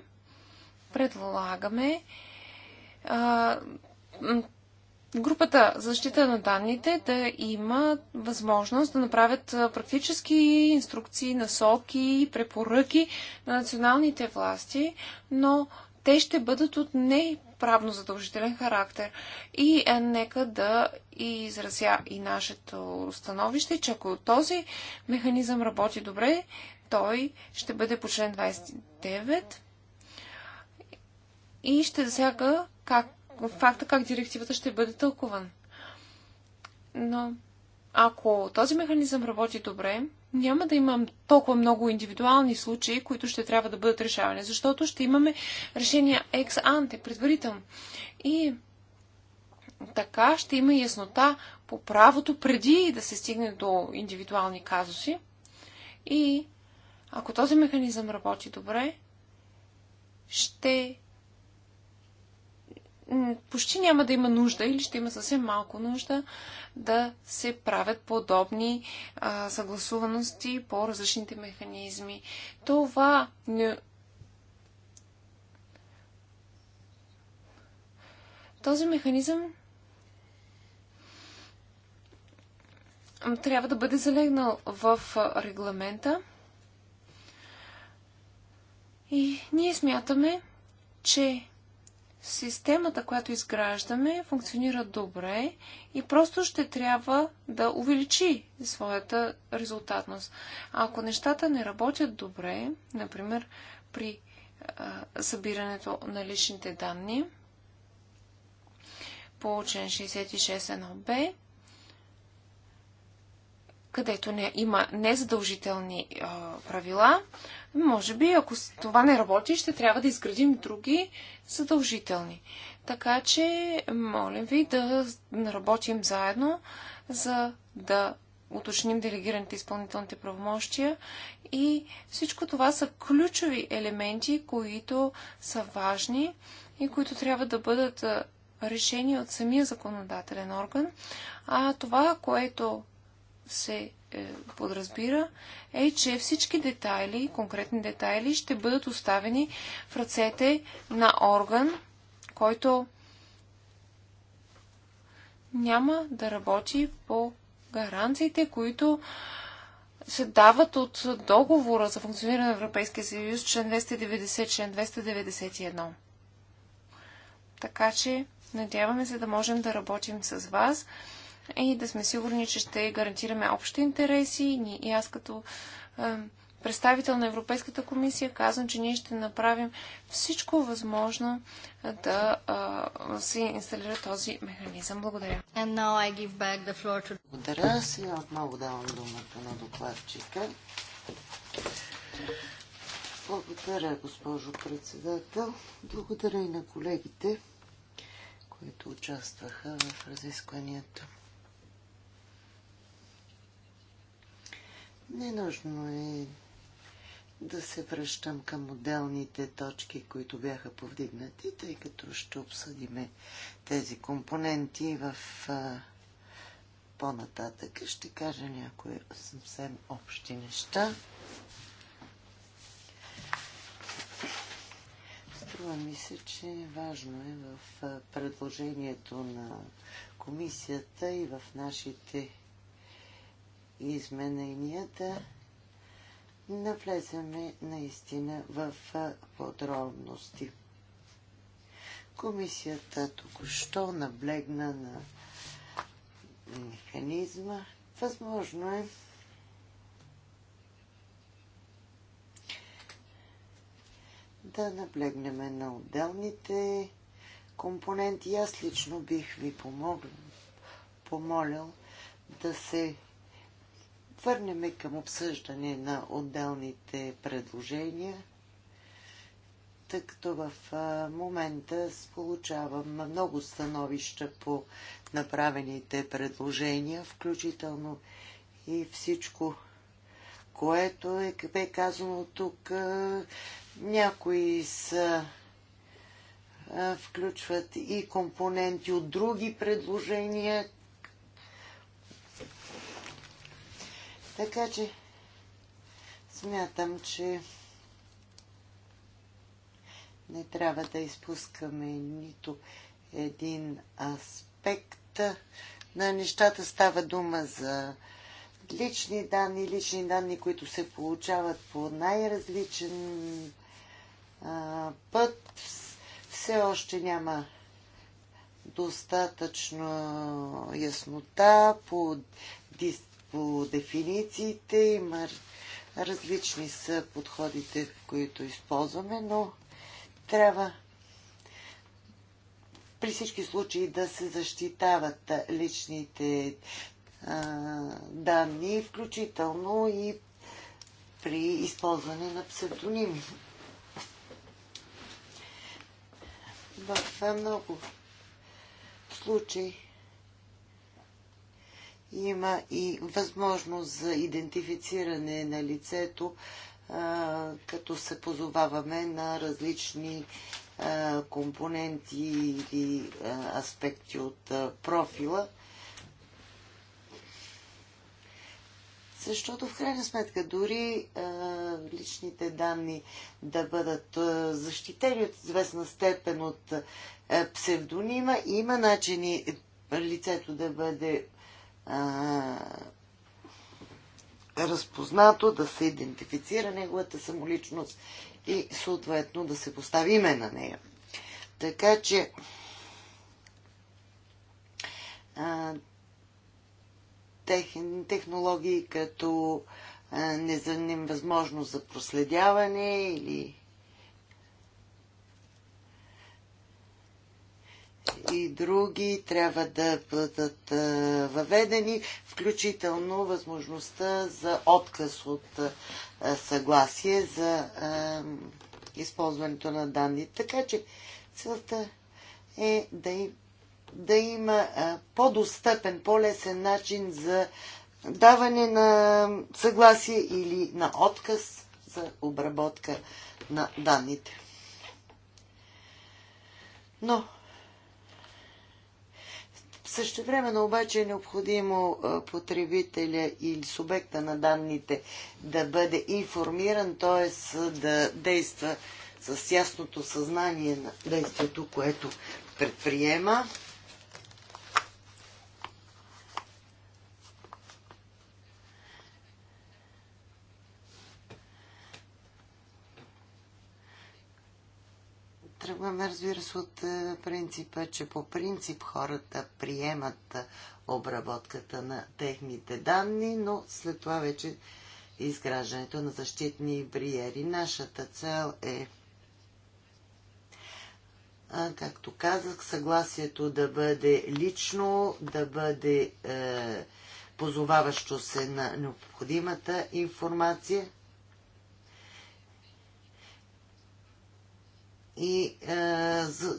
предлагаме групата за защита на данните да има възможност да направят практически инструкции, насоки, препоръки на националните власти, но те ще бъдат от неправно задължителен характер. И е, нека да изразя и нашето становище, че ако този механизъм работи добре, той ще бъде по член 29 и ще засяга как факта как директивата ще бъде тълкуван. Но ако този механизъм работи добре, няма да имам толкова много индивидуални случаи, които ще трябва да бъдат решавани, защото ще имаме решения екс-анте, предварително. И така ще има яснота по правото преди да се стигне до индивидуални казуси. И ако този механизъм работи добре, ще почти няма да има нужда или ще има съвсем малко нужда да се правят подобни а, съгласуваности по различните механизми. Това не... Този механизъм трябва да бъде залегнал в регламента. И ние смятаме, че системата, която изграждаме, функционира добре и просто ще трябва да увеличи своята резултатност. А ако нещата не работят добре, например при а, събирането на личните данни по 66 1 където не, има незадължителни а, правила, може би, ако това не работи, ще трябва да изградим други задължителни. Така че, молим ви да работим заедно, за да уточним делегираните изпълнителните правомощия и всичко това са ключови елементи, които са важни и които трябва да бъдат решени от самия законодателен орган. А това, което се е, подразбира, е, че всички детайли, конкретни детайли, ще бъдат оставени в ръцете на орган, който няма да работи по гаранциите, които се дават от договора за функциониране на Европейския съюз, член 290, член 291. Така че, надяваме се да можем да работим с вас и да сме сигурни, че ще гарантираме общи интереси. И аз като представител на Европейската комисия казвам, че ние ще направим всичко възможно да се инсталира този механизъм. Благодаря. Благодаря. Сега отново давам думата на докладчика. Благодаря, госпожо председател. Благодаря и на колегите, които участваха в разискванията. Ненужно е да се връщам към отделните точки, които бяха повдигнати, тъй като ще обсъдиме тези компоненти в по-нататък. Ще кажа някои съвсем общи неща. Струва ми се, че важно е в предложението на комисията и в нашите измененията навлеземе наистина в подробности. Комисията току-що наблегна на механизма. Възможно е да наблегнем на отделните компоненти. Аз лично бих ви помогнал, помолил да се върнем към обсъждане на отделните предложения, тъй като в момента получавам много становища по направените предложения, включително и всичко, което е, бе казано тук. Някои са включват и компоненти от други предложения, Така че смятам, че не трябва да изпускаме нито един аспект на нещата. Става дума за лични данни, лични данни, които се получават по най-различен път. Все още няма достатъчно яснота по дис, по дефинициите, има различни са подходите, които използваме, но трябва при всички случаи да се защитават личните а, данни, включително и при използване на псевдоними. В много случаи има и възможност за идентифициране на лицето, като се позоваваме на различни компоненти или аспекти от профила. Защото в крайна сметка дори личните данни да бъдат защитени от известна степен от псевдонима, има начини лицето да бъде разпознато, да се идентифицира неговата самоличност и съответно да се постави име на нея. Така че технологии като невъзможност за проследяване или и други трябва да бъдат въведени, включително възможността за отказ от съгласие за използването на данни. Така че целта е да, им, да има по-достъпен, по-лесен начин за даване на съгласие или на отказ за обработка на данните. Но също време, обаче е необходимо потребителя или субекта на данните да бъде информиран, т.е. да действа с ясното съзнание на действието, което предприема. Тръгваме, разбира се, от е, принципа, че по принцип хората приемат е, обработката на техните данни, но след това вече изграждането на защитни бриери. Нашата цел е, е, както казах, съгласието да бъде лично, да бъде позоваващо се на необходимата информация – и, а, за,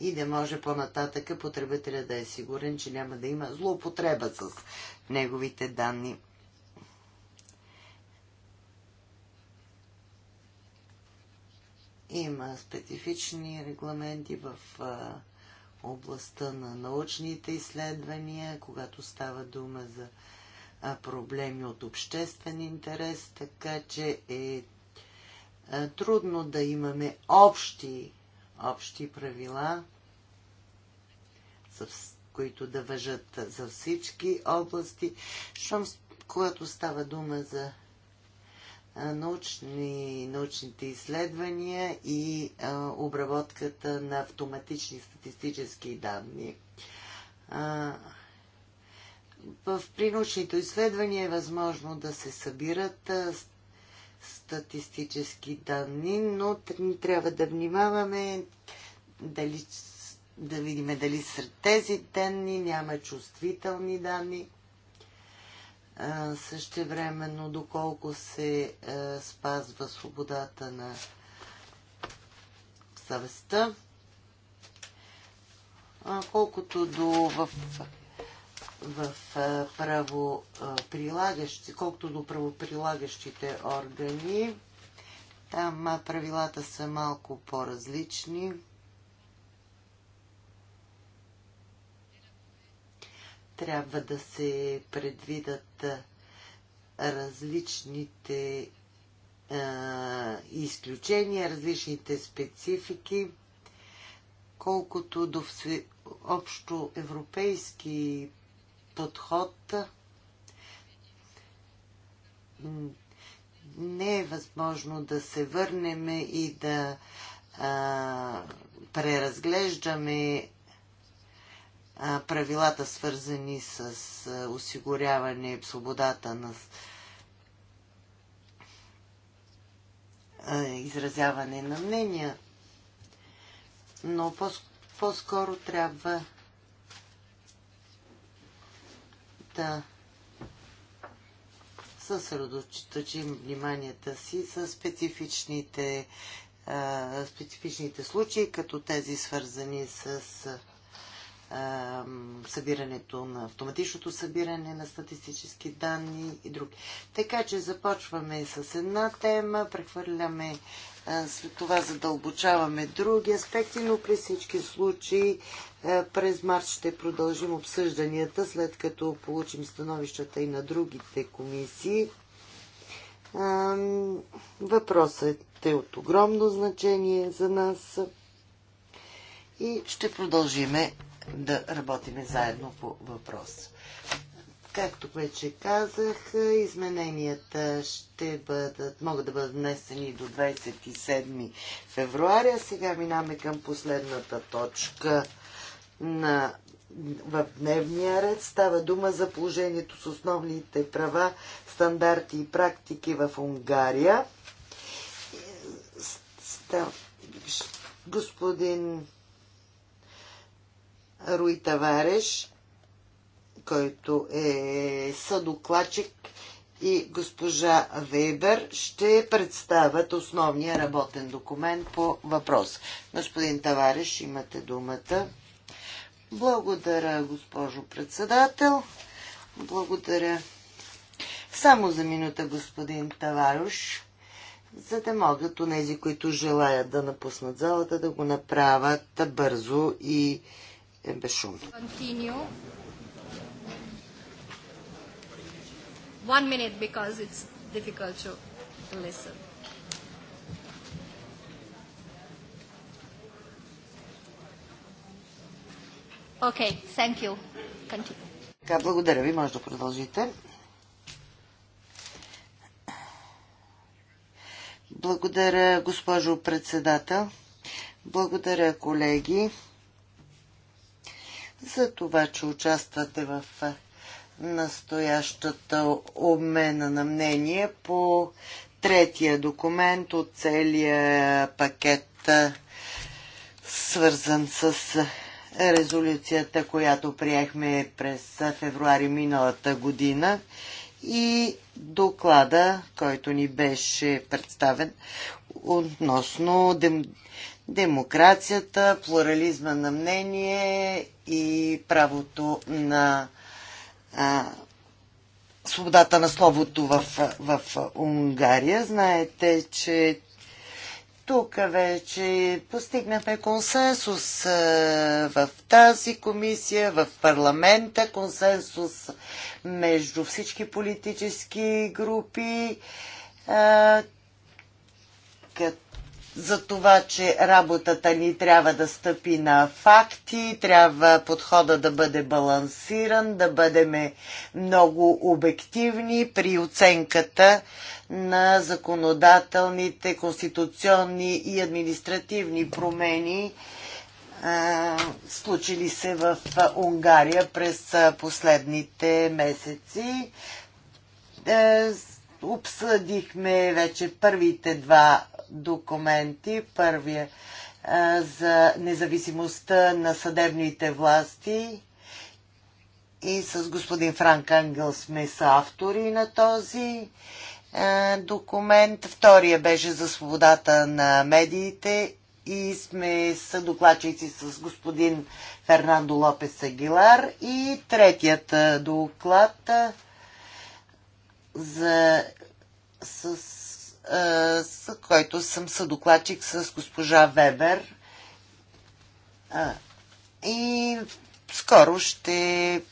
и да може по-нататъка потребителя да е сигурен, че няма да има злоупотреба с неговите данни. Има специфични регламенти в а, областта на научните изследвания, когато става дума за проблеми от обществен интерес, така че е е, трудно да имаме общи, общи правила, които да въжат за всички области, щом, когато става дума за е, научни, научните изследвания и а, е, обработката на автоматични статистически данни. А, в при научните изследвания е възможно да се събират а, статистически данни, но трябва да внимаваме дали, да видим дали сред тези данни няма чувствителни данни. времено доколко се спазва свободата на съвестта. Колкото до в в правоприлагащи, колкото до правоприлагащите органи. Там правилата са малко по-различни. Трябва да се предвидат различните изключения, различните специфики, колкото до общо европейски подход не е възможно да се върнем и да а, преразглеждаме а, правилата, свързани с а, осигуряване свободата на изразяване на мнения, но по-скоро трябва да съсредоточим вниманията си за специфичните, специфичните случаи, като тези свързани с събирането на автоматичното събиране на статистически данни и други. Така че започваме с една тема, прехвърляме след това задълбочаваме други аспекти, но при всички случаи е, през март ще продължим обсъжданията, след като получим становищата и на другите комисии. Въпросът е от огромно значение за нас и ще продължиме да работиме заедно по въпроса. Както вече казах, измененията ще бъдат, могат да бъдат внесени до 27 февруаря. Сега минаме към последната точка на в дневния ред става дума за положението с основните права, стандарти и практики в Унгария. Господин Руи Тавареш който е съдокладчик и госпожа Вейбер ще представят основния работен документ по въпрос. Господин Тавареш, имате думата. Благодаря, госпожо председател. Благодаря. Само за минута, господин Таваруш, за да могат онези, които желаят да напуснат залата, да го направят бързо и е, безшумно. one minute because it's difficult to listen. Okay, thank you. Continue. Така, благодаря ви. Може да продължите. Благодаря, госпожо председател. Благодаря, колеги, за това, че участвате в настоящата обмена на мнение по третия документ от целия пакет, свързан с резолюцията, която приехме през февруари миналата година и доклада, който ни беше представен относно дем... демокрацията, плурализма на мнение и правото на а, свободата на словото в, в Унгария. Знаете, че тук вече постигнахме консенсус в тази комисия, в парламента, консенсус между всички политически групи, като за това, че работата ни трябва да стъпи на факти, трябва подхода да бъде балансиран, да бъдем много обективни при оценката на законодателните, конституционни и административни промени, случили се в Унгария през последните месеци. Е, обсъдихме вече първите два документи. Първия е, за независимостта на съдебните власти и с господин Франк Ангел сме са автори на този документ. Втория беше за свободата на медиите и сме съдокладчици с господин Фернандо Лопес Агилар. И третият доклад за с с който съм съдокладчик с госпожа Вебер. И скоро ще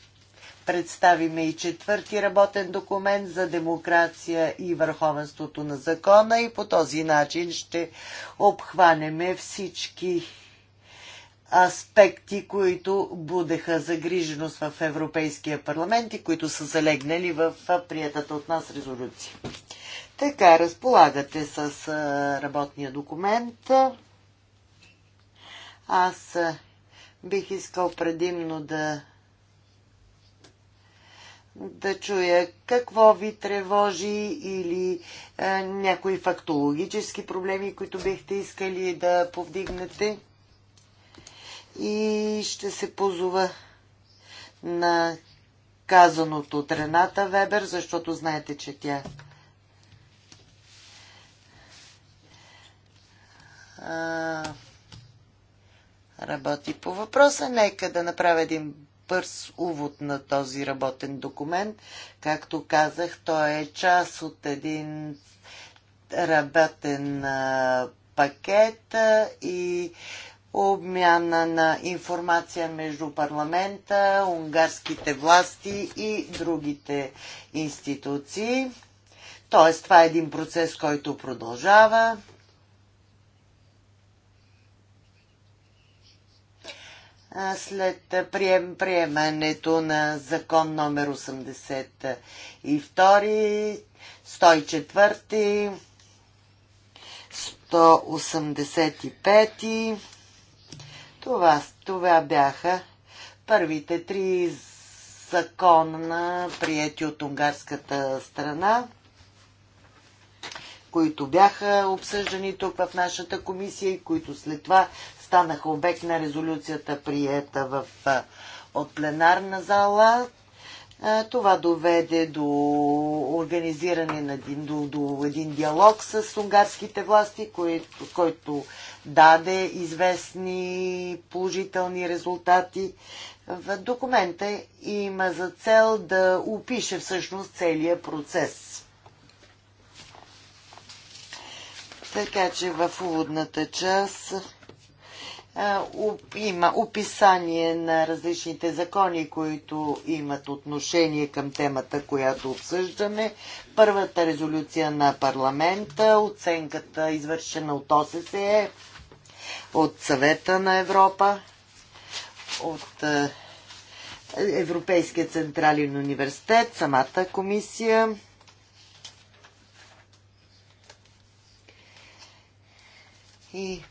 представиме и четвърти работен документ за демокрация и върховенството на закона и по този начин ще обхванеме всички аспекти, които будеха загриженост в Европейския парламент и които са залегнали в приятата от нас резолюция. Така, разполагате с работния документ. Аз бих искал предимно да да чуя какво ви тревожи или е, някои фактологически проблеми, които бихте искали да повдигнете. И ще се позова на казаното от Рената Вебер, защото знаете, че тя а, работи по въпроса. Нека да направя един бърз увод на този работен документ. Както казах, той е част от един работен пакет и обмяна на информация между парламента, унгарските власти и другите институции. Тоест, това е един процес, който продължава. след прием, приемането на закон номер 82, 104, 185. Това, това бяха първите три закона, прияти от унгарската страна, които бяха обсъждани тук в нашата комисия и които след това станаха обект на резолюцията приета в, от пленарна зала. Това доведе до организиране на един, до, до един диалог с унгарските власти, който, който даде известни положителни резултати. В документа има за цел да опише всъщност целият процес. Така че в уводната част има описание на различните закони, които имат отношение към темата, която обсъждаме. Първата резолюция на парламента, оценката извършена от ОССЕ, от Съвета на Европа, от Европейския централен университет, самата комисия. И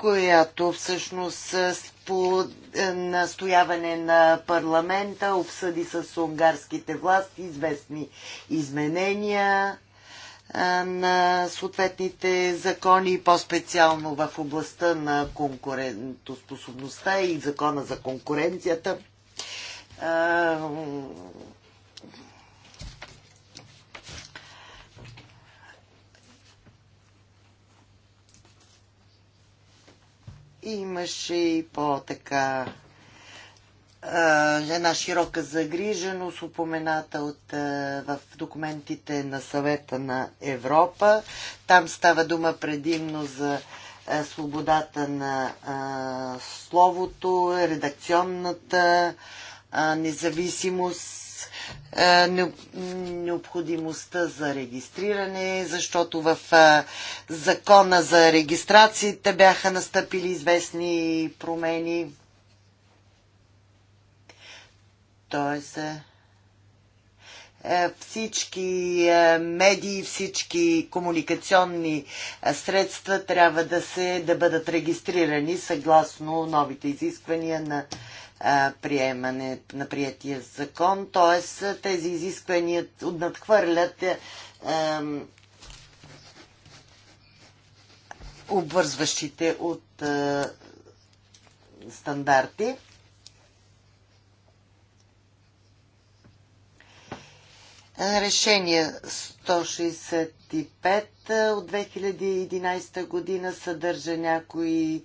която всъщност е, по е, настояване на парламента обсъди с унгарските власти известни изменения е, на съответните закони, по-специално в областта на конкурентоспособността и закона за конкуренцията. Имаше и по-така една широка загриженост, упомената от, в документите на съвета на Европа. Там става дума предимно за свободата на а, словото, редакционната а, независимост е, необходимостта за регистриране, защото в е, закона за регистрациите бяха настъпили известни промени. Тоест, е, е, всички е, медии, всички комуникационни е, средства трябва да, се, да бъдат регистрирани съгласно новите изисквания на приемане на приятия закон. Т.е. тези изисквания надхвърлят обвързващите от стандарти. Решение 165 от 2011 година съдържа някои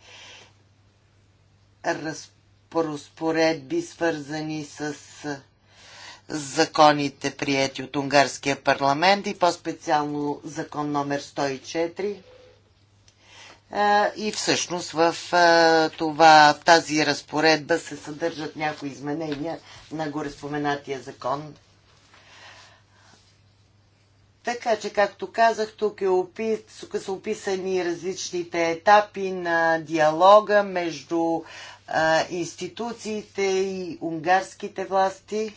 разпоредби, свързани с законите, прияти от Унгарския парламент и по-специално закон номер 104. И всъщност в, това, в тази разпоредба се съдържат някои изменения на гореспоменатия закон така че, както казах, тук, е опис... тук са описани различните етапи на диалога между а, институциите и унгарските власти.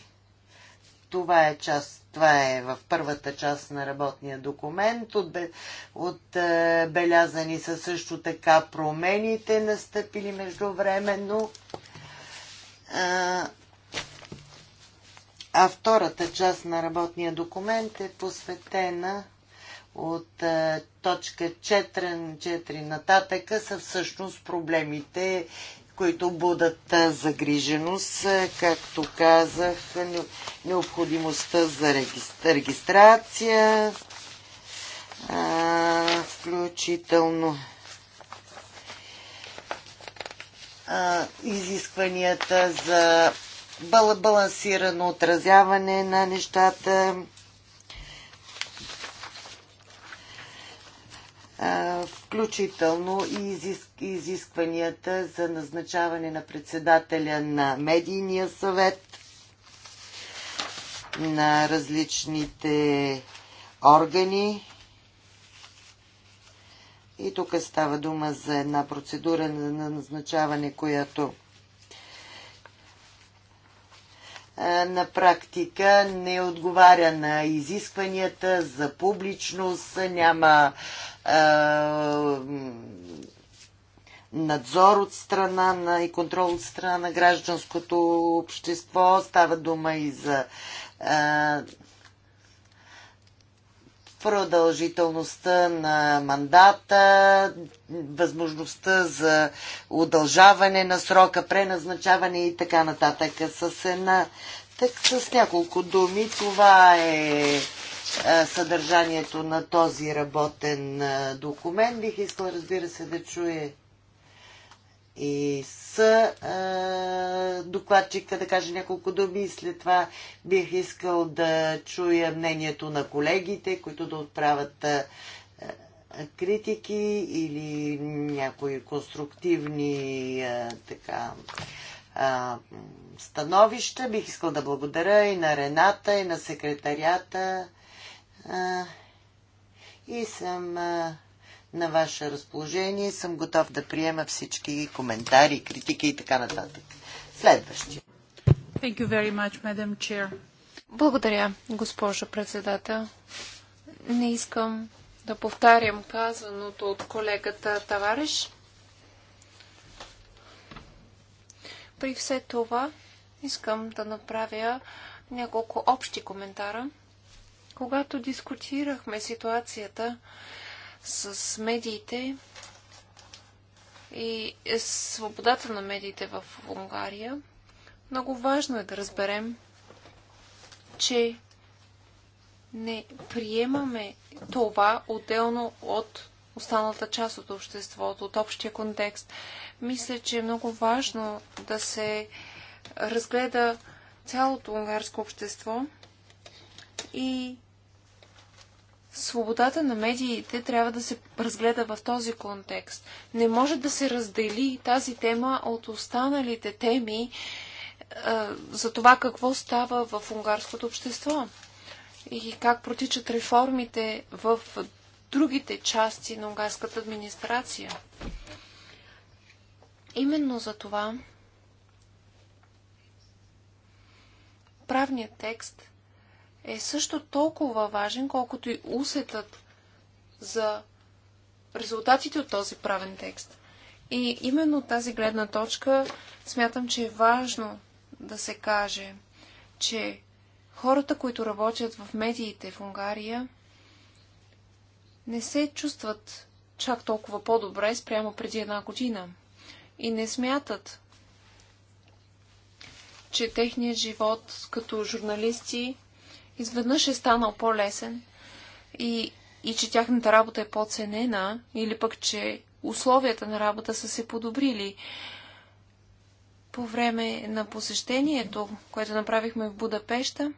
Това е част, това е в първата част на работния документ. Отбе, отбелязани са също така промените, настъпили междувременно. А, а втората част на работния документ е посветена от а, е, точка 4, 4 нататъка са всъщност проблемите, които будат а, е, загриженост, а, е, както казах, необходимостта за регистрация, включително изискванията за балансирано отразяване на нещата. включително и изискванията за назначаване на председателя на медийния съвет, на различните органи. И тук става дума за една процедура на назначаване, която на практика не отговаря на изискванията за публичност, няма надзор от страна на и контрол от страна на гражданското общество. Става дума и за а, продължителността на мандата, възможността за удължаване на срока, преназначаване и така нататък. С една, так, с няколко думи това е съдържанието на този работен документ. Бих искала, разбира се, да чуя и с а, докладчика да кажа няколко думи. След това бих искал да чуя мнението на колегите, които да отправят а, критики или някои конструктивни а, така, а, становища. Бих искал да благодаря и на Рената, и на секретарията. А, и съм а, на ваше разположение. Съм готов да приема всички коментари, критики и така нататък. Следващи. Thank you very much, Madam Chair. Благодаря, госпожо председател. Не искам да повтарям казаното от колегата товариш. При все това искам да направя няколко общи коментара. Когато дискутирахме ситуацията с медиите и свободата на медиите в Унгария, много важно е да разберем, че не приемаме това отделно от останалата част от обществото, от общия контекст. Мисля, че е много важно да се разгледа цялото унгарско общество и свободата на медиите трябва да се разгледа в този контекст. Не може да се раздели тази тема от останалите теми а, е, за това какво става в унгарското общество и как протичат реформите в другите части на унгарската администрация. Именно за това правният текст е също толкова важен, колкото и усетът за резултатите от този правен текст. И именно от тази гледна точка смятам, че е важно да се каже, че хората, които работят в медиите в Унгария, не се чувстват чак толкова по-добре спрямо преди една година. И не смятат, че техният живот като журналисти изведнъж е станал по-лесен и, и че тяхната работа е по-ценена или пък, че условията на работа са се подобрили. По време на посещението, което направихме в Будапеща,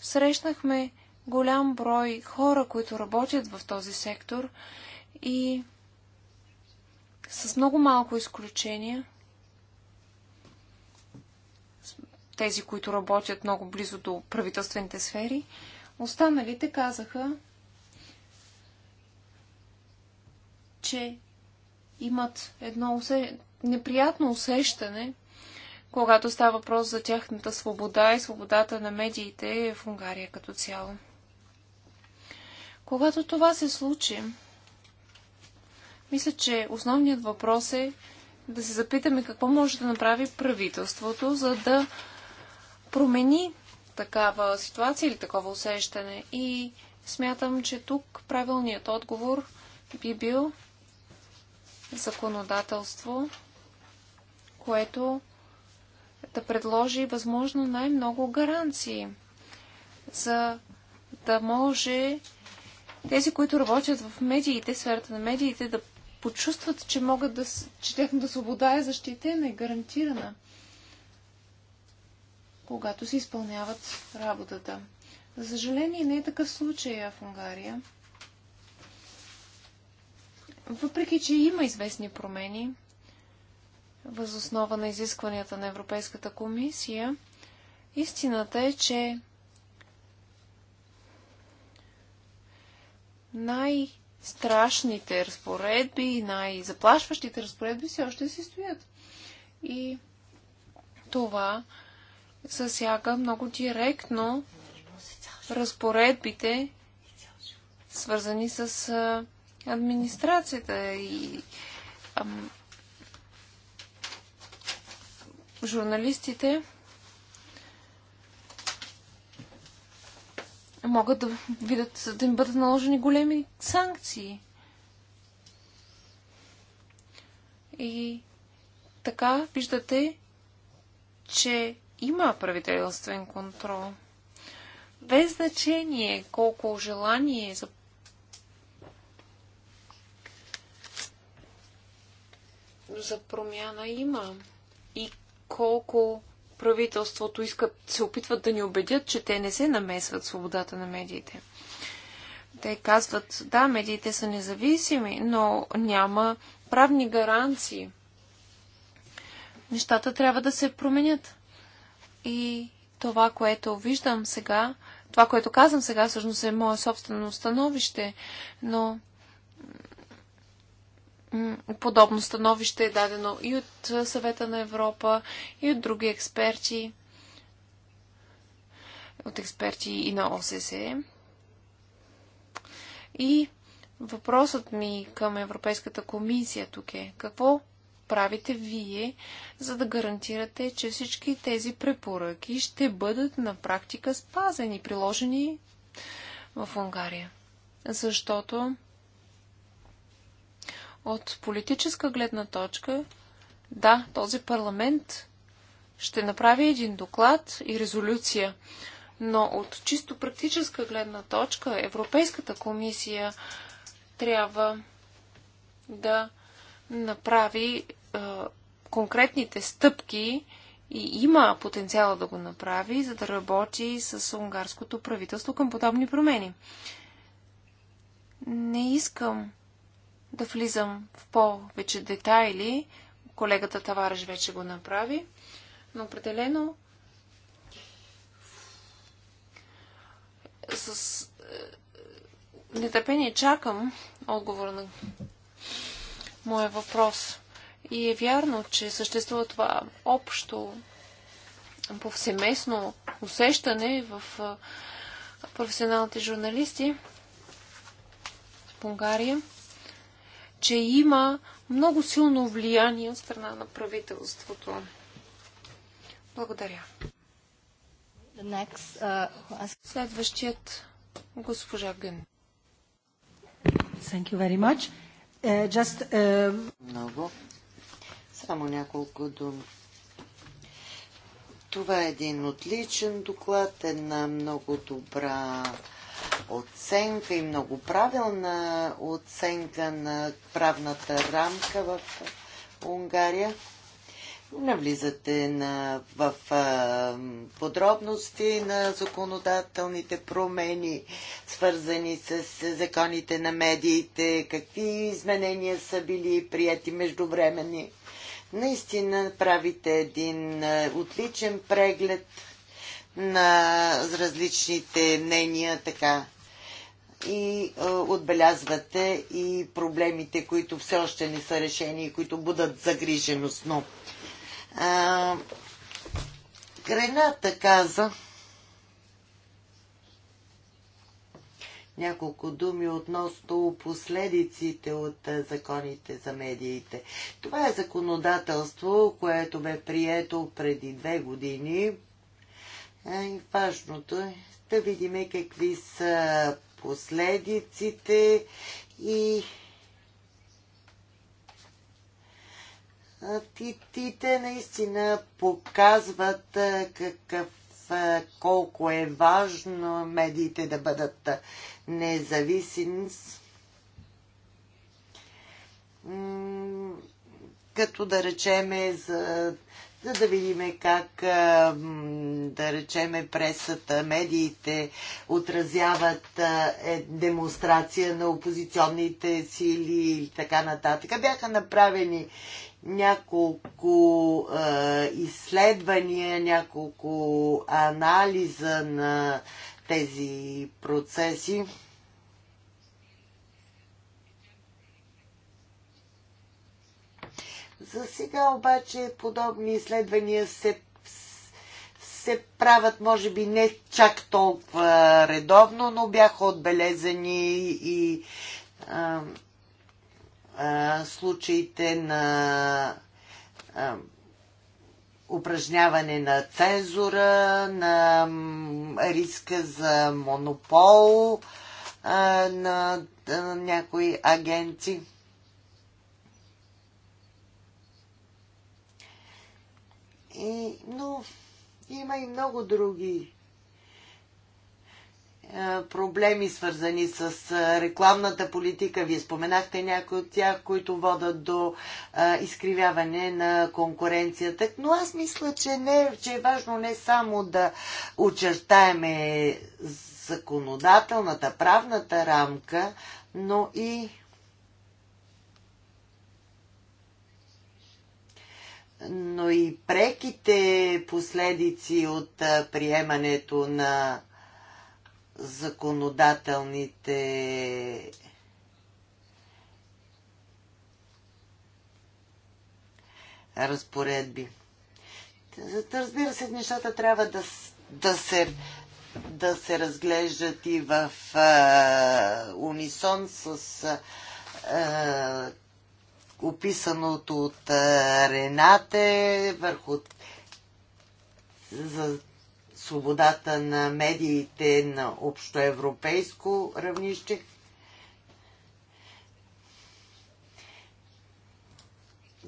срещнахме голям брой хора, които работят в този сектор и с много малко изключения тези, които работят много близо до правителствените сфери. Останалите казаха, че имат едно усе... неприятно усещане, когато става въпрос за тяхната свобода и свободата на медиите в Унгария като цяло. Когато това се случи, мисля, че основният въпрос е да се запитаме какво може да направи правителството, за да промени такава ситуация или такова усещане. И смятам, че тук правилният отговор би бил законодателство, което да предложи възможно най-много гаранции, за да може тези, които работят в медиите, сферата на медиите, да почувстват, че могат да, че тяхната свобода е защитена и гарантирана когато се изпълняват работата. За съжаление, не е такъв случай в Унгария. Въпреки, че има известни промени, възоснова на изискванията на Европейската комисия, истината е, че най-страшните разпоредби и най-заплашващите разпоредби все още си стоят. И това засяга много директно разпоредбите, свързани с администрацията и ам, журналистите могат да видят, да им бъдат наложени големи санкции. И така виждате, че има правителствен контрол. Без значение колко желание за за промяна има и колко правителството искат, се опитват да ни убедят, че те не се намесват свободата на медиите. Те казват, да, медиите са независими, но няма правни гаранции. Нещата трябва да се променят. И това, което виждам сега, това, което казвам сега, всъщност е мое собствено становище, но подобно становище е дадено и от Съвета на Европа, и от други експерти, от експерти и на ОССЕ. И въпросът ми към Европейската комисия тук е какво направите вие, за да гарантирате, че всички тези препоръки ще бъдат на практика спазени, приложени в Унгария? Защото от политическа гледна точка, да, този парламент ще направи един доклад и резолюция, но от чисто практическа гледна точка Европейската комисия трябва да направи конкретните стъпки и има потенциала да го направи, за да работи с унгарското правителство към подобни промени. Не искам да влизам в повече детайли. Колегата Тавареш вече го направи. Но определено с е, нетърпение чакам отговор на моя въпрос. И е вярно, че съществува това общо, повсеместно усещане в професионалните журналисти в Унгария, че има много силно влияние от страна на правителството. Благодаря. Next, uh... Следващият госпожа Гън. Thank you very much. Uh, just, uh... Много само няколко думи. Това е един отличен доклад, една много добра оценка и много правилна оценка на правната рамка в Унгария. Навлизате на, в а, подробности на законодателните промени, свързани с законите на медиите, какви изменения са били прияти междувременни Наистина правите един е, отличен преглед на различните мнения, така и е, отбелязвате и проблемите, които все още не са решени и които будат загриженост. Но а, е, Грената каза, няколко думи относно последиците от законите за медиите. Това е законодателство, което бе прието преди две години. Е, и важното е да видим какви са последиците и титите наистина показват какъв е, колко е важно медиите да бъдат независими като да речеме за, за да видим как е, да речеме пресата, медиите отразяват е, демонстрация на опозиционните сили и така нататък. Бяха направени няколко а, изследвания, няколко анализа на тези процеси. За сега обаче подобни изследвания се, се правят, може би, не чак толкова редовно, но бяха отбелезани и а, а, случаите на а, упражняване на цензура, на риска за монопол а, на, на някои агенци. И, но има и много други е, проблеми, свързани с е, рекламната политика. Вие споменахте някои от тях, които водат до е, изкривяване на конкуренцията. Но аз мисля, че, не, че е важно не само да очертаеме законодателната, правната рамка, но и но и преките последици от приемането на законодателните разпоредби. Разбира се, нещата трябва да, да, се, да се разглеждат и в а, унисон с а, описаното от а, Ренате върху за свободата на медиите на общоевропейско равнище.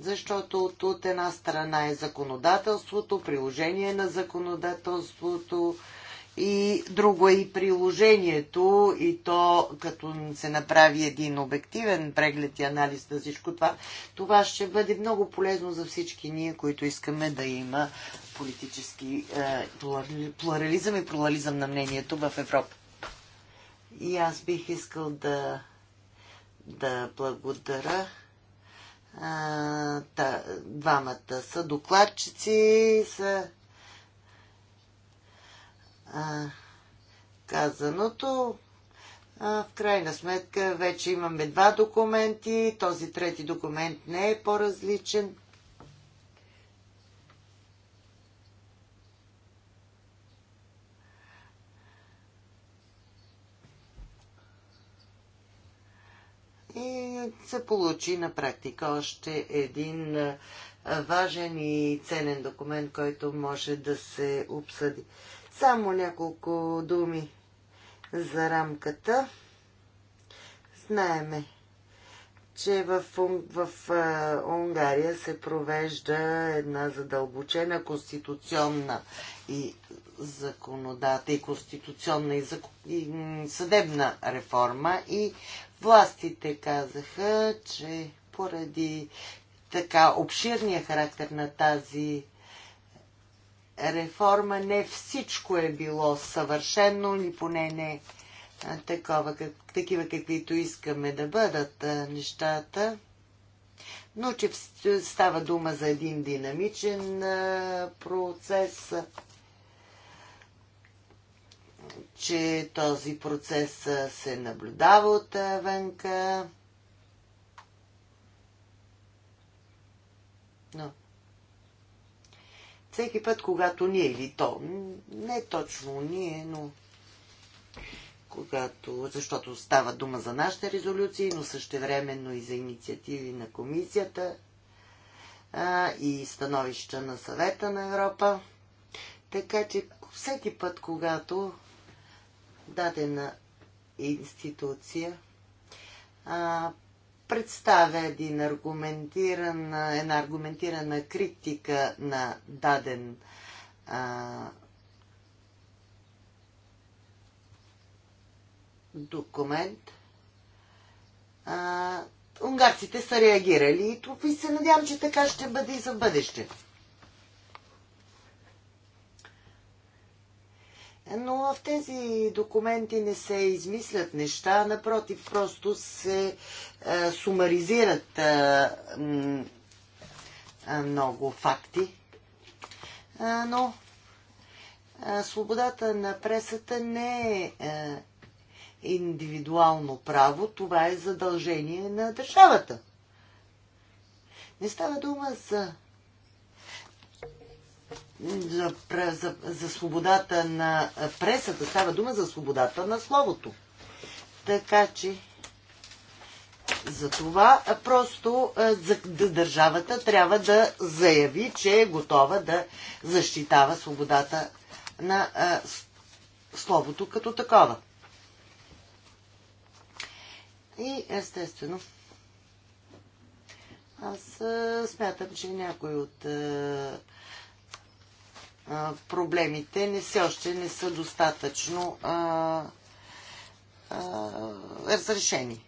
Защото от една страна е законодателството, приложение на законодателството, и друго е и приложението, и то като се направи един обективен преглед и анализ на всичко това, това ще бъде много полезно за всички ние, които искаме да има политически е, плурализъм и плурализъм на мнението в Европа. И аз бих искал да, да благодаря а, е, та, двамата са докладчици, са а, казаното. А, в крайна сметка вече имаме два документи. Този трети документ не е по-различен. И се получи на практика още един важен и ценен документ, който може да се обсъди. Само няколко думи за рамката. Знаеме, че в, в, в Унгария се провежда една задълбочена конституционна и законодата и конституционна и, зак... и съдебна реформа и властите казаха, че поради така обширния характер на тази реформа не всичко е било съвършено или поне не такова, как, такива каквито искаме да бъдат нещата, но че става дума за един динамичен процес, че този процес се наблюдава от венка. Но. No всеки път, когато ние или то, не точно ние, но когато, защото става дума за нашите резолюции, но същевременно и за инициативи на комисията а, и становища на съвета на Европа. Така че всеки път, когато дадена институция а, представя един аргументиран, една аргументирана критика на даден а, документ. А, унгарците са реагирали и се надявам, че така ще бъде и за бъдеще. Но в тези документи не се измислят неща, напротив, просто се а, е, сумаризират а, е, а, е, много факти. А, но а, свободата на пресата не е а, индивидуално право, това е задължение на държавата. Не става дума за за, за, за свободата на пресата, става дума за свободата на словото. Така че за това просто държавата трябва да заяви, че е готова да защитава свободата на словото като такова. И естествено, аз смятам, че някой от проблемите не все още не са достатъчно а, а, разрешени.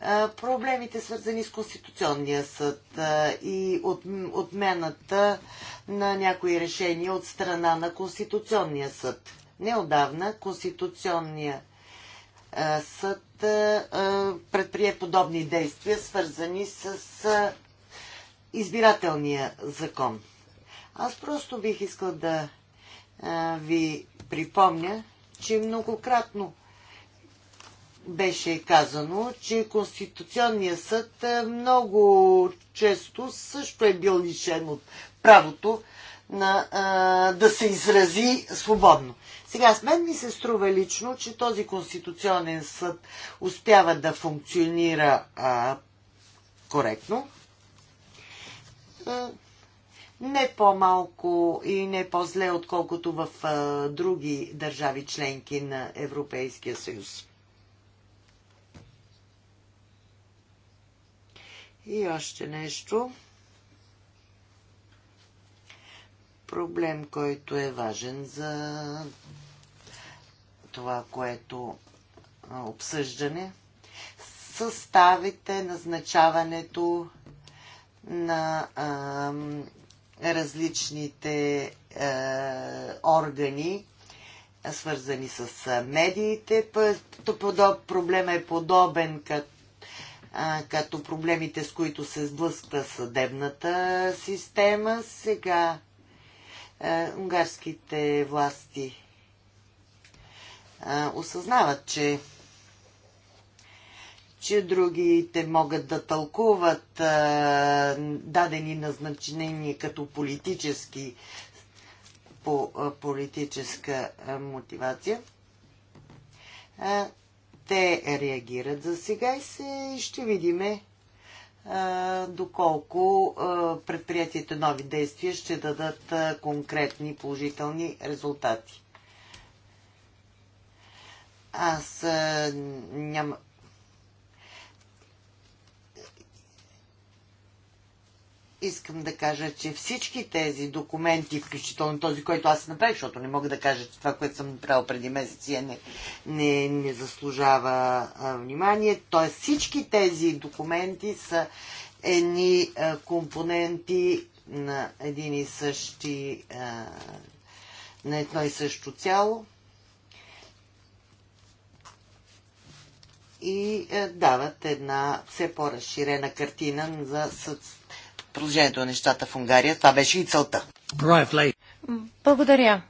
А, проблемите свързани с Конституционния съд а, и от, отмената на някои решения от страна на Конституционния съд. Неодавна Конституционния а, съд а, предприе подобни действия, свързани с а, избирателния закон. Аз просто бих искал да а, ви припомня, че многократно беше казано, че Конституционният съд много често също е бил лишен от правото на, а, да се изрази свободно. Сега, с мен ми се струва лично, че този Конституционен съд успява да функционира а, коректно не по-малко и не по-зле, отколкото в а, други държави членки на Европейския съюз. И още нещо. Проблем, който е важен за това, което обсъждане. Съставите, назначаването на различните е, органи, свързани с е, медиите. Проблема е подобен като е, като проблемите, с които се сблъсква съдебната система. Сега е, унгарските власти е, осъзнават, че че другите могат да тълкуват а, дадени назначения като политически по а, политическа а, мотивация. А, те реагират за сега и се, ще видиме а, доколко а, предприятията нови действия ще дадат а, конкретни положителни резултати. Аз а, няма искам да кажа, че всички тези документи, включително този, който аз направих, защото не мога да кажа, че това, което съм направил преди месеци, е не, не, не заслужава а, внимание. Тоест всички тези документи са едни а, компоненти на един и същи, а, на едно и също цяло. и дават една все по-разширена картина за Продължението на нещата в Унгария. Това беше и целта. Благодаря.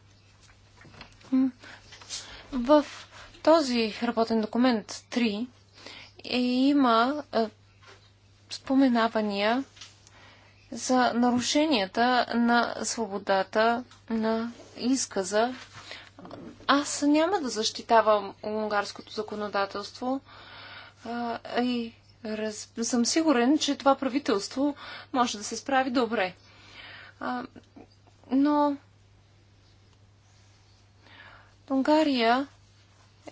В този работен документ 3 е, има е, споменавания за нарушенията на свободата на изказа. Аз няма да защитавам унгарското законодателство. Раз... съм сигурен, че това правителство може да се справи добре. А, но Унгария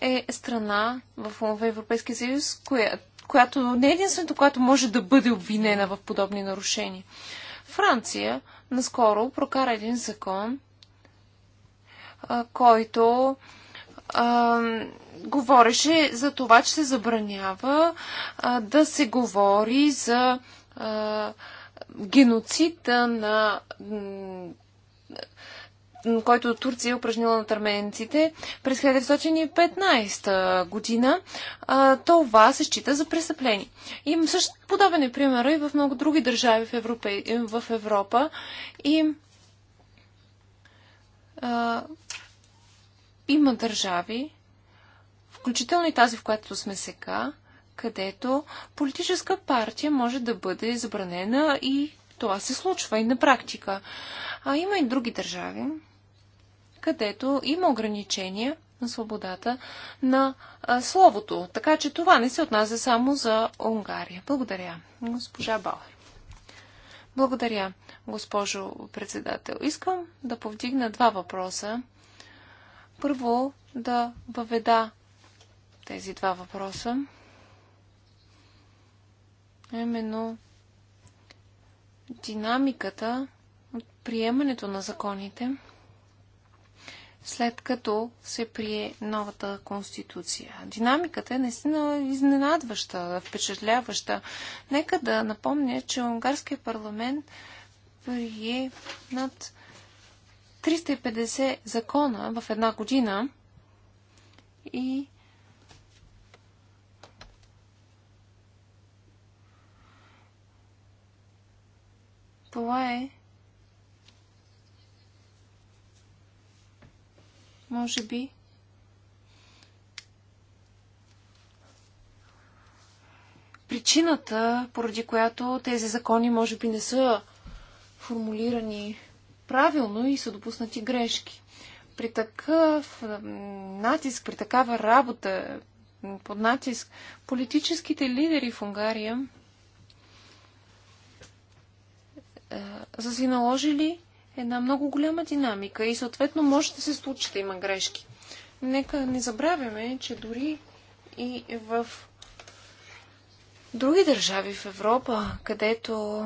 е страна в Европейския съюз, коя... която не е единственото, която може да бъде обвинена в подобни нарушения. Франция наскоро прокара един закон, който а, говореше за това, че се забранява а, да се говори за а, геноцида на който Турция е упражнила на търменците през 1915 година, това се счита за престъпление. И също подобен е примера и в много други държави в, Европе, в Европа. И а, има държави, включително и тази, в която сме сега, където политическа партия може да бъде забранена и това се случва и на практика. А има и други държави, където има ограничения на свободата на а, словото. Така че това не се отнася само за Унгария. Благодаря, госпожа Бауер. Благодаря, госпожо председател. Искам да повдигна два въпроса, първо да въведа тези два въпроса. Именно динамиката от приемането на законите, след като се прие новата конституция. Динамиката е наистина изненадваща, впечатляваща. Нека да напомня, че Унгарския парламент прие над 350 закона в една година и това е може би причината, поради която тези закони може би не са формулирани правилно и са допуснати грешки. При такъв натиск, при такава работа, под натиск, политическите лидери в Унгария са си наложили една много голяма динамика и съответно може да се случи да има грешки. Нека не забравяме, че дори и в други държави в Европа, където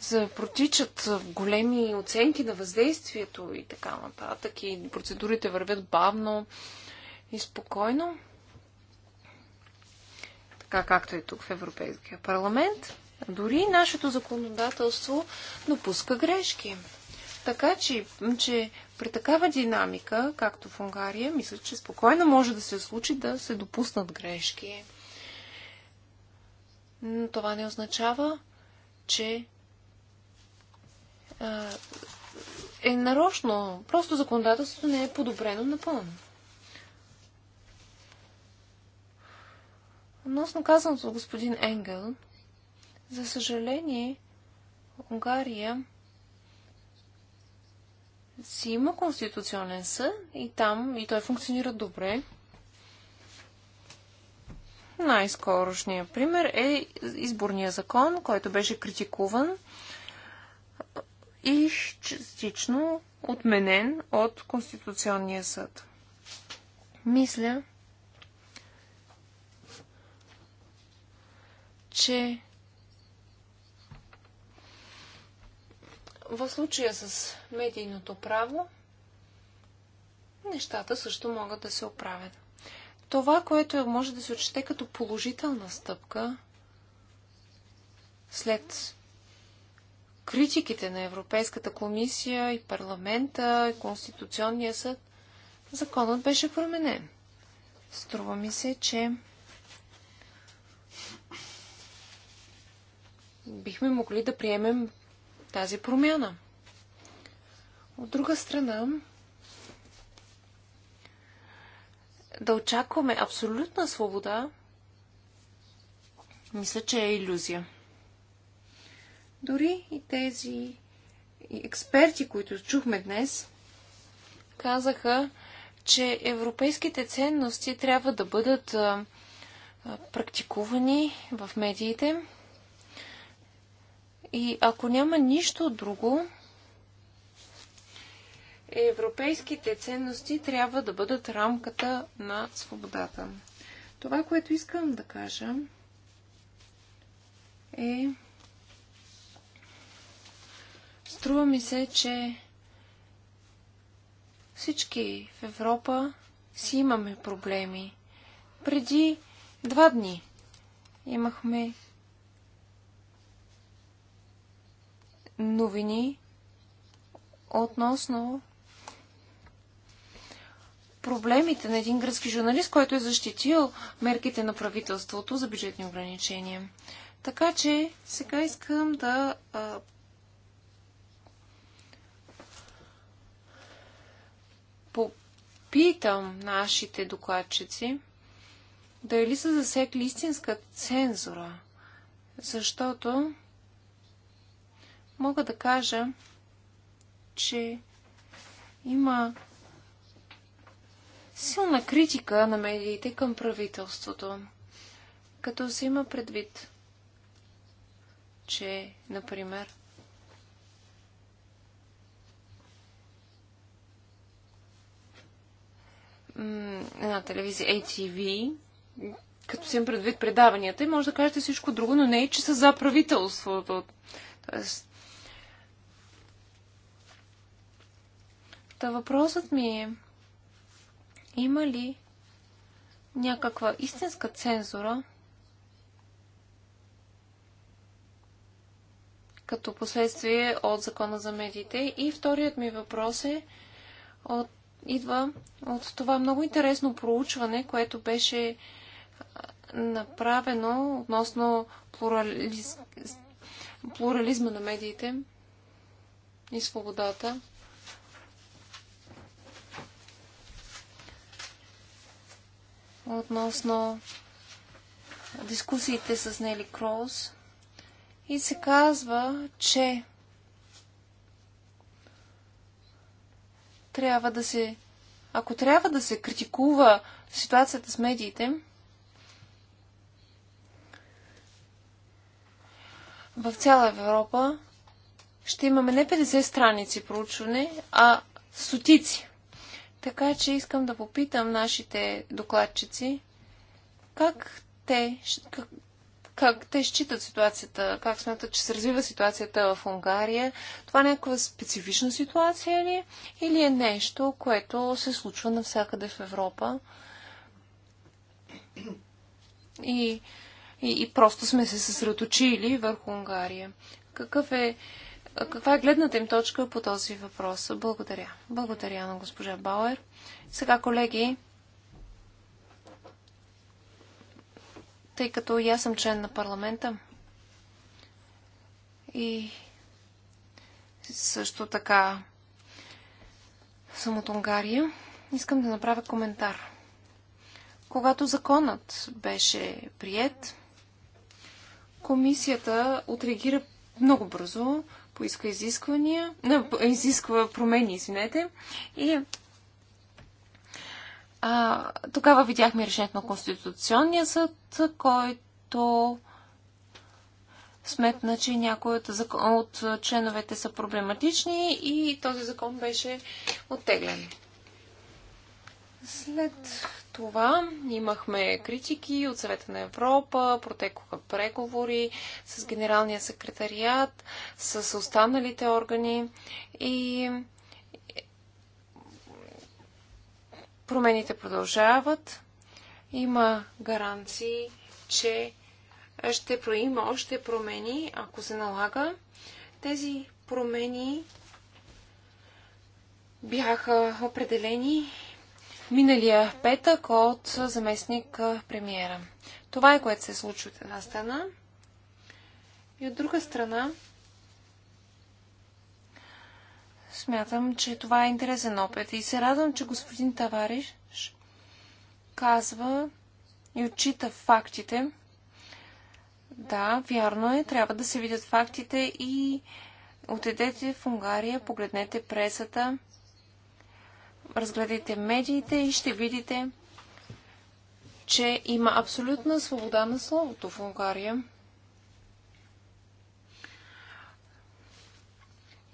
за протичат големи оценки на въздействието и така нататък. И процедурите вървят бавно и спокойно. Така както е тук в Европейския парламент. Дори нашето законодателство допуска грешки. Така че, че при такава динамика, както в Унгария, мисля, че спокойно може да се случи да се допуснат грешки. Но това не означава, че е, е нарочно. Просто законодателството не е подобрено напълно. Относно казаното от господин Енгел, за съжаление, Унгария си има конституционен съд и там, и той функционира добре. Най-скорошният пример е изборния закон, който беше критикуван и частично отменен от Конституционния съд. Мисля, че в случая с медийното право нещата също могат да се оправят. Това, което е- може да се отчете като положителна стъпка след критиките на Европейската комисия и парламента и Конституционния съд, законът беше променен. Струва ми се, че бихме могли да приемем тази промяна. От друга страна, да очакваме абсолютна свобода, мисля, че е иллюзия. Дори и тези експерти, които чухме днес, казаха, че европейските ценности трябва да бъдат практикувани в медиите. И ако няма нищо друго, европейските ценности трябва да бъдат рамката на свободата. Това, което искам да кажа е, Струва ми се, че всички в Европа си имаме проблеми. Преди два дни имахме новини относно проблемите на един гръцки журналист, който е защитил мерките на правителството за бюджетни ограничения. Така че сега искам да питам нашите докладчици дали са засекли истинска цензура, защото мога да кажа, че има силна критика на медиите към правителството, като се има предвид, че, например, Една телевизия ATV, като си им предвид предаванията, и може да кажете всичко друго, но не и, че са за правителството. Тоест... Та въпросът ми е, има ли някаква истинска цензура, като последствие от закона за медиите? И вторият ми въпрос е, от идва от това много интересно проучване, което беше направено относно плурализ... плурализма на медиите и свободата. Относно дискусиите с Нели Кроуз. И се казва, че трябва да се. Ако трябва да се критикува ситуацията с медиите, в цяла Европа ще имаме не 50 страници проучване, а стотици. Така че искам да попитам нашите докладчици как те, как, как те считат ситуацията, как смятат, че се развива ситуацията в Унгария. Това е някаква специфична ситуация ли? Или е нещо, което се случва навсякъде в Европа? И, и, и просто сме се съсредоточили върху Унгария. Какъв е, каква е гледната им точка по този въпрос? Благодаря. Благодаря на госпожа Бауер. Сега, колеги, тъй като и аз съм член на парламента. И също така съм от Унгария. Искам да направя коментар. Когато законът беше прият, комисията отреагира много бързо, поиска изисквания, изисква промени, извинете, и а, тогава видяхме решението на Конституционния съд, който сметна, че някои от, закон, от членовете са проблематични и този закон беше оттеглен. След това имахме критики от съвета на Европа, протекоха преговори с генералния секретариат, с останалите органи и промените продължават. Има гаранции, че ще проима още промени, ако се налага. Тези промени бяха определени миналия петък от заместник премиера. Това е което се случи от една страна. И от друга страна, Смятам, че това е интересен опит и се радвам, че господин Тавариш казва и отчита фактите. Да, вярно е, трябва да се видят фактите и отидете в Унгария, погледнете пресата, разгледайте медиите и ще видите, че има абсолютна свобода на словото в Унгария.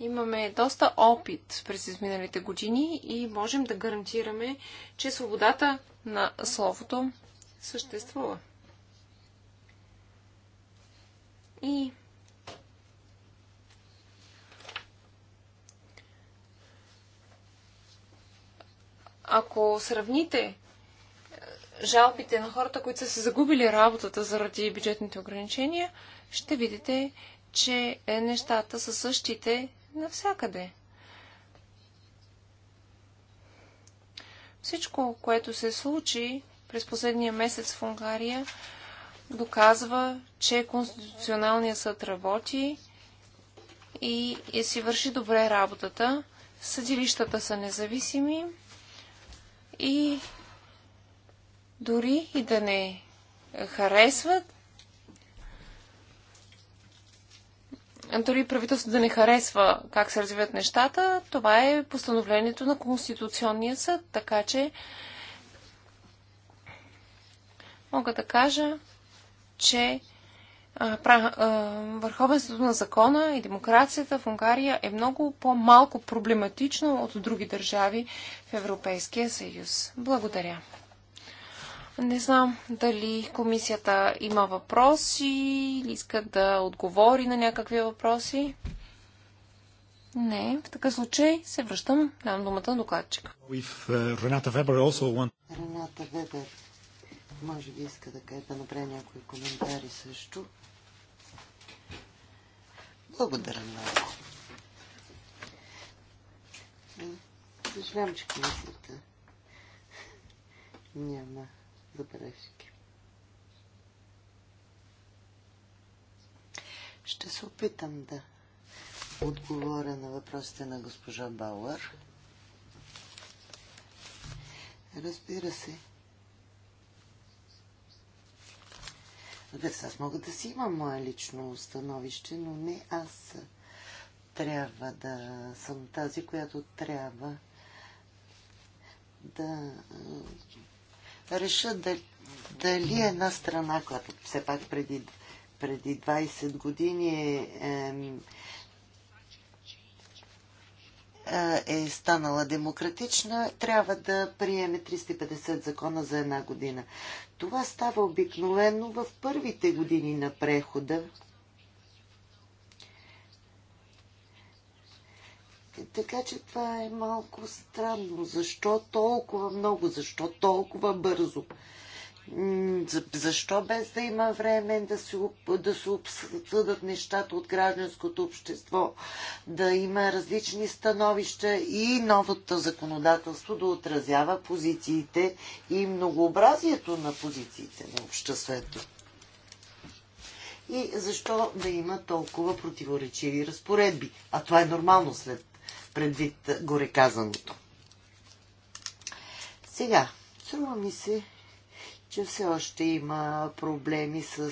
Имаме доста опит през изминалите години и можем да гарантираме, че свободата на словото съществува. И ако сравните е, жалбите на хората, които са се загубили работата заради бюджетните ограничения, ще видите, че е, нещата са същите навсякъде. Всичко, което се случи през последния месец в Унгария, доказва, че Конституционалният съд работи и, и си върши добре работата. Съдилищата са независими и дори и да не харесват, Ами дори правителството да не харесва как се развиват нещата, това е постановлението на Конституционния съд. Така че мога да кажа, че а, а, върховенството на закона и демокрацията в Унгария е много по-малко проблематично от други държави в Европейския съюз. Благодаря. Не знам дали комисията има въпроси или иска да отговори на някакви въпроси. Не, в такъв случай се връщам. Давам думата на докладчика. Uh, Рената Вебер може би иска да, кажа, да направи някои коментари също. Благодаря много. Съжалявам, че комисията няма Лабеневски. Ще се опитам да отговоря на въпросите на госпожа Бауър. Разбира се. Разбира се, аз мога да си имам мое лично становище, но не аз трябва да съм тази, която трябва да решат дали, дали една страна, която все пак преди, преди 20 години е, е, е станала демократична, трябва да приеме 350 закона за една година. Това става обикновено в първите години на прехода, Така че това е малко странно. Защо толкова много? Защо толкова бързо? Защо без да има време да се, да се обсъдат нещата от гражданското общество, да има различни становища и новото законодателство да отразява позициите и многообразието на позициите на обществото? И защо да има толкова противоречиви разпоредби? А това е нормално след предвид гореказаното. Сега, струва ми се, че все още има проблеми с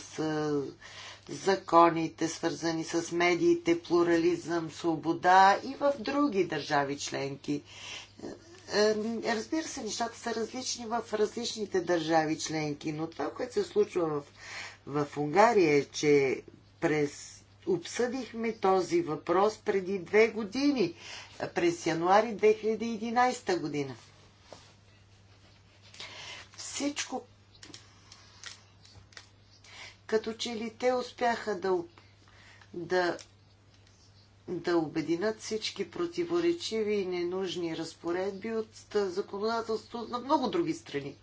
законите, свързани с медиите, плурализъм, свобода и в други държави членки. Е, е, разбира се, нещата са различни в различните държави членки, но това, което се случва в, в Унгария е, че през обсъдихме този въпрос преди две години, през януари 2011 година. Всичко, като че ли те успяха да, да, да обединят всички противоречиви и ненужни разпоредби от законодателството на много други страни.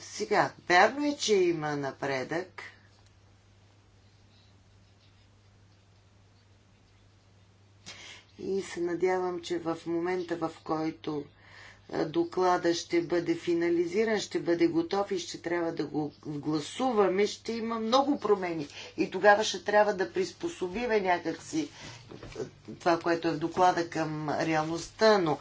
Сега, вярно е, че има напредък – и се надявам, че в момента, в който доклада ще бъде финализиран, ще бъде готов и ще трябва да го гласуваме, ще има много промени. И тогава ще трябва да приспособиме някакси това, което е в доклада към реалността. Но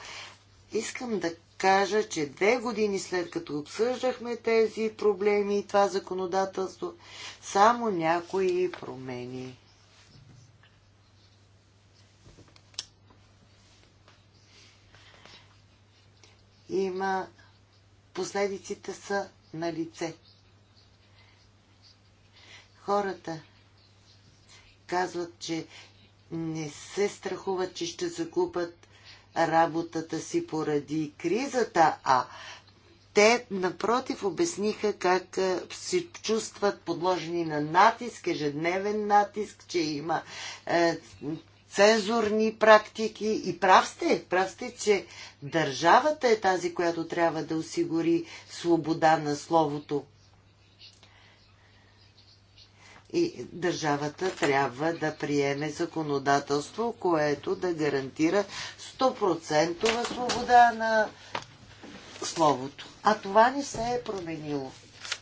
искам да кажа, че две години след като обсъждахме тези проблеми и това законодателство, само някои промени има последиците са на лице. Хората казват, че не се страхуват, че ще загубят работата си поради кризата, а те, напротив, обясниха как се чувстват подложени на натиск, ежедневен натиск, че има е, цензурни практики. И прав сте, прав сте, че държавата е тази, която трябва да осигури свобода на словото. И държавата трябва да приеме законодателство, което да гарантира 100% свобода на словото. А това не се е променило.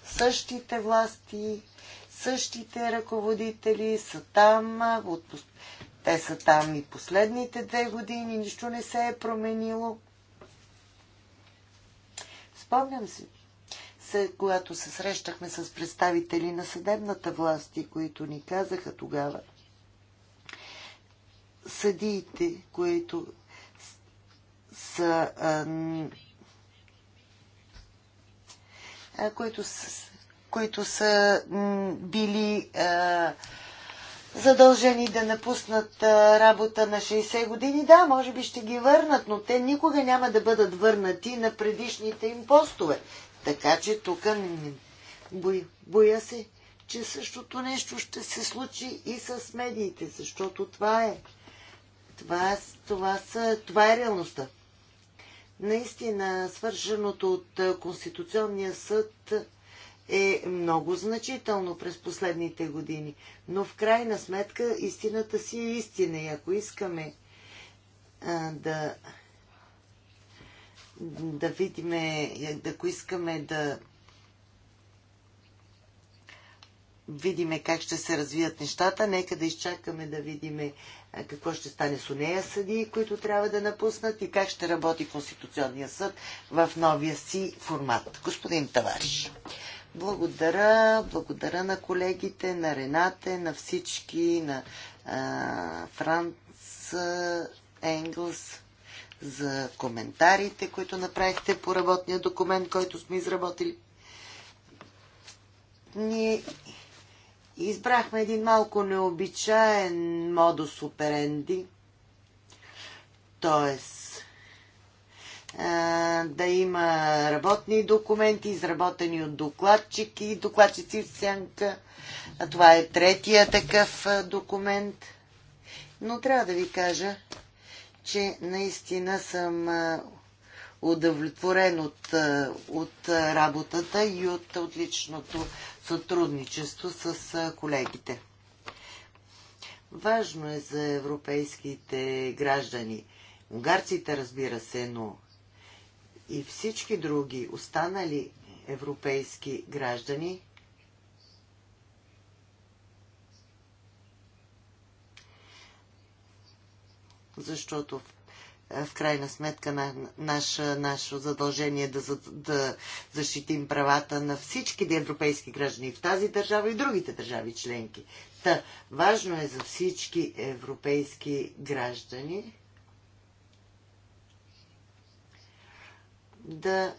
Същите власти, същите ръководители са там от те са там и последните две години, нищо не се е променило. Спомням си, се, когато се срещахме с представители на съдебната власт и които ни казаха тогава, съдиите, които са а, които са които са били а, задължени да напуснат работа на 60 години. Да, може би ще ги върнат, но те никога няма да бъдат върнати на предишните им постове. Така че тук боя, боя се, че същото нещо ще се случи и с медиите, защото това е. Това, това, са, това е реалността. Наистина, свършеното от Конституционния съд е много значително през последните години. Но в крайна сметка истината си е истина. И ако искаме а, да да видиме, ако искаме да видиме как ще се развият нещата, нека да изчакаме да видиме какво ще стане с нея съди, които трябва да напуснат и как ще работи Конституционния съд в новия си формат. Господин Тавариш. Благодаря, благодаря на колегите, на Рената, на всички, на а, Франц Енглс за коментарите, които направихте по работния документ, който сме изработили. Ние избрахме един малко необичаен модус оперенди, т.е да има работни документи, изработени от докладчики и докладчици в сянка. А това е третия такъв документ. Но трябва да ви кажа, че наистина съм удовлетворен от, от работата и от отличното сътрудничество с колегите. Важно е за европейските граждани. Унгарците, разбира се, но и всички други останали европейски граждани защото в крайна сметка на, наше, наше задължение е да, да защитим правата на всички европейски граждани в тази държава и в другите държави членки. Та, важно е за всички европейски граждани да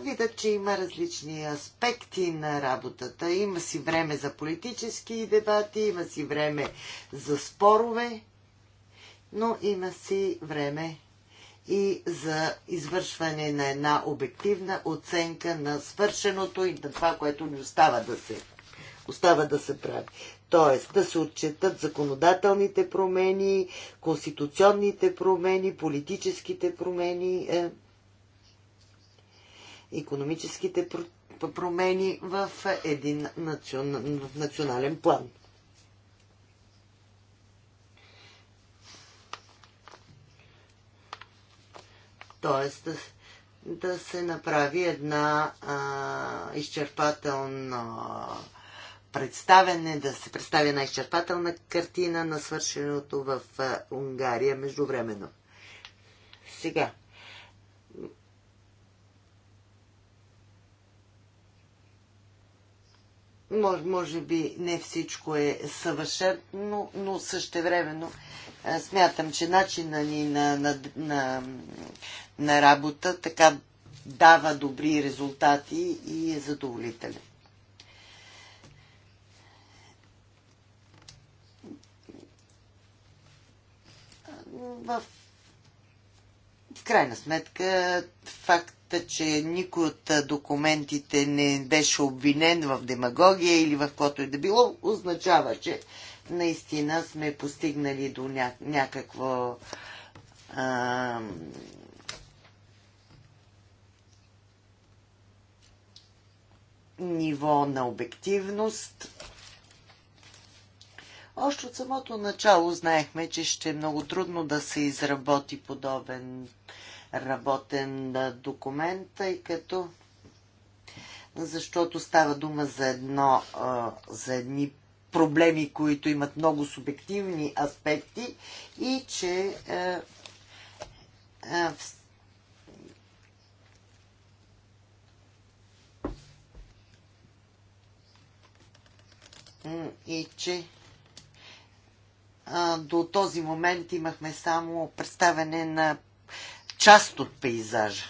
видят, че има различни аспекти на работата. Има си време за политически дебати, има си време за спорове, но има си време и за извършване на една обективна оценка на свършеното и на това, което ни остава да се, остава да се прави т.е. да се отчетат законодателните промени, конституционните промени, политическите промени, е, економическите промени в един национ... в национален план. Тоест да, да се направи една а, изчерпателна а, представене, да се представи една изчерпателна картина на свършеното в Унгария междувременно. Сега. Мож, може би не всичко е съвършено, но същевременно смятам, че начина ни на, на, на, на работа така дава добри резултати и е задоволителен. в, в крайна сметка факта, че никой от документите не беше обвинен в демагогия или в каквото и е да било, означава, че наистина сме постигнали до ня- някакво а, ниво на обективност. Още от самото начало знаехме, че ще е много трудно да се изработи подобен работен документ, тъй като защото става дума за, едно, за едни проблеми, които имат много субективни аспекти и че и че до този момент имахме само представяне на част от пейзажа.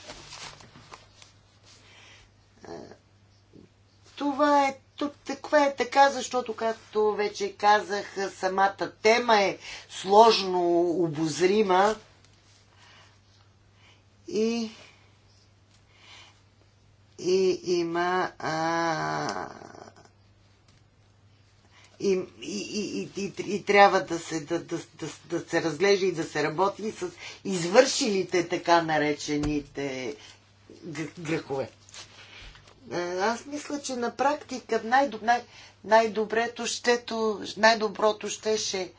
Това е, това е така, защото, както вече казах, самата тема е сложно обозрима и, и има а, и, и, и, и, и трябва да се, да, да, да, да се разглежда и да се работи с извършилите така наречените грехове. Е, аз мисля, че на практика най-доб, най- най-доброто щето, най-доброто щеше е,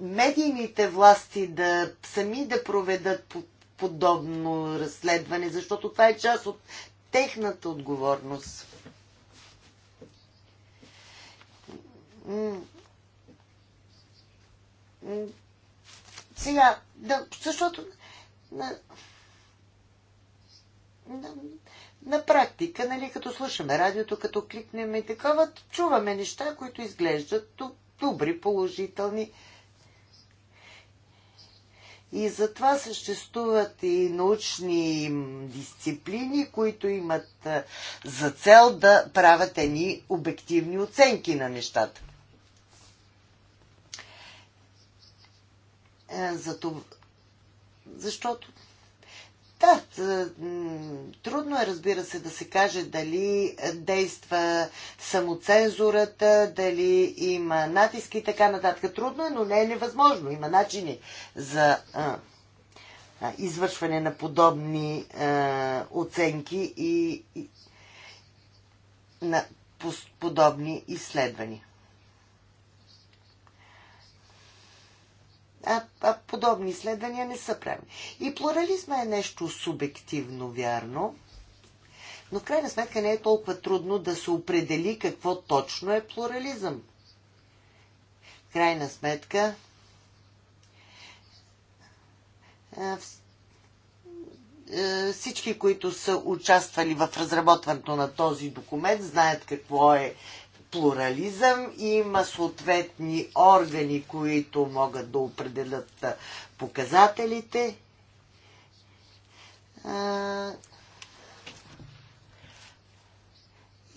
медийните власти да сами да проведат подобно разследване, защото това е част от техната отговорност. Сега, да, защото на, на, на практика, нали, като слушаме радиото, като кликнем и такова, чуваме неща, които изглеждат добри, положителни. И затова съществуват и научни дисциплини, които имат за цел да правят едни обективни оценки на нещата. Е, за това. Защото да, е, трудно е, разбира се, да се каже дали действа самоцензурата, дали има натиски и така нататък. Трудно е, но не е невъзможно. Има начини за а, е, извършване на подобни а, оценки и, и на подобни изследвания. а, а подобни изследвания не са правени. И плурализма е нещо субективно вярно, но в крайна сметка не е толкова трудно да се определи какво точно е плурализъм. В крайна сметка всички, които са участвали в разработването на този документ, знаят какво е плурализъм, има съответни органи, които могат да определят показателите.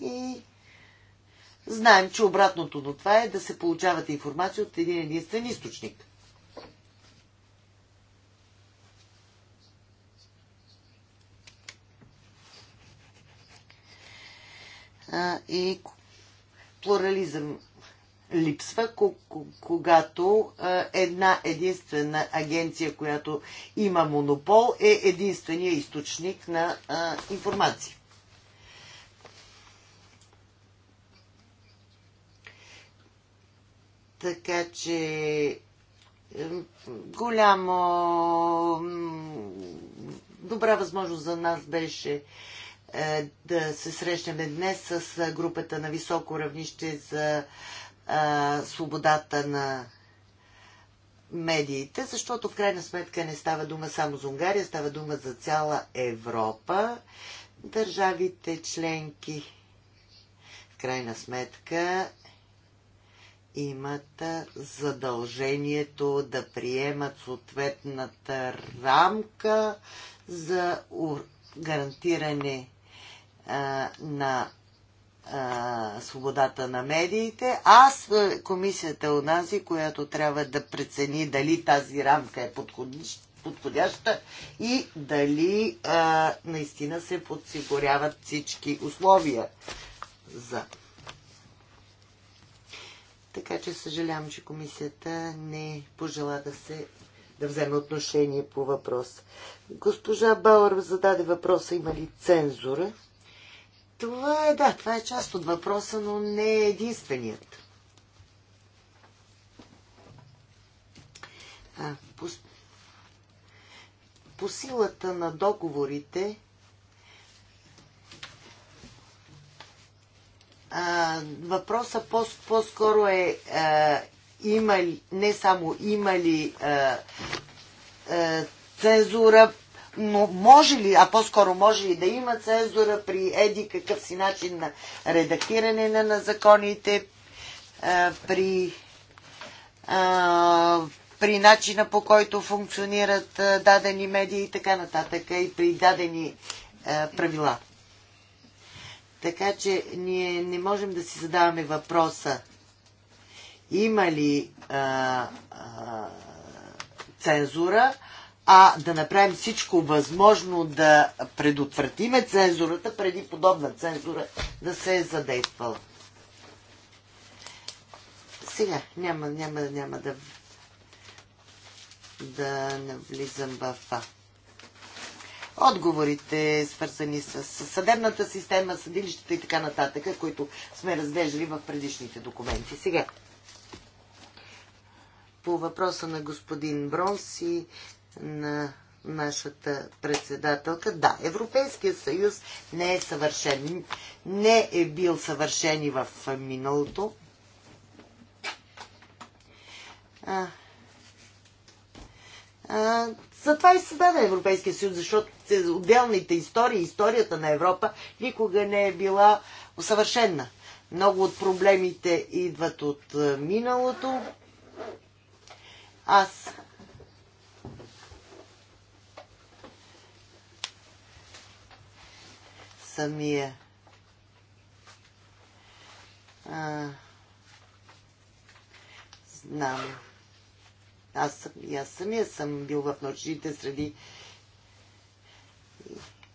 И знаем, че обратното на това е да се получавате информация от един единствен източник. и плурализъм липсва, когато една единствена агенция, която има монопол, е единствения източник на информация. Така че голямо добра възможност за нас беше е, да се срещнем днес с е, групата на високо равнище за е, свободата на медиите, защото в крайна сметка не става дума само за Унгария, става дума за цяла Европа. Държавите членки в крайна сметка имат задължението да приемат съответната рамка за гарантиране на свободата на медиите. Аз, комисията у онази, която трябва да прецени дали тази рамка е подходяща и дали а, наистина се подсигуряват всички условия за. Така че съжалявам, че комисията не пожела да се да вземе отношение по въпроса. Госпожа Бауър зададе въпроса има ли цензура. Това е, да, това е част от въпроса, но не е единственият. А, по, по силата на договорите а, въпроса по-скоро по е а, има ли, не само има ли а, а, цензура, но може ли, а по-скоро може ли да има цензура при еди какъв си начин на редактиране на, на законите, а, при, а, при начина по който функционират а, дадени медии и така нататък, и при дадени а, правила. Така че ние не можем да си задаваме въпроса има ли а, а, цензура, а да направим всичко възможно да предотвратиме цензурата, преди подобна цензура да се е задействала. Сега няма, няма, няма да, да навлизам в отговорите, свързани с съдебната система, съдилищата и така нататък, които сме разглеждали в предишните документи. Сега, по въпроса на господин Бронс и на нашата председателка. Да, Европейския съюз не е съвършен. Не е бил съвършен и в миналото. А, а, затова и създаде Европейския съюз, защото отделните истории, историята на Европа никога не е била усъвършена. Много от проблемите идват от миналото. Аз самия а, знам. Аз, съм, аз самия съм бил в научните среди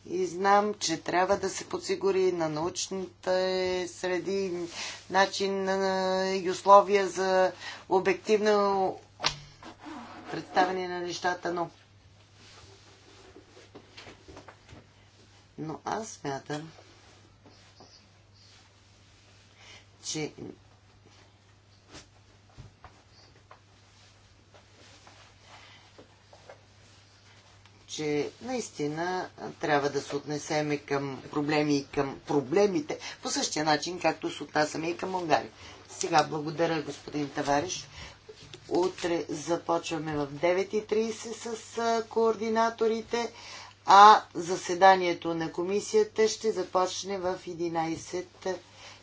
и знам, че трябва да се подсигури на научните среди начин и условия за обективно представяне на нещата, но Но аз смятам, че че наистина трябва да се отнесеме към проблеми и към проблемите по същия начин, както се отнасяме и към Унгария. Сега благодаря, господин Тавариш. Утре започваме в 9.30 с координаторите а заседанието на комисията ще започне в 11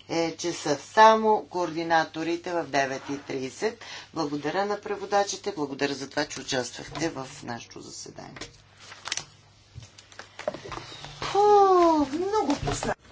е, часа. Само координаторите в 9.30. Благодаря на преводачите, благодаря за това, че участвахте в нашето заседание. Фу, много послания.